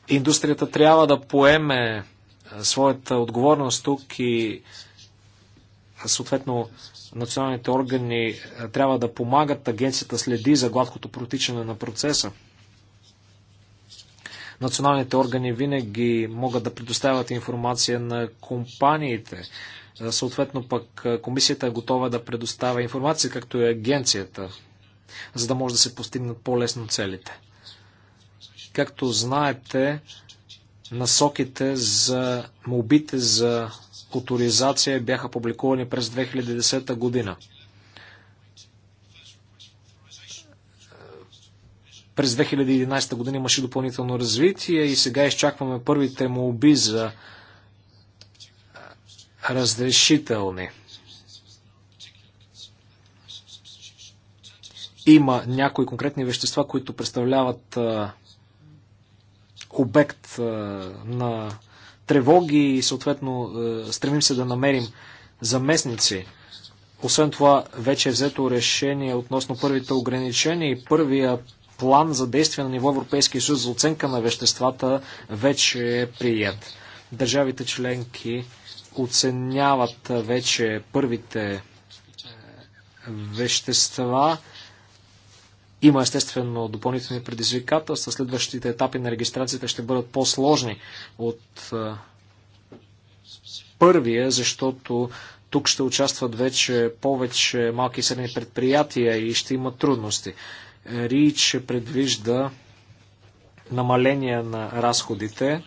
C: Индустрията трябва да поеме е, своята отговорност тук и е, съответно националните органи е, трябва да помагат агенцията следи за гладкото протичане на процеса. Националните органи винаги могат да предоставят информация на компаниите. Е, съответно пък е, комисията е готова да предоставя информация, както и агенцията, за да може да се постигнат по-лесно целите. Както знаете, насоките за молбите за авторизация бяха публикувани през 2010 година. През 2011 година имаше допълнително развитие и сега изчакваме първите молби за разрешителни. Има някои конкретни вещества, които представляват а, обект а, на тревоги и съответно а, стремим се да намерим заместници. Освен това, вече е взето решение относно първите ограничения и първия план за действие на ниво Европейския съюз за оценка на веществата вече е прият. Държавите членки оценяват вече първите е, вещества. Има естествено допълнителни предизвикателства. Следващите етапи на регистрацията ще бъдат по-сложни от е, първия, защото тук ще участват вече повече малки и средни предприятия и ще има трудности. Рич предвижда намаление на разходите.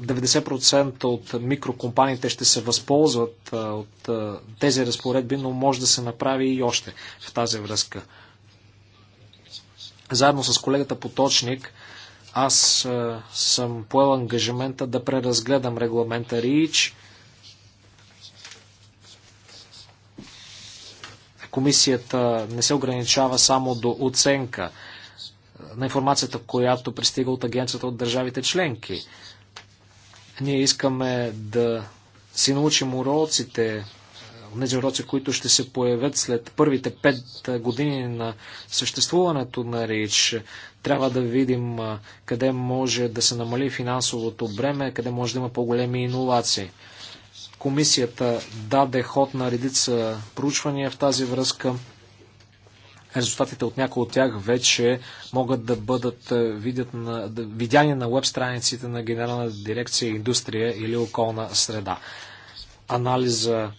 C: 90% от микрокомпаниите ще се възползват от тези разпоредби, но може да се направи и още в тази връзка. Заедно с колегата Поточник, аз съм поел ангажимента да преразгледам регламента РИЧ комисията не се ограничава само до оценка на информацията, която пристига от агенцията от държавите членки. Ние искаме да си научим уроците, тези уроци, които ще се появят след първите пет години на съществуването на РИЧ. Трябва да видим къде може да се намали финансовото бреме, къде може да има по-големи иновации. Комисията даде ход на редица проучвания в тази връзка. Резултатите от някои от тях вече могат да бъдат е, видят на, да, видяни на веб страниците на Генерална дирекция индустрия или околна среда. Анализа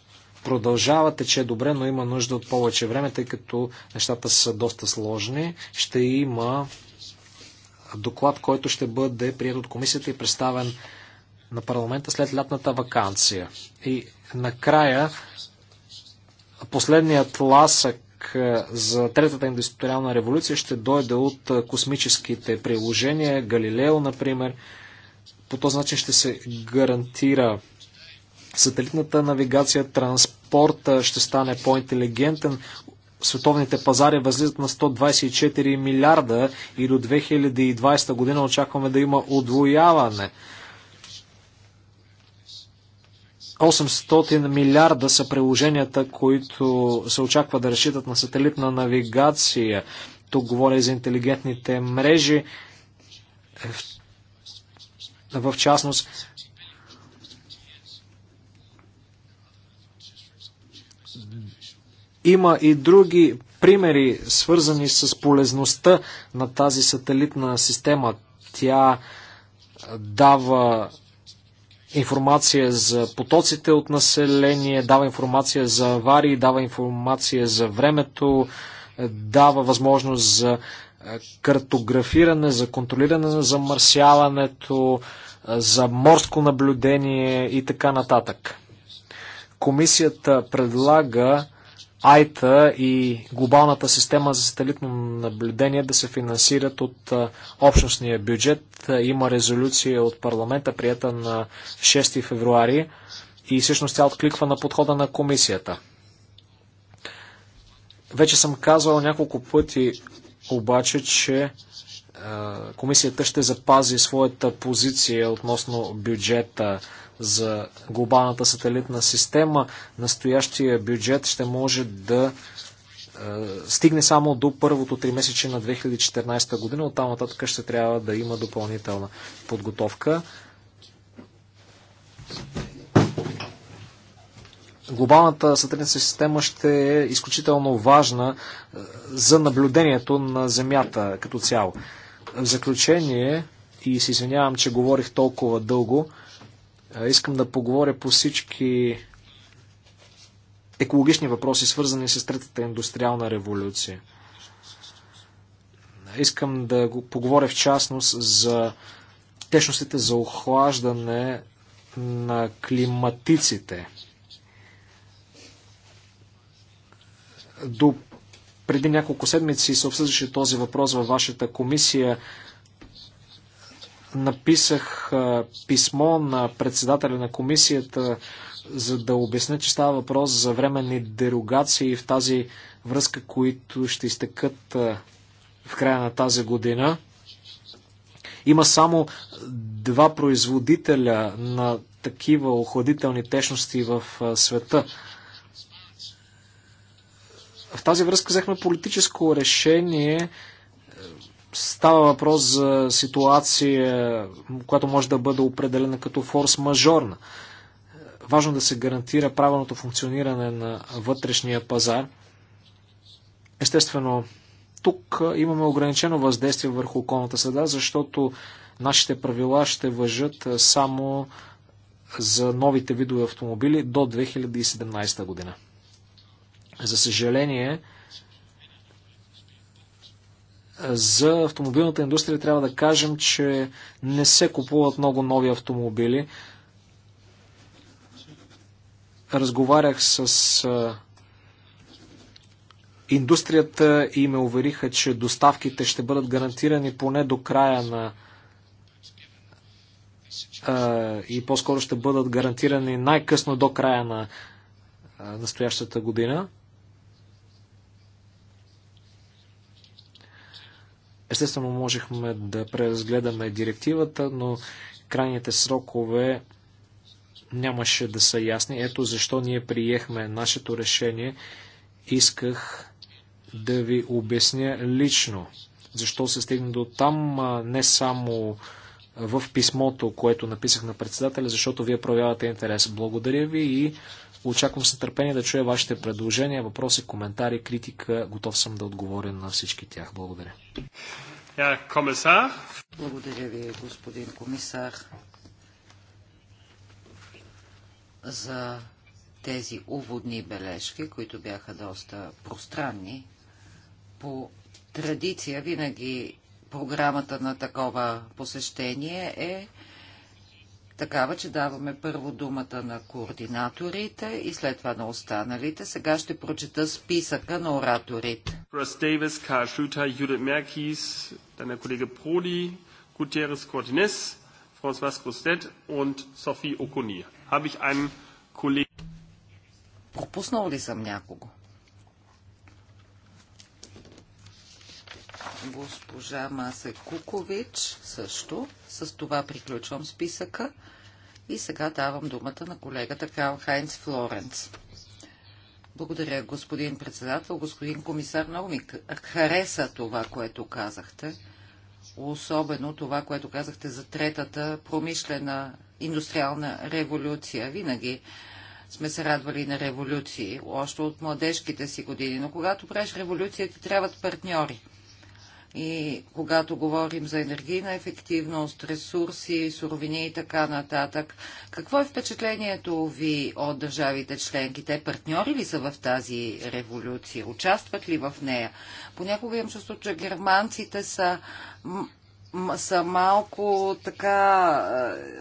C: продължава, тече добре, но има нужда от повече време, тъй като нещата са доста сложни. Ще има доклад, който ще бъде прият от комисията и представен на парламента след лятната вакансия. И накрая последният ласък е, за третата индустриална революция ще дойде от е, космическите приложения, Галилео, например. По този начин ще се гарантира сателитната навигация, транспорта ще стане по-интелигентен, световните пазари възлизат на 124 милиарда и до 2020 година очакваме да има отвояване 800 милиарда са приложенията, които се очаква да разчитат на сателитна навигация. Тук говоря и за интелигентните мрежи. В частност, има и други примери, свързани с полезността на тази сателитна система. Тя дава информация за потоците от население, дава информация за аварии, дава информация за времето, дава възможност за картографиране, за контролиране на замърсяването, за морско наблюдение и така нататък. Комисията предлага АЙТА и глобалната система за сателитно наблюдение да се финансират от общностния бюджет. Има резолюция от парламента, прията на 6 февруари и всъщност тя откликва на подхода на комисията. Вече съм казвал няколко пъти обаче, че комисията ще запази своята позиция относно бюджета за глобалната сателитна система, настоящия бюджет ще може да е, стигне само до първото три месече на 2014 година. От там нататък ще трябва да има допълнителна подготовка. Глобалната сателитна система ще е изключително важна е, за наблюдението на Земята като цяло. В заключение, и се извинявам, че говорих толкова дълго, Искам да поговоря по всички екологични въпроси, свързани с третата индустриална революция. Искам да го поговоря в частност за течностите за охлаждане на климатиците. До преди няколко седмици се обсъждаше този въпрос във вашата комисия. Написах писмо на председателя на комисията, за да обясня, че става въпрос за временни дерогации в тази връзка, които ще изтекат в края на тази година. Има само два производителя на такива охладителни течности в света. В тази връзка взехме политическо решение Става въпрос за ситуация, която може да бъде определена като форс-мажорна. Важно да се гарантира правилното функциониране на вътрешния пазар. Естествено, тук имаме ограничено въздействие върху околната среда, защото нашите правила ще въжат само за новите видове автомобили до 2017 година. За съжаление, за автомобилната индустрия трябва да кажем, че не се купуват много нови автомобили. Разговарях с индустрията и ме увериха, че доставките ще бъдат гарантирани поне до края на и по-скоро ще бъдат гарантирани най-късно до края на настоящата година. Естествено, можехме да преразгледаме директивата, но крайните срокове нямаше да са ясни. Ето защо ние приехме нашето решение. Исках да ви обясня лично защо се стигна до там, не само в писмото, което написах на председателя, защото вие проявявате интерес. Благодаря ви и Очаквам с нетърпение да чуя вашите предложения, въпроси, коментари, критика. Готов съм да отговоря на всички тях. Благодаря.
B: Е, Благодаря ви, господин комисар, за тези уводни бележки, които бяха доста пространни. По традиция винаги програмата на такова посещение е такава, че даваме първо думата на координаторите и след това на останалите. Сега ще прочета списъка на
A: ораторите. Рас Дейвис, Карл Шютер, Юдит Меркис, дана колега Проли, Гутерес Кортинес, François Grostet и Софи Окуния. Пропуснал ли съм някого?
B: госпожа Масе Кукович също. С това приключвам списъка. И сега давам думата на колегата Карл Хайнц Флоренц. Благодаря, господин председател. Господин комисар, много ми хареса това, което казахте. Особено това, което казахте за третата промишлена индустриална революция. Винаги сме се радвали на революции, още от младежките си години. Но когато правиш революция, ти трябват партньори. И когато говорим за енергийна ефективност, ресурси, суровини и така нататък, какво е впечатлението ви от държавите членки? Те партньори ли са в тази революция? Участват ли в нея? Понякога имам чувство, че германците са са малко така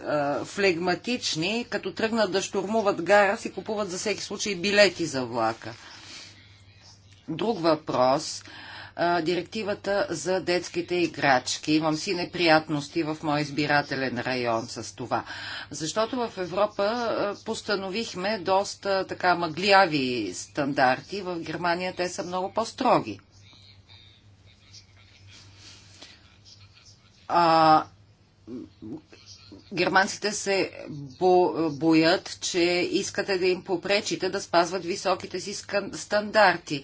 B: а, флегматични, като тръгнат да штурмуват гара, си купуват за всеки случай билети за влака. Друг въпрос. А, а, директивата за детските играчки. Имам си неприятности в мой избирателен район с това. Защото в Европа а, постановихме доста така мъгляви стандарти. В Германия те са много по-строги. А, германците се бо, боят, че искате да им попречите да спазват високите си стандарти.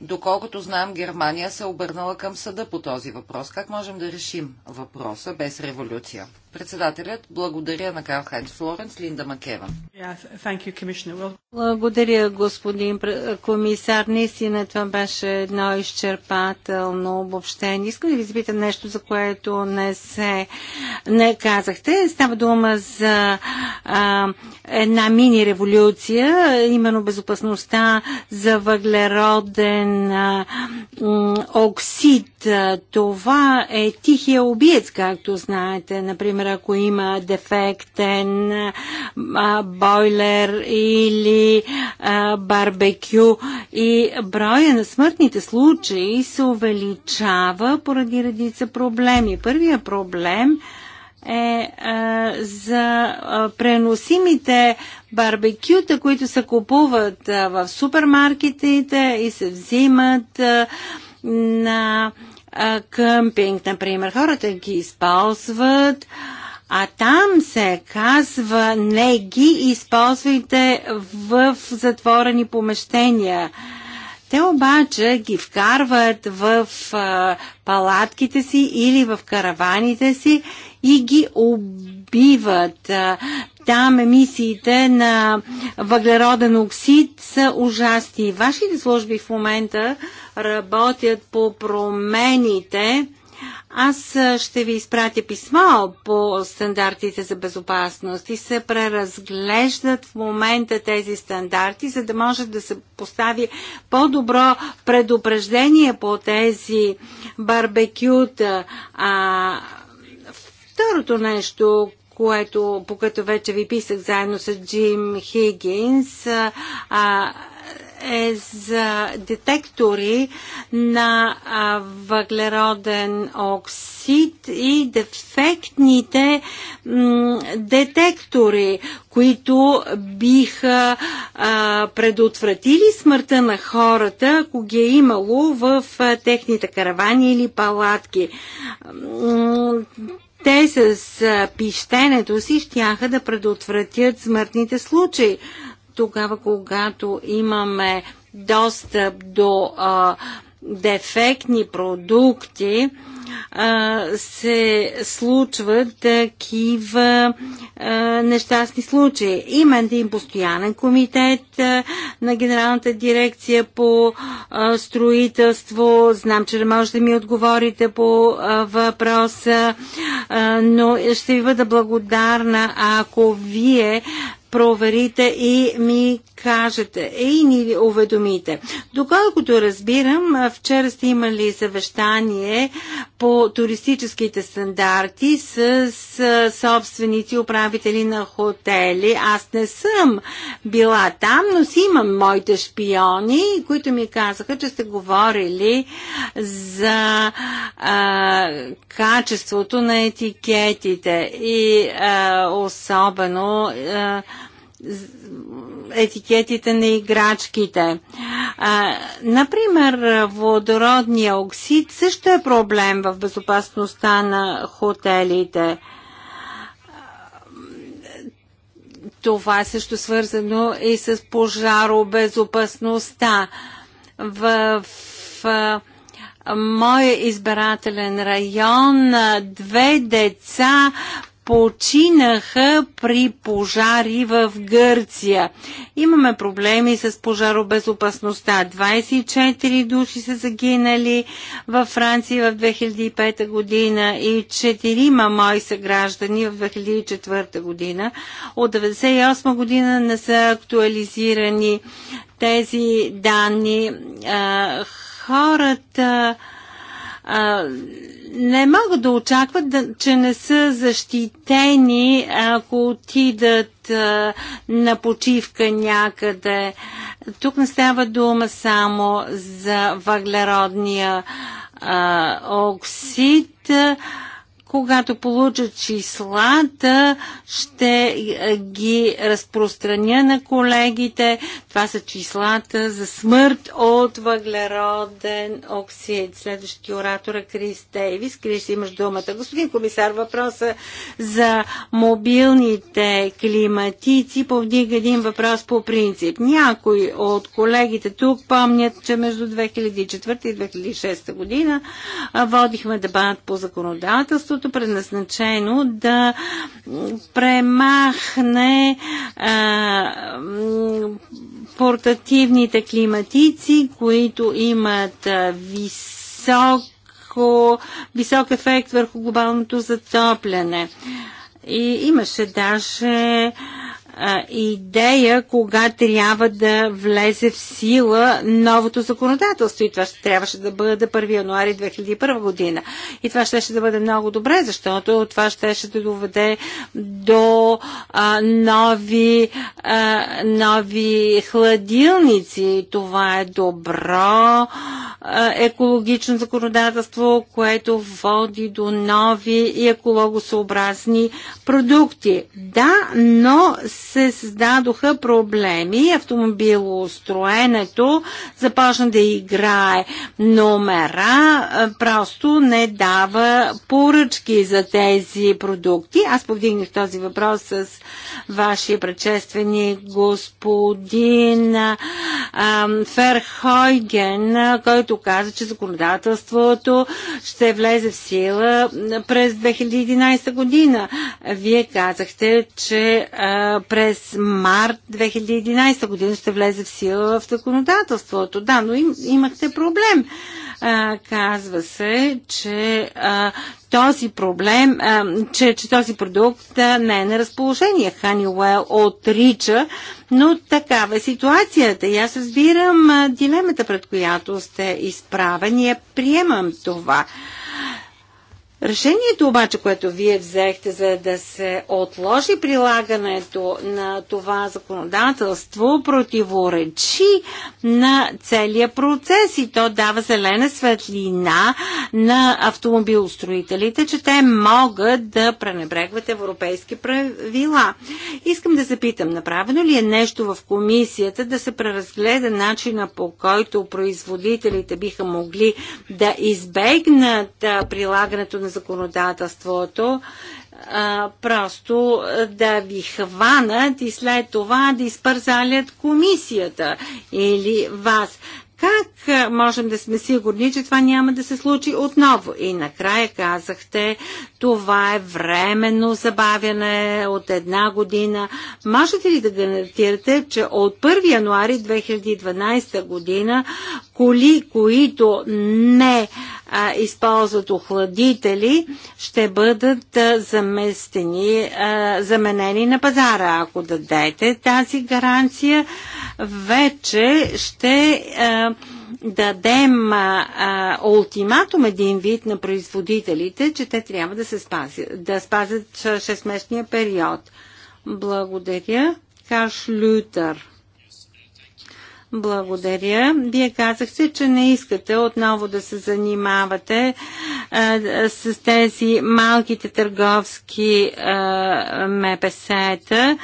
B: Доколкото знам, Германия се обърнала към съда по този въпрос. Как можем да решим въпроса без революция? Председателят благодаря на Карл Хайнц Флоренс, Линда Макева.
D: благодаря, господин комисар. Наистина това беше едно изчерпателно обобщение. Искам да ви запитам нещо, за което не се не казахте. Става дума за а, една мини-революция, именно безопасността за въглероден а, оксид. Това е тихия убиец, както знаете. Например, например, ако има дефектен а, бойлер или а, барбекю и броя на смъртните случаи се увеличава поради редица проблеми. Първия проблем е а, за а, преносимите барбекюта, които се купуват а, в супермаркетите и се взимат а, на а, къмпинг, например. Хората ги използват, а там се казва не ги използвайте в затворени помещения. Те обаче ги вкарват в а, палатките си или в караваните си и ги обичат убиват. Там емисиите на въглероден оксид са ужасти. Вашите служби в момента работят по промените. Аз ще ви изпратя писмо по стандартите за безопасност и се преразглеждат в момента тези стандарти, за да може да се постави по-добро предупреждение по тези барбекюта. А, второто нещо, което, по като вече ви писах заедно с Джим Хигинс, а, е за детектори на въглероден оксид и дефектните детектори, които биха а, предотвратили смъртта на хората, ако ги е имало в а, техните каравани или палатки. Те с пищенето си щяха да предотвратят смъртните случаи. Тогава, когато имаме достъп до а, дефектни продукти, се случват такива нещастни случаи. Има един постоянен комитет на Генералната дирекция по строителство. Знам, че не може да ми отговорите по въпроса, но ще ви бъда благодарна, ако вие проверите и ми кажете и ни уведомите. Доколкото разбирам, вчера сте имали съвещание по туристическите стандарти с, собственици управители на хотели. Аз не съм била там, но си имам моите шпиони, които ми казаха, че сте говорили за а, качеството на етикетите и а, особено а, етикетите на играчките. А, например, водородния оксид също е проблем в безопасността на хотелите. Това е също свързано и с пожаробезопасността. В, в моя избирателен район две деца починаха при пожари в Гърция. Имаме проблеми с пожаробезопасността. 24 души са загинали във Франция в 2005 година и 4 мои съграждани в 2004 година. От 1998 година не са актуализирани тези данни. Хората не могат да очакват, да, че не са защитени, ако отидат а, на почивка някъде. Тук не става дума само за въглеродния а, оксид. А, когато получат числата, ще е, ги разпространя на колегите. Това са числата за смърт от въглероден оксид. Следващия оратор е Крис Дейвис. Крис, имаш думата. Господин комисар, въпроса за мобилните климатици повдига един въпрос по принцип. Някои от колегите тук помнят, че между 2004 и 2006 година водихме дебат по законодателство правителството предназначено да премахне а, портативните климатици, които имат високо, висок ефект върху глобалното затопляне. И имаше даже идея кога трябва да влезе в сила новото законодателство. И това ще трябваше да бъде 1 януари 2001 година. И това ще, ще да бъде много добре, защото това ще, ще да доведе до а, нови, а, нови хладилници. Това е добро а, екологично законодателство, което води до нови и екологосъобразни продукти. Да, но се създадоха проблеми. Автомобилостроенето започна да играе номера, просто не дава поръчки за тези продукти. Аз повдигнах този въпрос с вашия предшественик господин Ферхойген, който каза, че законодателството ще влезе в сила през 2011 година. Вие казахте, че а, през март 2011 година ще влезе в сила в законодателството. Да, но им, имахте проблем. А, казва се, че а, този проблем, а, че, че този продукт а, не е на разположение. Ханиуел отрича, но такава е ситуацията. И аз разбирам а, дилемата, пред която сте изправени. Я приемам това. Решението обаче, което вие взехте за да се отложи прилагането на това законодателство, противоречи на целия процес и то дава зелена светлина на автомобилостроителите, че те могат да пренебрегват европейски правила. Искам да запитам, направено ли е нещо в комисията да се преразгледа начина по който производителите биха могли да избегнат прилагането на на законодателството, а, просто да ви хванат и след това да изпързалят комисията или вас. Как можем да сме сигурни, че това няма да се случи отново? И накрая казахте, това е временно забавяне от една година. Можете ли да гарантирате, че от 1 януари 2012 година коли, които не а, използват охладители, ще бъдат а, заместени, а, заменени на пазара. Ако дадете тази гаранция, вече ще а, дадем а, а, ултиматум един вид на производителите, че те трябва да се спазят, да спазят 6-месечния период. Благодаря. Каш Лютър. Благодаря. Вие казахте, че не искате отново да се занимавате а, с тези малките търговски МПС-та.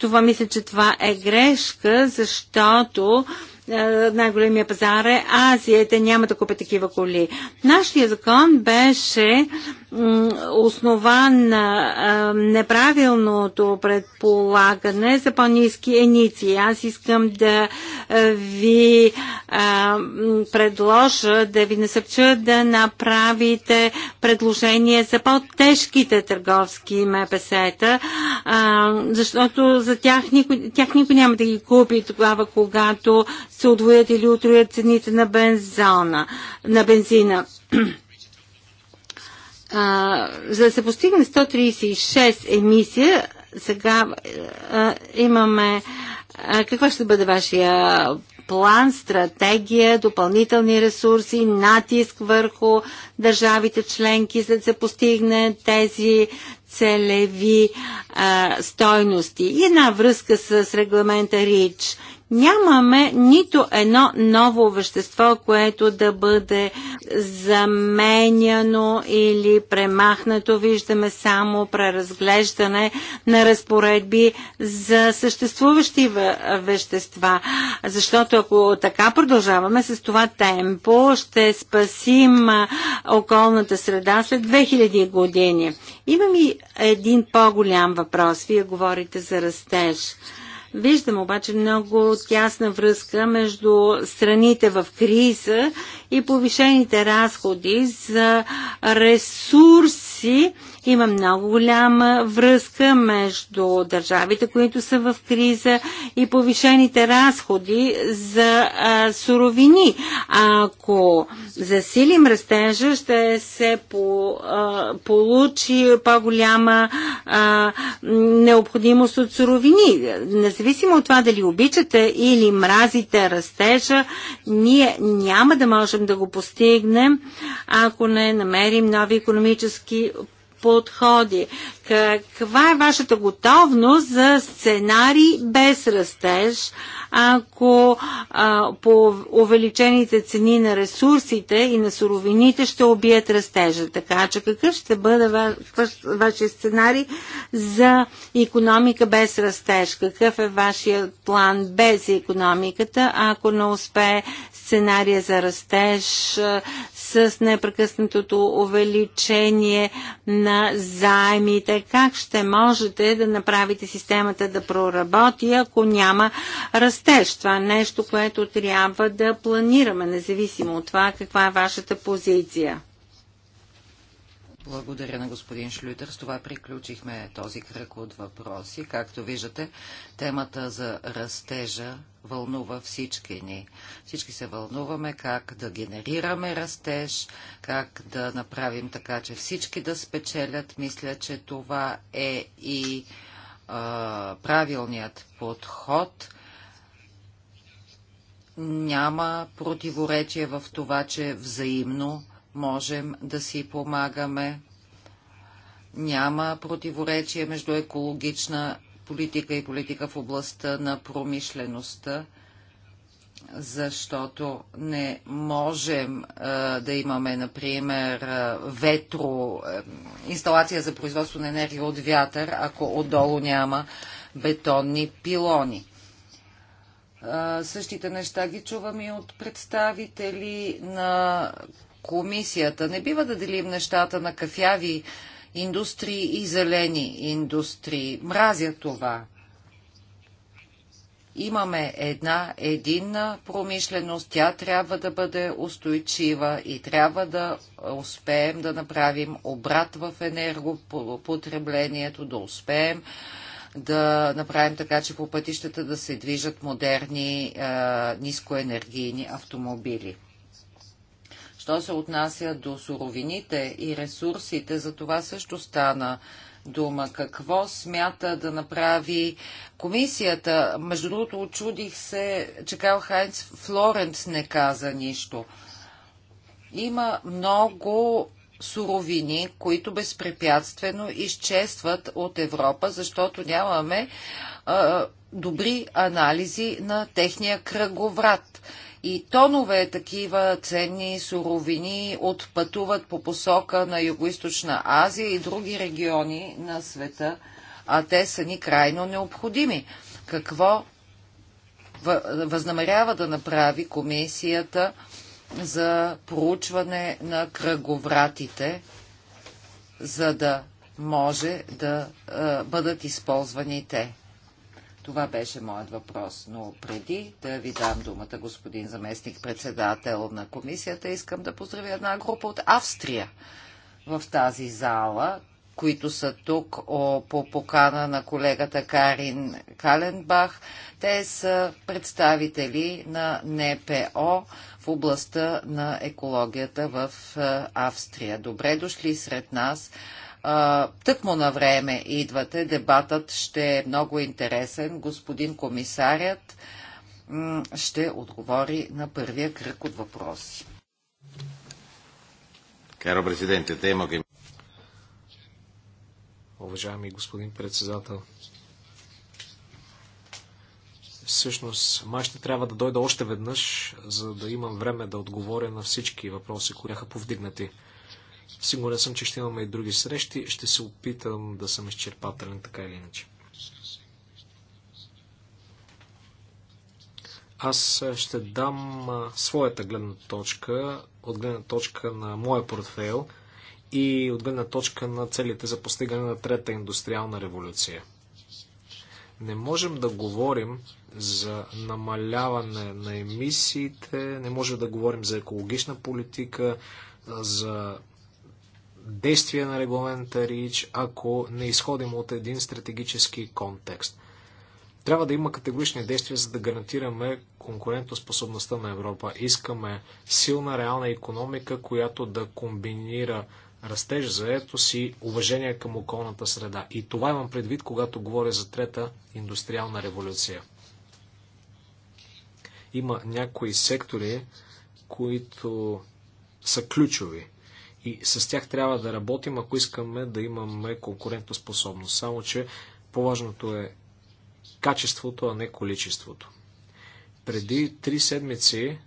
D: Това мисля, че това е грешка, защото а, е, най-големия пазар е Азия. Те няма да купят такива коли. Нашия закон беше основан на е, неправилното предполагане за по-низки еници. Аз искам да е, ви предложа, да ви насърча да направите предложение за по-тежките търговски МПС-та, защото за тях никой, тях никой няма да ги купи тогава, когато се отвоят или утроят цените на, бензона, на бензина. А, за да се постигне 136 емисия, сега а, имаме. А, каква ще бъде вашия план, стратегия, допълнителни ресурси, натиск върху държавите членки, за да се постигне тези целеви а, стойности. И една връзка с регламента РИЧ Нямаме нито едно ново вещество, което да бъде заменяно или премахнато. Виждаме само преразглеждане на разпоредби за съществуващи вещества. Защото ако така продължаваме с това темпо, ще спасим околната среда след 2000 години. Имам и един по-голям въпрос. Вие говорите за растеж. Виждам обаче много тясна връзка между страните в криза и повишените разходи за ресурси, има много голяма връзка между държавите, които са в криза и повишените разходи за а, суровини. Ако засилим растежа, ще се по, а, получи по-голяма необходимост от суровини. Независимо от това дали обичате или мразите растежа, ние няма да можем да го постигнем, ако не намерим нови економически подходи. Каква е вашата готовност за сценарий без растеж, ако а, по увеличените цени на ресурсите и на суровините ще убият растежа? Така че какъв ще бъде вашия сценарий за економика без растеж? Какъв е вашия план без економиката, ако не успее сценария за растеж с непрекъснатото увеличение на заемите? Как ще можете да направите системата да проработи, ако няма растеж? Това е нещо, което трябва да планираме, независимо от това каква е вашата позиция.
B: Благодаря на господин Шлютер. С това приключихме този кръг от въпроси. Както виждате, темата за растежа вълнува всички ни. Всички се вълнуваме как да генерираме растеж, как да направим така, че всички да спечелят. Мисля, че това е и а, правилният подход – няма противоречие в това, че взаимно можем да си помагаме. Няма противоречие между екологична политика и политика в областта на промишлеността, защото не можем а, да имаме, например, ветро, инсталация за производство на енергия от вятър, ако отдолу няма бетонни пилони. А, същите неща ги чувам и от представители на комисията. Не бива да делим нещата на кафяви индустрии и зелени индустрии. Мразя това. Имаме една единна промишленост, тя трябва да бъде устойчива и трябва да успеем да направим обрат в енергопотреблението, да успеем да направим така, че по пътищата да се движат модерни е, нискоенергийни автомобили. Що се отнася до суровините и ресурсите, за това също стана дума. Какво смята да направи комисията? Между другото, очудих се, че Карл Хайнц Флоренц не каза нищо. Има много суровини, които безпрепятствено изчестват от Европа, защото нямаме а, добри анализи на техния кръговрат и тонове такива ценни суровини отпътуват по посока на Юго-Источна Азия и други региони на света, а те са ни крайно необходими. Какво възнамерява да направи комисията за проучване на кръговратите, за да може да бъдат използвани те? Това беше моят въпрос. Но преди да ви дам думата, господин заместник председател на комисията, искам да поздравя една група от Австрия в тази зала, които са тук о, по покана на колегата Карин Каленбах. Те са представители на НПО в областта на екологията в е, Австрия. Добре дошли сред нас тъкмо на време идвате. Дебатът ще е много интересен. Господин комисарят ще отговори на първия кръг от въпроси.
A: Каро президенте, тема
C: ги... Уважаеми господин председател, всъщност май ще трябва да дойда още веднъж, за да имам време да отговоря на всички въпроси, които бяха повдигнати. Сигурен съм, че ще имаме и други срещи. Ще се опитам да съм изчерпателен, така или иначе. Аз ще дам своята гледна точка, от гледна точка на моя портфейл и от гледна точка на целите за постигане на трета индустриална революция. Не можем да говорим за намаляване на емисиите, не можем да говорим за екологична политика, за Действия на регламента РИЧ, ако не изходим от един стратегически контекст. Трябва да има категорични действия, за да гарантираме конкурентоспособността на Европа. Искаме силна реална економика, която да комбинира растеж, ето си уважение към околната среда. И това имам предвид, когато говоря за трета индустриална революция. Има някои сектори, които са ключови и с тях трябва да работим, ако искаме да имаме конкурентна способност. Само, че по-важното е качеството, а не количеството. Преди три седмици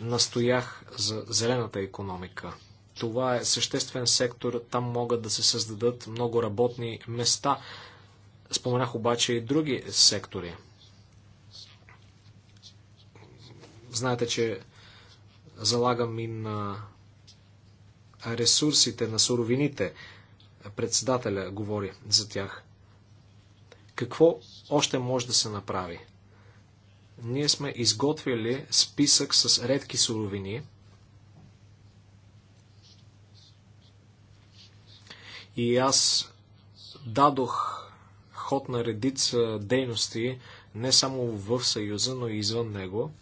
C: настоях за зелената економика. Това е съществен сектор, там могат да се създадат много работни места. Споменах обаче и други сектори. Знаете, че Залагам и на ресурсите, на суровините. Председателя говори за тях. Какво още може да се направи? Ние сме изготвили списък с редки суровини и аз дадох ход на редица дейности не само в Съюза, но и извън него –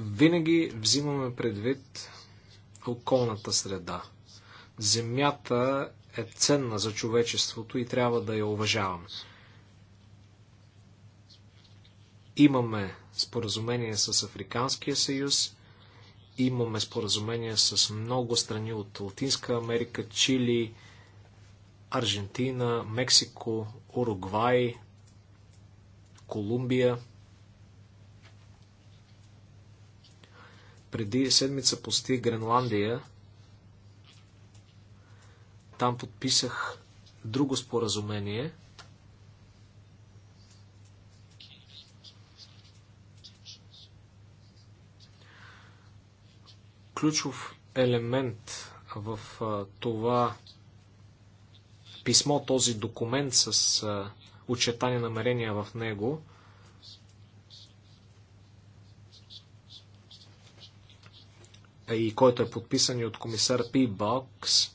C: винаги взимаме предвид околната среда. Земята е ценна за човечеството и трябва да я уважаваме. Имаме споразумение с Африканския съюз, имаме споразумение с много страни от Латинска Америка, Чили, Аржентина, Мексико, Уругвай, Колумбия – Преди седмица пости Гренландия. Там подписах друго споразумение. Ключов елемент в това писмо, този документ с учетане намерения в него – и който е подписан и от комисар Пи Бокс,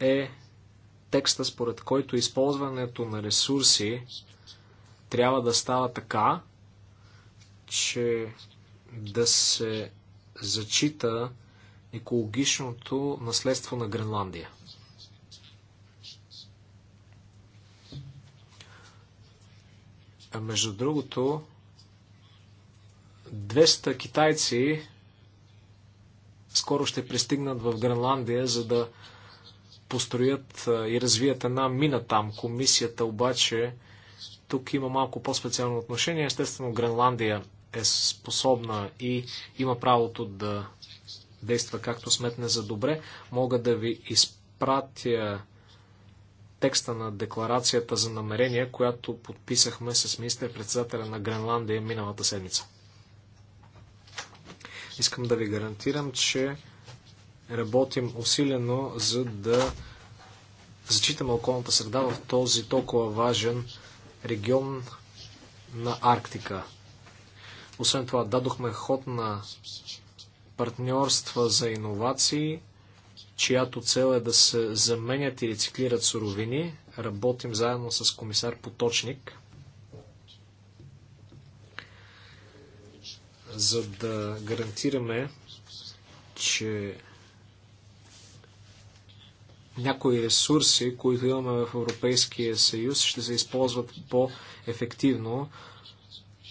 C: е текста, според който използването на ресурси трябва да става така, че да се зачита екологичното наследство на Гренландия. А между другото, 200 китайци скоро ще пристигнат в Гренландия, за да построят и развият една мина там. Комисията обаче тук има малко по-специално отношение. Естествено, Гренландия е способна и има правото да действа както сметне за добре. Мога да ви изпратя текста на декларацията за намерение, която подписахме с министър-председателя на Гренландия миналата седмица. Искам да ви гарантирам, че работим усилено, за да зачитаме околната среда в този толкова важен регион на Арктика. Освен това, дадохме ход на партньорства за иновации, чиято цел е да се заменят и рециклират суровини. Работим заедно с комисар Поточник. за да гарантираме, че някои ресурси, които имаме в Европейския съюз, ще се използват по-ефективно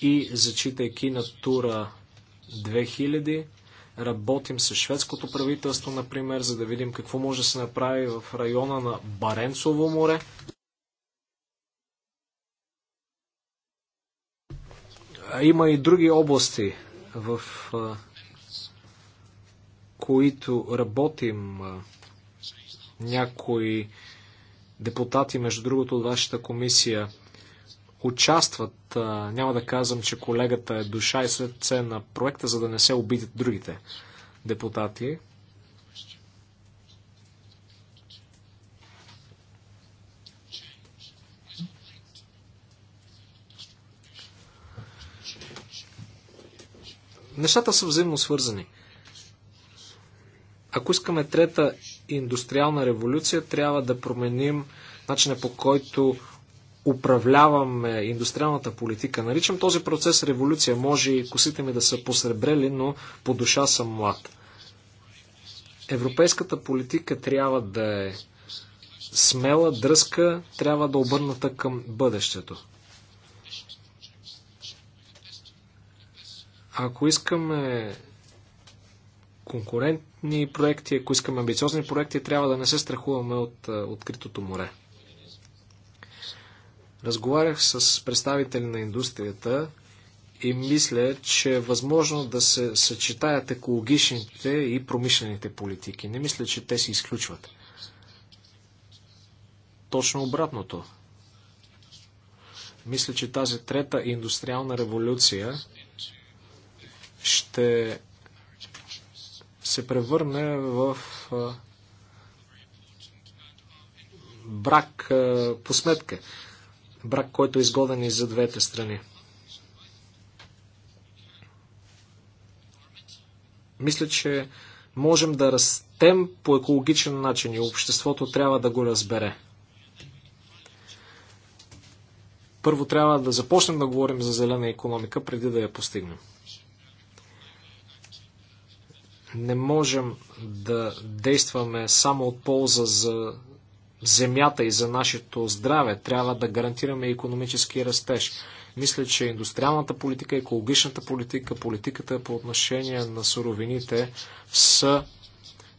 C: и зачитайки Натура 2000. Работим с шведското правителство, например, за да видим какво може да се направи в района на Баренцово море. Има и други области, в които работим някои депутати, между другото от вашата комисия, участват. Няма да казвам, че колегата е душа и сърце на проекта, за да не се обидят другите депутати. Нещата са взаимно свързани. Ако искаме трета индустриална революция, трябва да променим начина по който управляваме индустриалната политика. Наричам този процес революция. Може и косите ми да са посребрели, но по душа съм млад. Европейската политика трябва да е смела, дръзка, трябва да обърната към бъдещето. Ако искаме конкурентни проекти, ако искаме амбициозни проекти, трябва да не се страхуваме от е, откритото море. Разговарях с представители на индустрията и мисля, че е възможно да се съчетаят екологичните и промишлените политики. Не мисля, че те се изключват. Точно обратното. Мисля, че тази трета индустриална революция ще се превърне в брак по сметка. Брак, който е изгоден и за двете страни. Мисля, че можем да растем по екологичен начин и обществото трябва да го разбере. Първо трябва да започнем да говорим за зелена економика, преди да я постигнем. Не можем да действаме само от полза за земята и за нашето здраве. Трябва да гарантираме економически растеж. Мисля, че индустриалната политика, екологичната политика, политиката по отношение на суровините са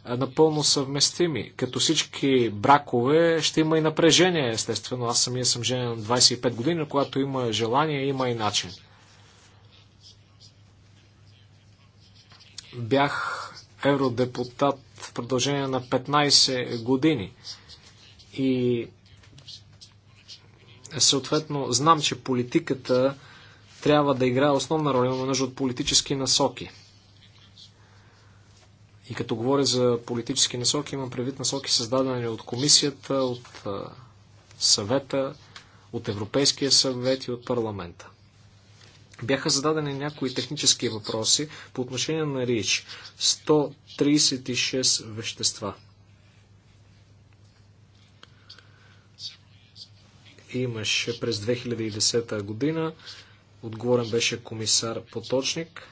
C: напълно съвместими. Като всички бракове ще има и напрежение, естествено. Аз самия съм женен на 25 години, когато има желание, има и начин. Бях евродепутат в продължение на 15 години. И съответно знам, че политиката трябва да играе основна роля, имаме нужда от политически насоки. И като говоря за политически насоки, имам предвид насоки създадени от комисията, от съвета, от Европейския съвет и от парламента. Бяха зададени някои технически въпроси по отношение на РИЧ. 136 вещества. Имаше през 2010 година. Отговорен беше комисар Поточник.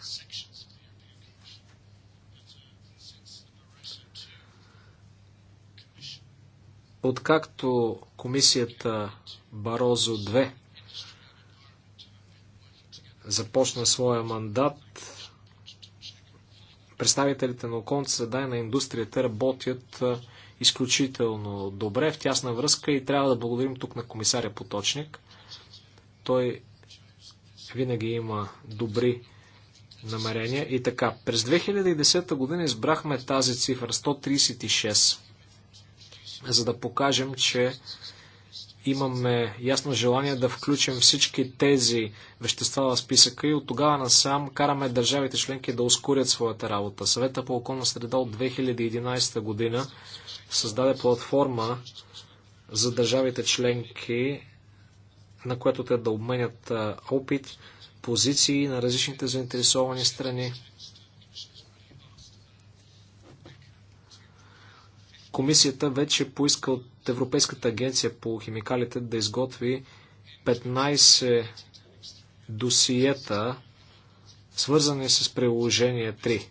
C: Откакто комисията Барозо 2 започна своя мандат, представителите на околната среда и на индустрията работят изключително добре, в тясна връзка и трябва да благодарим тук на комисаря Поточник. Той винаги има добри намерения. И така, през 2010 година избрахме тази цифра 136, за да покажем, че имаме ясно желание да включим всички тези вещества в списъка и от тогава насам караме държавите членки да ускорят своята работа. Съвета по околна среда от 2011 година създаде платформа за държавите членки, на която те да обменят опит, позиции на различните заинтересовани страни. Комисията вече поиска от Европейската агенция по химикалите да изготви 15 досиета, свързани с приложение 3.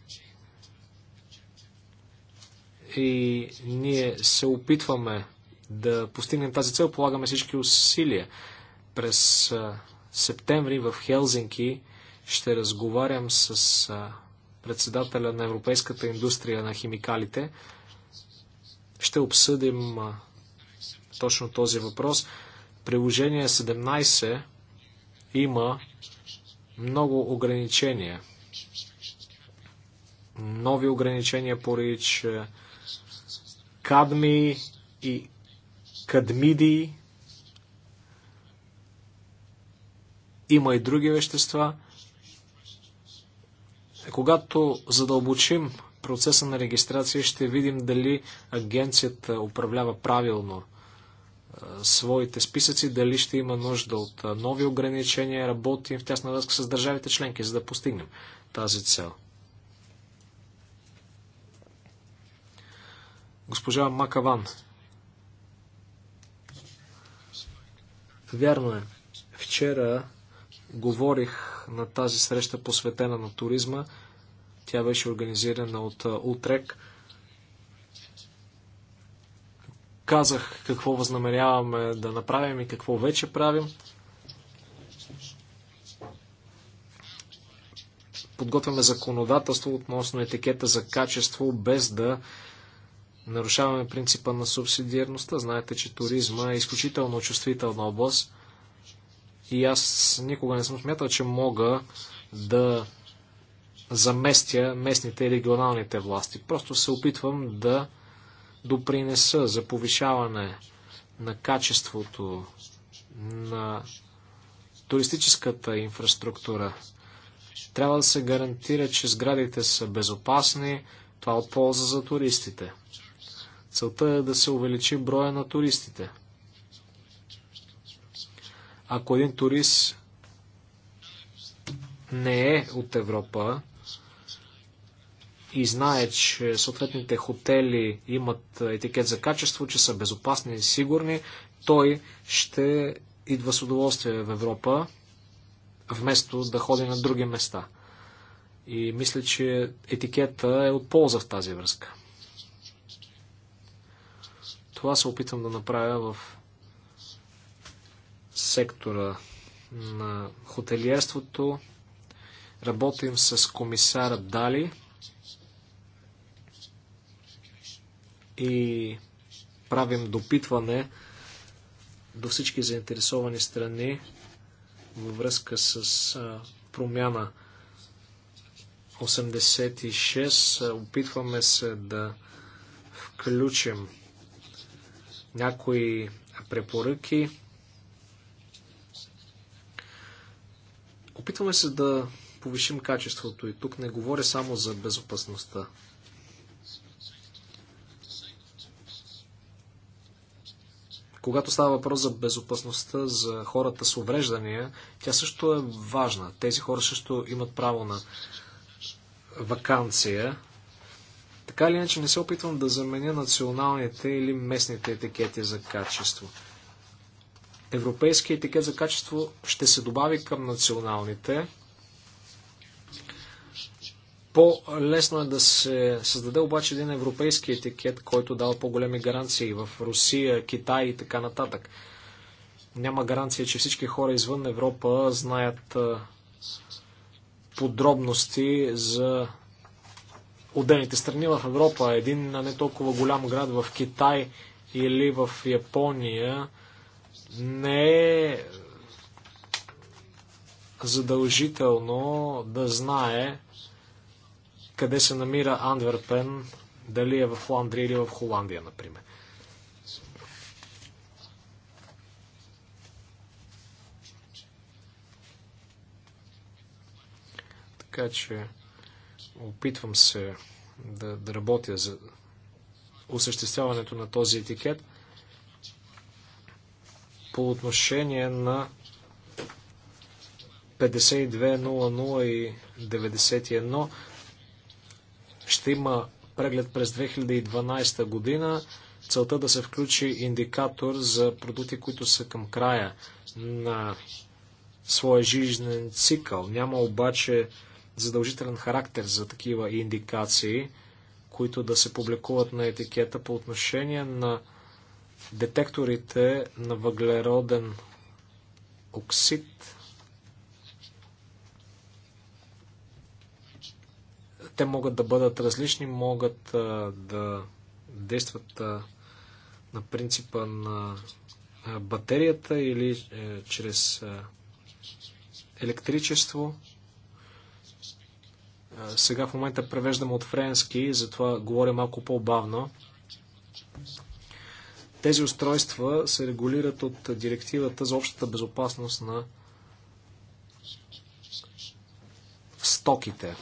C: И ние се опитваме да постигнем тази цел, полагаме всички усилия. През септември в Хелзинки ще разговарям с председателя на Европейската индустрия на химикалите, ще обсъдим точно този въпрос. Приложение 17 има много ограничения. Нови ограничения по рич, е, кадми и кадмиди. Има и други вещества. Когато задълбочим процеса на регистрация ще видим дали агенцията управлява правилно своите списъци, дали ще има нужда от нови ограничения, работим в тясна връзка с държавите членки, за да постигнем тази цел. Госпожа Макаван. Вярно е. Вчера говорих на тази среща посветена на туризма. Тя беше организирана от Утрек. Казах какво възнамеряваме да направим и какво вече правим. Подготвяме законодателство относно етикета за качество, без да нарушаваме принципа на субсидиарността. Знаете, че туризма е изключително чувствителна област и аз никога не съм смятал, че мога да заместя местните и регионалните власти. Просто се опитвам да допринеса за повишаване на качеството на туристическата инфраструктура. Трябва да се гарантира, че сградите са безопасни, това е от полза за туристите. Целта е да се увеличи броя на туристите. Ако един турист не е от Европа, и знае, че съответните хотели имат етикет за качество, че са безопасни и сигурни, той ще идва с удоволствие в Европа, вместо да ходи на други места. И мисля, че етикета е от полза в тази връзка. Това се опитам да направя в сектора на хотелиерството. Работим с комисара Дали, и правим допитване до всички заинтересовани страни във връзка с промяна 86. Опитваме се да включим някои препоръки. Опитваме се да повишим качеството и тук не говоря само за безопасността. Когато става въпрос за безопасността за хората с увреждания, тя също е важна. Тези хора също имат право на вакансия. Така или иначе не се опитвам да заменя националните или местните етикети за качество. Европейският етикет за качество ще се добави към националните, по-лесно е да се създаде обаче един европейски етикет, който дава по-големи гаранции в Русия, Китай и така нататък. Няма гаранция, че всички хора извън Европа знаят подробности за отделните страни в Европа. Един не толкова голям град в Китай или в Япония не е задължително да знае къде се намира Андверпен, дали е в Фландрия или в Холандия, например. Така че опитвам се да, да работя за осъществяването на този етикет по отношение на 52.00 и 91. Ще има преглед през 2012 година. Целта да се включи индикатор за продукти, които са към края на своя жизнен цикъл. Няма обаче задължителен характер за такива индикации, които да се публикуват на етикета по отношение на детекторите на въглероден оксид Те могат да бъдат различни, могат да действат на принципа на батерията или е, чрез електричество. Сега в момента превеждам от френски, затова говоря малко по-бавно. Тези устройства се регулират от директивата за общата безопасност на стоките.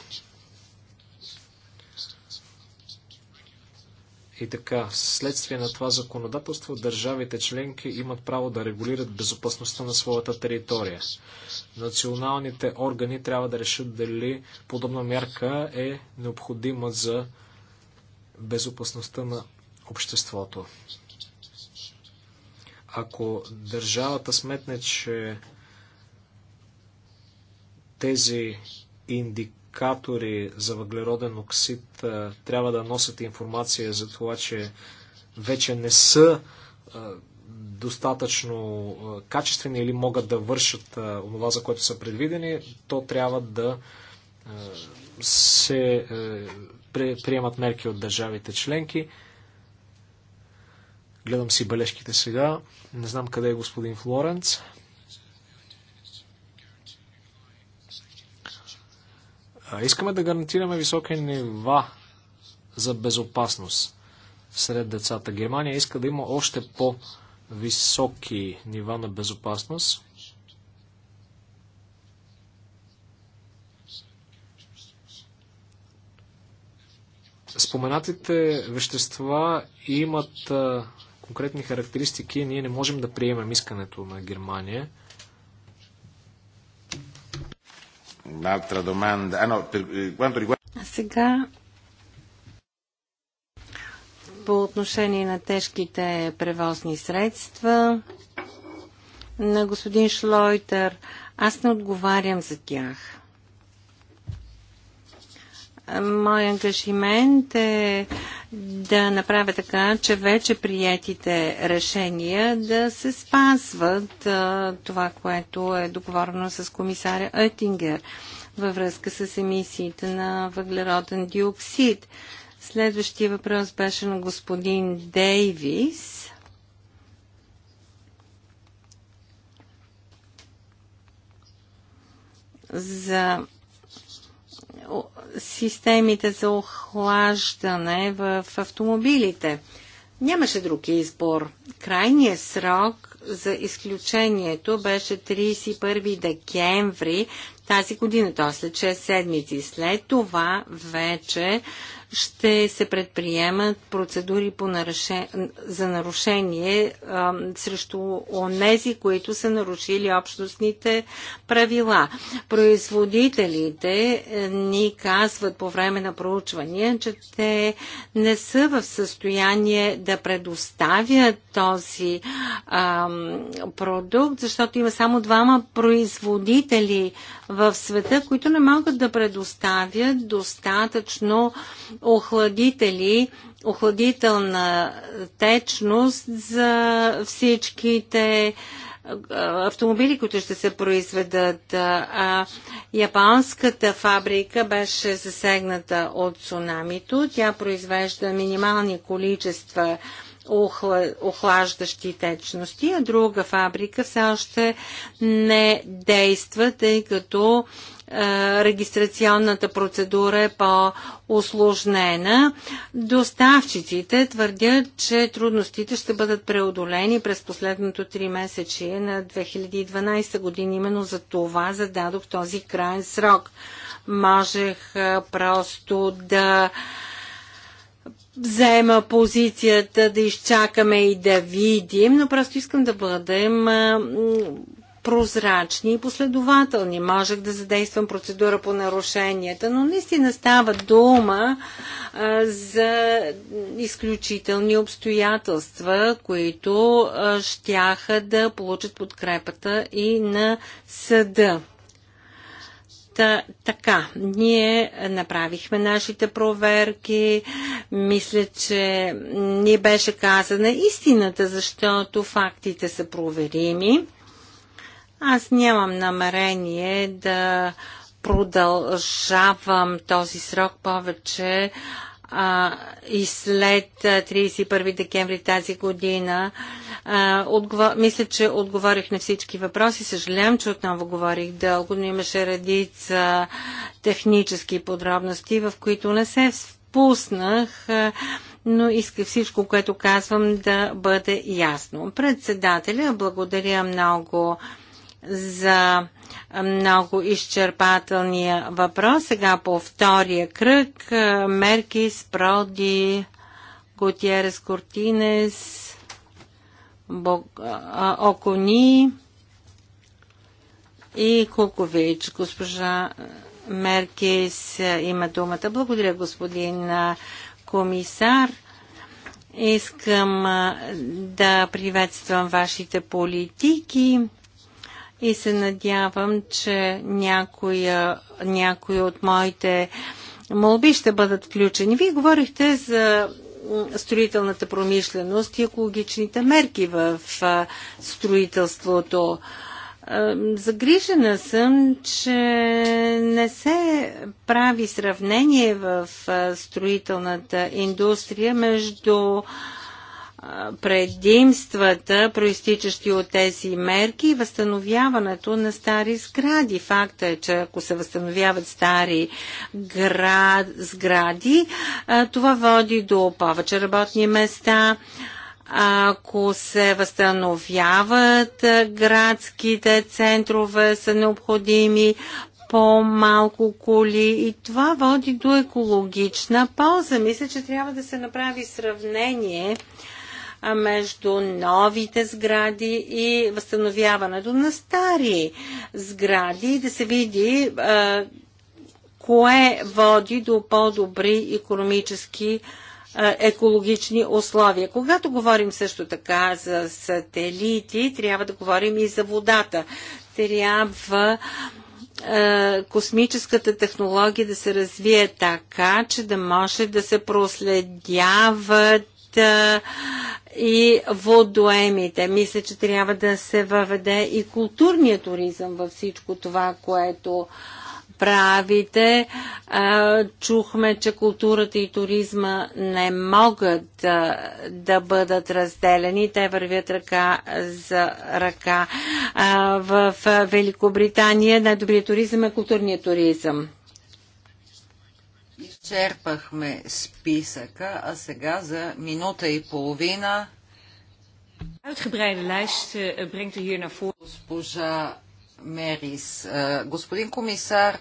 C: И така, следствие на това законодателство, държавите членки имат право да регулират безопасността на своята територия. Националните органи трябва да решат дали подобна мярка е необходима за безопасността на обществото. Ако държавата сметне, че тези индик индикатори за въглероден оксид трябва да носят информация за това, че вече не са достатъчно качествени или могат да вършат това, за което са предвидени, то трябва да се приемат мерки от държавите членки. Гледам си бележките сега. Не знам къде е господин Флоренц. Искаме да гарантираме високи нива за безопасност сред децата. Германия иска да има още по-високи нива на безопасност. Споменатите вещества имат конкретни характеристики. Ние не можем да приемем искането на Германия. un'altra domanda. Ah, no, per eh, quanto riguarda... Сега
D: по отношение на тежките превозни средства на господин Шлойтер, аз не отговарям за тях. Мой ангажимент е да направя така, че вече приятите решения да се спазват а, това, което е договорено с комисаря Оттингер във връзка с емисиите на въглероден диоксид. Следващия въпрос беше на господин Дейвис. за системите за охлаждане в автомобилите. Нямаше друг избор. Крайният срок за изключението беше 31 декември тази година, т.е. след 6 седмици. След това вече ще се предприемат процедури по нарушение, за нарушение а, срещу онези, които са нарушили общностните правила. Производителите е, ни казват по време на проучвания, че те не са в състояние да предоставят този а, продукт, защото има само двама производители в света, които не могат да предоставят достатъчно охладители, охладителна течност за всичките автомобили, които ще се произведат. А, японската фабрика беше засегната от цунамито. Тя произвежда минимални количества охлаждащи течности, а друга фабрика все още не действа, тъй като е, регистрационната процедура е по-усложнена. Доставчиците твърдят, че трудностите ще бъдат преодолени през последното три месечие на 2012 година. Именно за това зададох този крайен срок. Можех е, просто да взема позицията да изчакаме и да видим, но просто искам да бъдем е, прозрачни и последователни. Можех да задействам процедура по нарушенията, но наистина става дума а, за изключителни обстоятелства, които а, щяха да получат подкрепата и на съда. Та, така, ние направихме нашите проверки. Мисля, че ни беше казана истината, защото фактите са проверими аз нямам намерение да продължавам този срок повече а, и след 31 декември тази година. А, отговор... Мисля, че отговорих на всички въпроси. Съжалявам, че отново говорих дълго, но имаше редица технически подробности, в които не се впуснах. но иска всичко, което казвам да бъде ясно. Председателя, благодаря много за много изчерпателния въпрос. Сега по втория кръг е, мерки с Проди, Готиерес Кортинес, е, е, Окони и Кукович. Госпожа Меркис има думата. Благодаря, господин комисар. Искам да приветствам вашите политики и се надявам, че някоя, някои от моите молби ще бъдат включени. Вие говорихте за строителната промишленост и екологичните мерки в строителството. Загрижена съм, че не се прави сравнение в строителната индустрия между предимствата, проистичащи от тези мерки и възстановяването на стари сгради. Факта е, че ако се възстановяват стари град, сгради, това води до повече работни места, ако се възстановяват градските центрове, са необходими по-малко коли и това води до екологична полза. Мисля, че трябва да се направи сравнение между новите сгради и възстановяването на стари сгради да се види кое води до по-добри економически екологични условия. Когато говорим също така за сателити, трябва да говорим и за водата. Трябва космическата технология да се развие така, че да може да се проследяват а, и водоемите. Мисля, че трябва да се въведе и културния туризъм във всичко това, което правите. чухме, че културата и туризма не могат да бъдат разделени. Те вървят ръка за ръка. в Великобритания най-добрият туризъм е културният туризъм
B: изчерпахме списъка, а сега за минута и половина uitgebreide lijst eh, brengt u hier naar voren. Госпожа Мерис, е, господин комисар,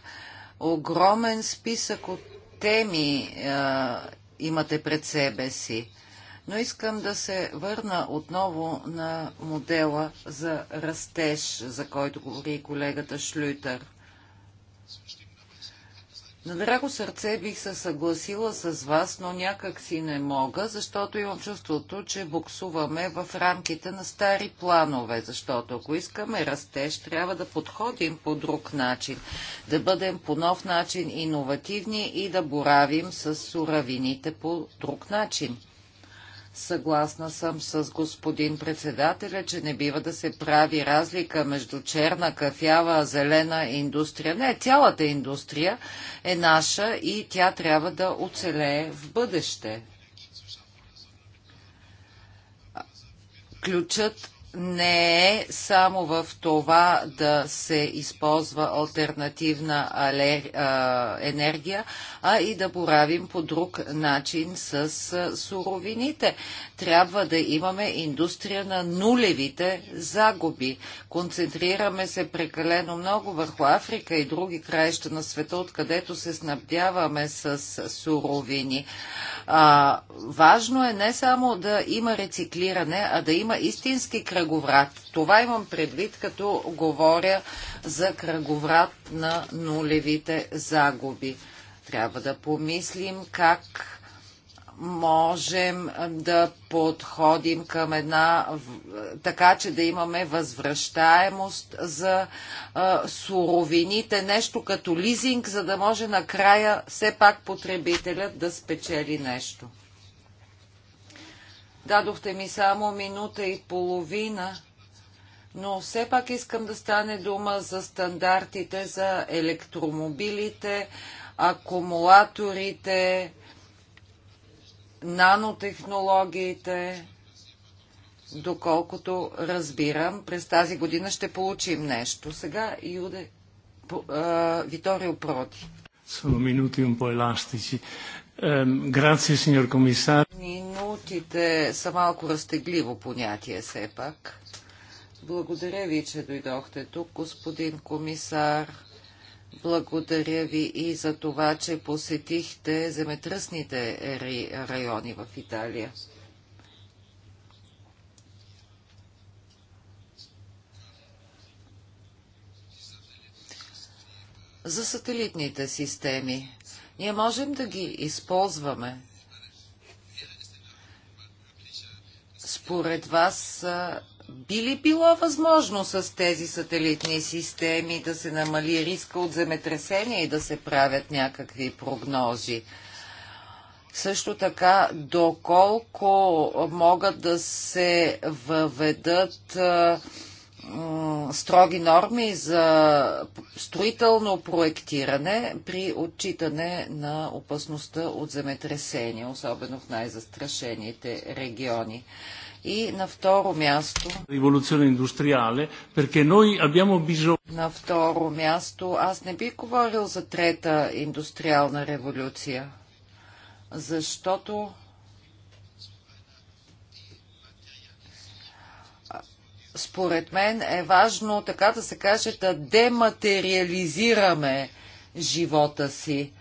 B: огромен списък от теми е, имате пред себе си. Но искам да се върна отново на модела за растеж, за който говори колегата Шлютер. На драго сърце бих се съгласила с вас, но някак си не мога, защото имам чувството, че буксуваме в рамките на стари планове, защото ако искаме растеж, трябва да подходим по друг начин, да бъдем по нов начин иновативни и да боравим с суравините по друг начин. Съгласна съм с господин председателя, че не бива да се прави разлика между черна, кафява, зелена индустрия. Не, цялата индустрия е наша и тя трябва да оцелее в бъдеще. Ключът не е само в това да се използва альтернативна енергия, а и да боравим по друг начин с суровините. Трябва да имаме индустрия на нулевите загуби. Концентрираме се прекалено много върху Африка и други краища на света, откъдето се снабдяваме с суровини. А, важно е не само да има рециклиране, а да има истински кръг кръговрат. Това имам предвид, като говоря за кръговрат на нулевите загуби. Трябва да помислим как можем да подходим към една, така че да имаме възвръщаемост за а, суровините, нещо като лизинг, за да може накрая все пак потребителят да спечели нещо. Дадохте ми само минута и половина, но все пак искам да стане дума за стандартите за електромобилите, акумулаторите, нанотехнологиите. Доколкото разбирам, през тази година ще получим нещо. Сега Юде Виторио Проти. Sono minuti un po' elastici. Грация, сеньор комисар. Минутите са малко разтегливо понятие все пак. Благодаря ви, че дойдохте тук, господин комисар. Благодаря ви и за това, че посетихте земетръсните райони в Италия. За сателитните системи. Ние можем да ги използваме. Според вас би ли било възможно с тези сателитни системи да се намали риска от земетресения и да се правят някакви прогнози? Също така, доколко могат да се въведат строги норми за строително проектиране при отчитане на опасността от земетресения, особено в най-застрашените региони. И на второ място...
A: Революция индустриале, перке ной абямо
B: На второ място, аз не би говорил за трета индустриална революция, защото според мен е важно, така да се каже, да дематериализираме живота си.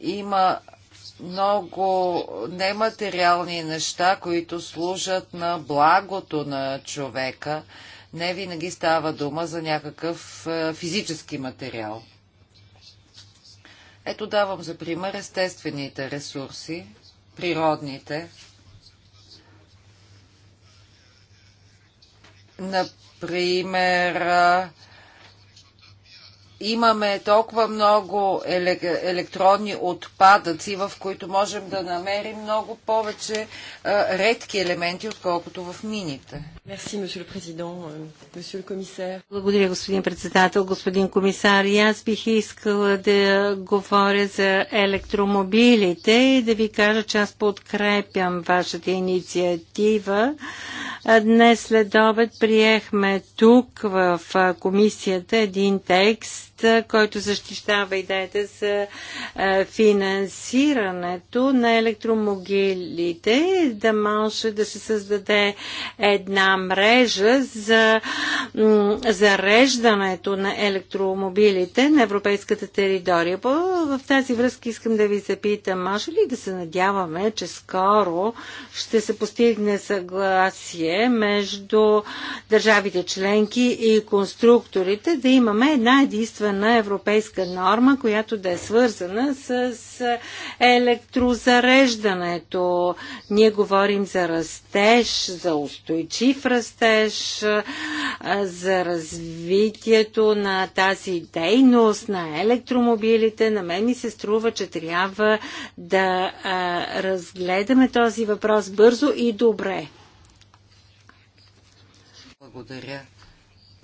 B: Има много нематериални неща, които служат на благото на човека. Не винаги става дума за някакъв е, физически материал. Ето давам за пример естествените ресурси, природните Например, имаме толкова много електронни отпадъци, в които можем да намерим много повече е, редки елементи, отколкото в мините. Euh,
D: Благодаря, господин председател, господин комисар. И аз бих искала да говоря за електромобилите и да ви кажа, че аз подкрепям вашата инициатива. Днес след обед приехме тук в комисията един текст, който защищава идеята за финансирането на електромобилите, да може да се създаде една мрежа за зареждането на електромобилите на европейската територия. В тази връзка искам да ви запитам, може ли да се надяваме, че скоро ще се постигне съгласие между държавите членки и конструкторите да имаме една единствена на европейска норма, която да е свързана с електрозареждането. Ние говорим за растеж, за устойчив растеж, за развитието на тази дейност на електромобилите. На мен ми се струва, че трябва да разгледаме този въпрос бързо и добре.
B: Благодаря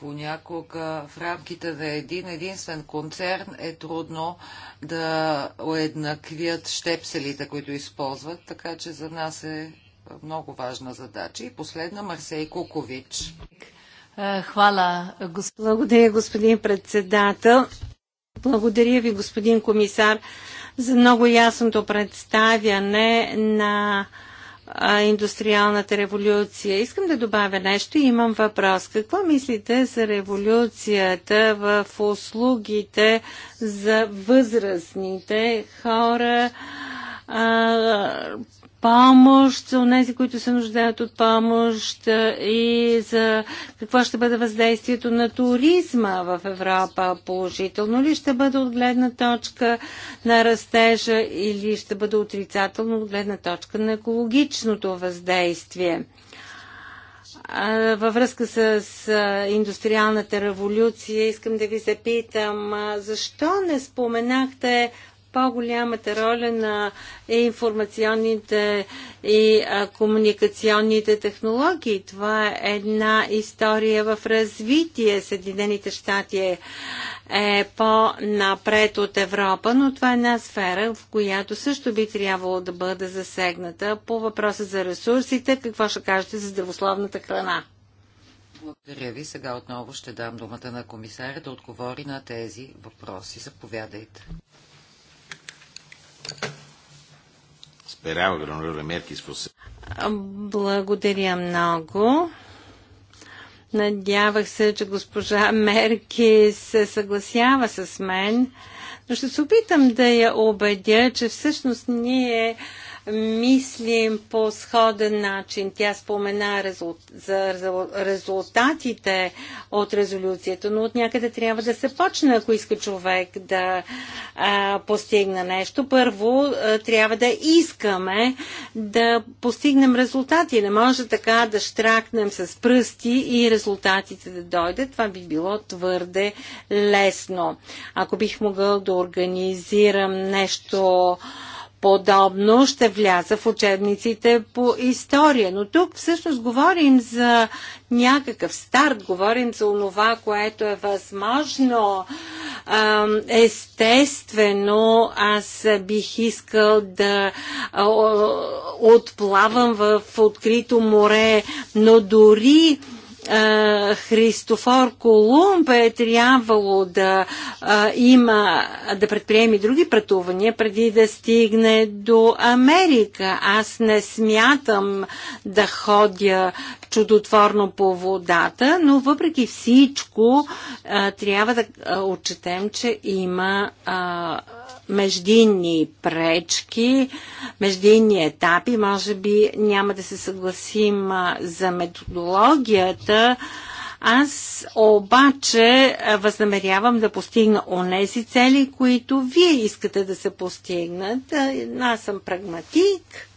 B: понякога в рамките на един единствен концерн е трудно да уеднаквят щепселите, които използват, така че за нас е много важна задача. И последна Марсей Кукович.
D: Е, хвала. Благодаря, господин председател. Благодаря ви, господин комисар, за много ясното представяне на а, индустриалната революция. Искам да добавя нещо и имам въпрос. Какво мислите за революцията в услугите за възрастните хора? А, помощ за тези, които се нуждаят от помощ и за какво ще бъде въздействието на туризма в Европа. Положително ли ще бъде от гледна точка на растежа или ще бъде отрицателно от гледна точка на екологичното въздействие? Във връзка с индустриалната революция искам да ви запитам, защо не споменахте по-голямата роля на информационните и комуникационните технологии. Това е една история в развитие. Съединените щати е, е по-напред от Европа, но това е една сфера, в която също би трябвало да бъде засегната по въпроса за ресурсите. Какво ще кажете за здравословната храна?
B: Благодаря ви. Сега отново ще дам думата на комисаря да отговори на тези въпроси. Заповядайте.
D: Благодаря много. Надявах се, че госпожа Мерки се съгласява с мен, но ще се опитам да я убедя, че всъщност ние мислим по сходен начин. Тя спомена за резултатите от резолюцията, но от някъде трябва да се почне, ако иска човек да а, постигне нещо. Първо а, трябва да искаме да постигнем резултати. Не може така да штракнем с пръсти и резултатите да дойдат. Това би било твърде лесно. Ако бих могъл да организирам нещо, подобно ще вляза в учебниците по история. Но тук всъщност говорим за някакъв старт, говорим за онова, което е възможно. Естествено, аз бих искал да отплавам в открито море, но дори Христофор Колумб е трябвало да а, има, да предприеми други пътувания преди да стигне до Америка. Аз не смятам да ходя чудотворно по водата, но въпреки всичко а, трябва да отчетем, че има а, междинни пречки, междинни етапи. Може би няма да се съгласим за методологията. Аз обаче възнамерявам да постигна онези цели, които вие искате да се постигнат. Аз съм прагматик.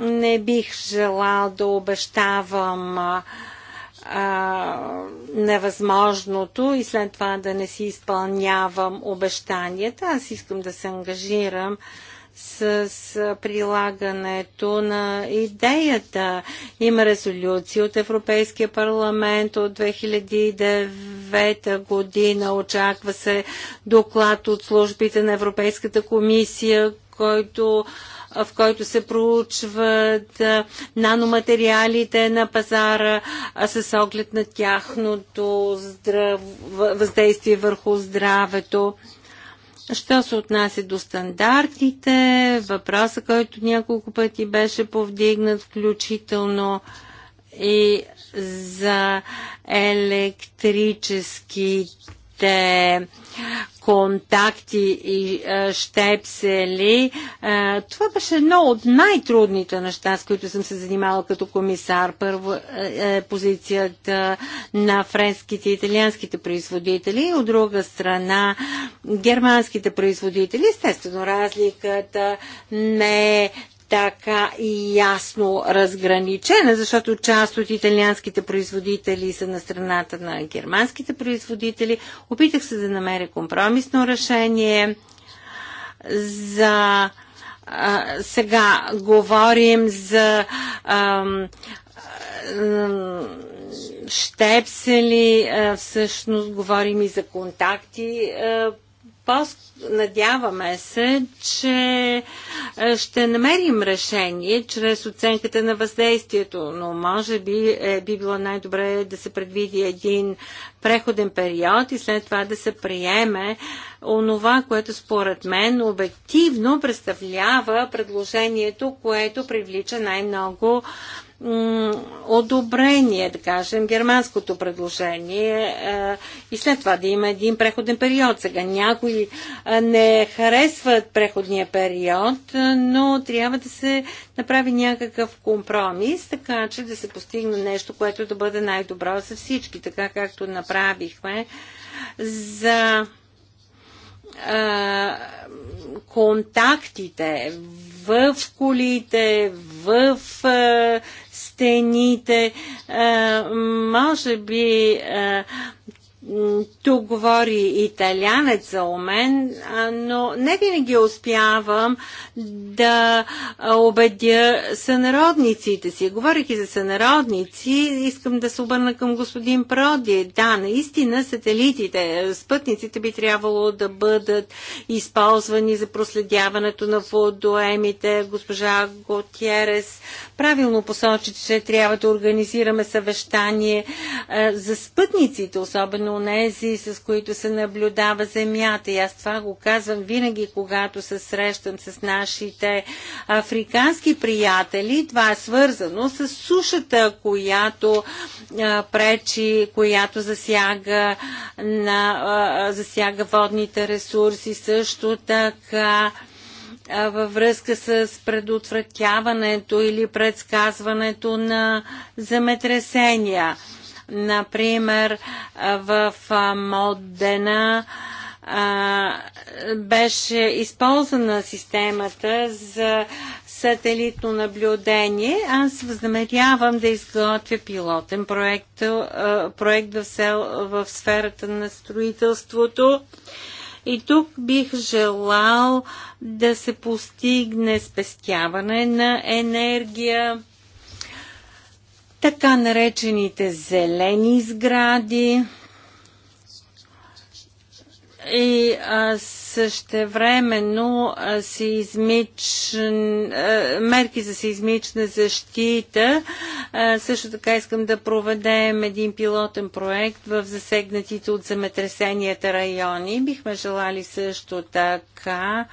D: Не бих желал да обещавам а, невъзможното и след това да не си изпълнявам обещанията. Аз искам да се ангажирам с, с прилагането на идеята. Има резолюции от Европейския парламент от 2009 година. Очаква се доклад от службите на Европейската комисия, който а, в който се проучват наноматериалите на пазара с оглед на тяхното здрав... въздействие върху здравето. Що се отнася до стандартите, въпроса, който няколко пъти беше повдигнат, включително и за електрическите контакти и а, щепсели. А, това беше едно от най-трудните неща, с които съм се занимавала като комисар. Първо е, е позицията на френските и италианските производители, от друга страна германските производители. Естествено, разликата не е така ясно разграничена, защото част от италианските производители са на страната на германските производители. Опитах се да намеря компромисно решение за а, сега говорим за а, щепсели, всъщност говорим и за контакти Надяваме се, че е, ще намерим решение чрез оценката на въздействието, но може би е, би било най-добре да се предвиди един преходен период и след това да се приеме онова, което според мен обективно представлява предложението, което привлича най-много одобрение, да кажем, германското предложение е, и след това да има един преходен период. Сега някои е, не харесват преходния период, е, но трябва да се направи някакъв компромис, така че да се постигне нещо, което да бъде най-добро за всички, така както направихме за контактите в колите, в стените. Е, може би е, тук говори италянец за мен, но не винаги успявам да убедя сънародниците си. и за сънародници, искам да се обърна към господин Проди. Да, наистина сателитите, спътниците би трябвало да бъдат използвани за проследяването на водоемите. Госпожа Готиерес правилно посочи, че трябва да организираме съвещание а, е, за спътниците, особено нези, с които се наблюдава Земята. И аз това го казвам винаги, когато се срещам с нашите африкански приятели. Това е свързано с сушата, която а, е, пречи, която засяга, на, а, е, засяга водните ресурси. Също така във връзка с предотвратяването или предсказването на земетресения. Например, в Модена беше използвана системата за сателитно наблюдение. Аз възнамерявам да изготвя пилотен проект, проект в, сел, в сферата на строителството и тук бих желал да се постигне спестяване на енергия, така наречените зелени сгради, и а, същевременно а, сеизмичен, а, мерки за сеизмична защита. А, също така искам да проведем един пилотен проект в засегнатите от земетресенията райони. Бихме желали също така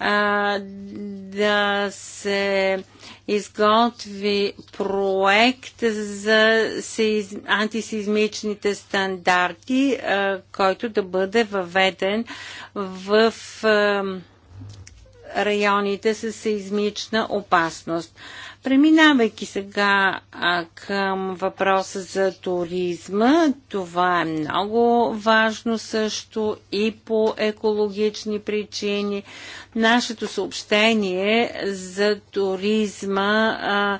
D: а, да се изготви проект за сеиз... антисизмичните стандарти, а, който да бъде въведен в а, районите с сейзмична опасност. А, Преминавайки сега а, към въпроса за туризма, това е много важно също и по екологични причини. Нашето съобщение за туризма а,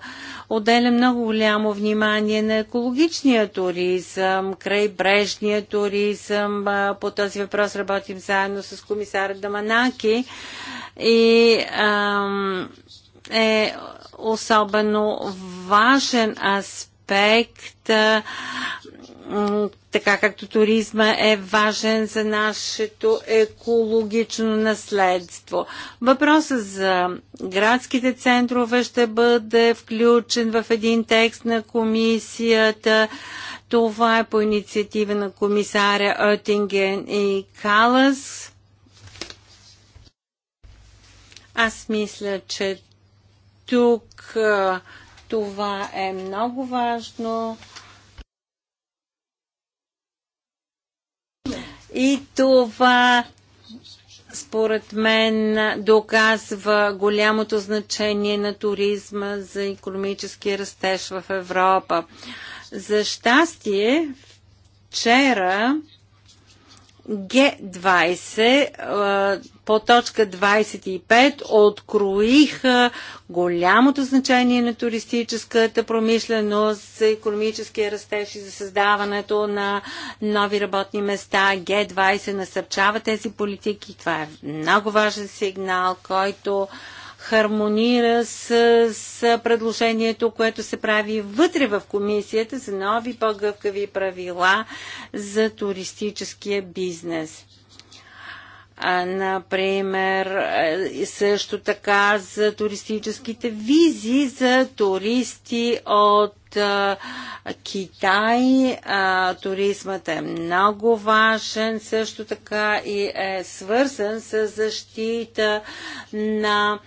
D: отделя много голямо внимание на екологичния туризъм, крайбрежния туризъм. А, по този въпрос работим заедно с комисарът Даманаки и а, е особено важен аспект, така както туризма е важен за нашето екологично наследство. Въпросът за градските центрове ще бъде включен в един текст на комисията. Това е по инициатива на комисаря Оттинген и Калас. Аз мисля, че тук. Това е много важно. И това според мен доказва голямото значение на туризма за економически растеж в Европа. За щастие, вчера Г20 по точка 25 откроиха голямото значение на туристическата промишленост, за економическия растеж и за създаването на нови работни места. Г20 насърчава тези политики. Това е много важен сигнал, който хармонира с, с предложението, което се прави вътре в комисията за нови по-гъвкави правила за туристическия бизнес например, е, също така за туристическите визи за туристи от Китай. туризмът е много важен, също така и е свързан с защита на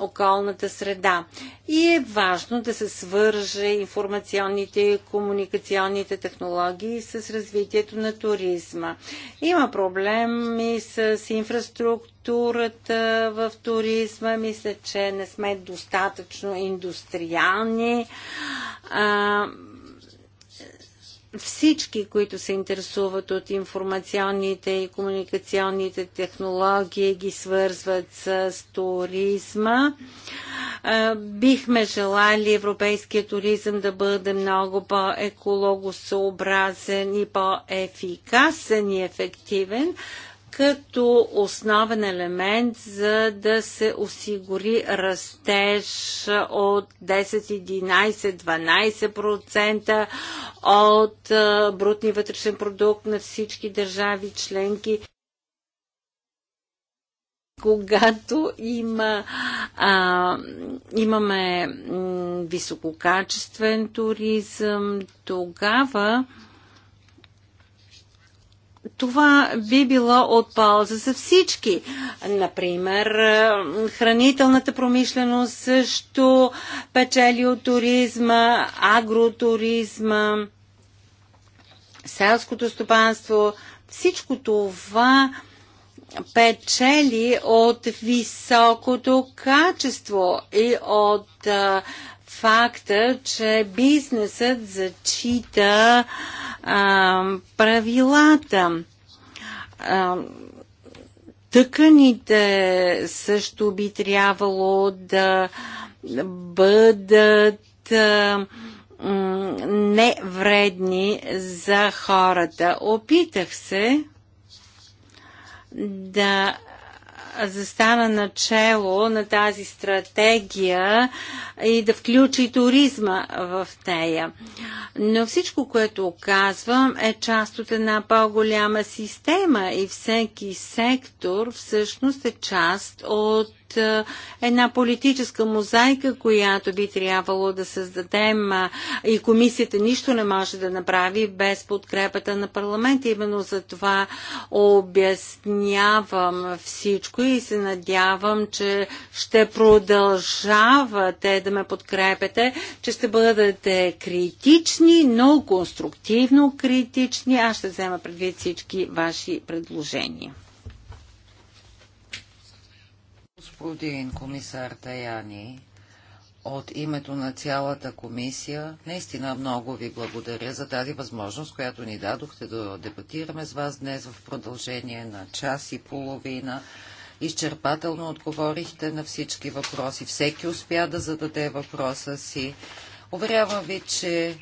D: околната среда. И е важно да се свърже информационните и комуникационните технологии с развитието на туризма. Има проблеми с инфраструктурата в туризма. Мисля, че не сме достатъчно индустриални всички, които се интересуват от информационните и комуникационните технологии, ги свързват с туризма. Бихме желали европейския туризъм да бъде много по-екологосъобразен и по-ефикасен и ефективен като основен елемент, за да се осигури растеж от 10-11-12% от брутния вътрешен продукт на всички държави членки когато има, а, имаме висококачествен туризъм, тогава м- това би било от полза за всички. Например, е, хранителната промишленост също печели от туризма, агротуризма, селското стопанство. Всичко това печели от високото качество и от а, е, факта, че бизнесът зачита а, правилата. А, тъканите също би трябвало да бъдат а, невредни за хората. Опитах се да застана начало на тази стратегия и да включи туризма в нея. Но всичко, което казвам, е част от една по-голяма система и всеки сектор всъщност е част от една политическа мозайка, която би трябвало да създадем и комисията нищо не може да направи без подкрепата на парламента. Именно за това обяснявам всичко и се надявам, че ще продължавате да ме подкрепете, че ще бъдете критични, но конструктивно критични. Аз ще взема предвид всички ваши предложения.
B: господин комисар Таяни, от името на цялата комисия, наистина много ви благодаря за тази възможност, която ни дадохте да дебатираме с вас днес в продължение на час и половина. Изчерпателно отговорихте на всички въпроси. Всеки успя да зададе въпроса си. Уверявам ви, че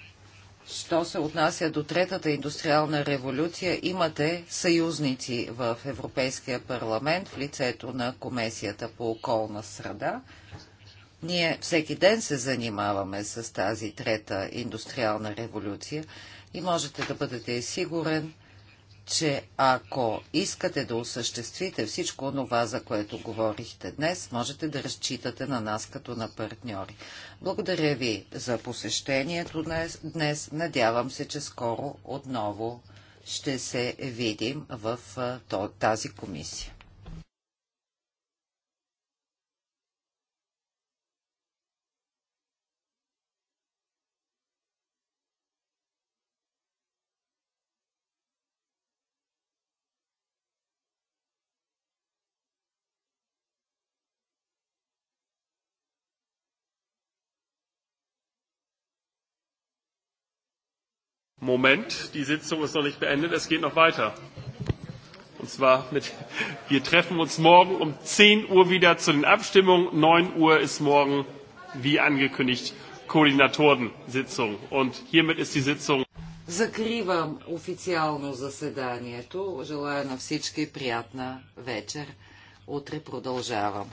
B: Що се отнася до третата индустриална революция, имате съюзници в Европейския парламент в лицето на Комисията по околна среда. Ние всеки ден се занимаваме с тази трета индустриална революция и можете да бъдете сигурен, че ако искате да осъществите всичко това, за което говорихте днес, можете да разчитате на нас като на партньори. Благодаря ви за посещението днес. днес. Надявам се, че скоро отново ще се видим в тази комисия.
A: Moment, die Sitzung ist noch nicht beendet, es geht noch weiter. Und zwar mit, wir treffen uns morgen um 10 Uhr wieder zu den Abstimmungen. 9 Uhr ist morgen, wie angekündigt, Koordinatorensitzung. Und hiermit ist die Sitzung.
B: Закривам официално заседанието. Желая на всички приятна вечер. Утре продължавам.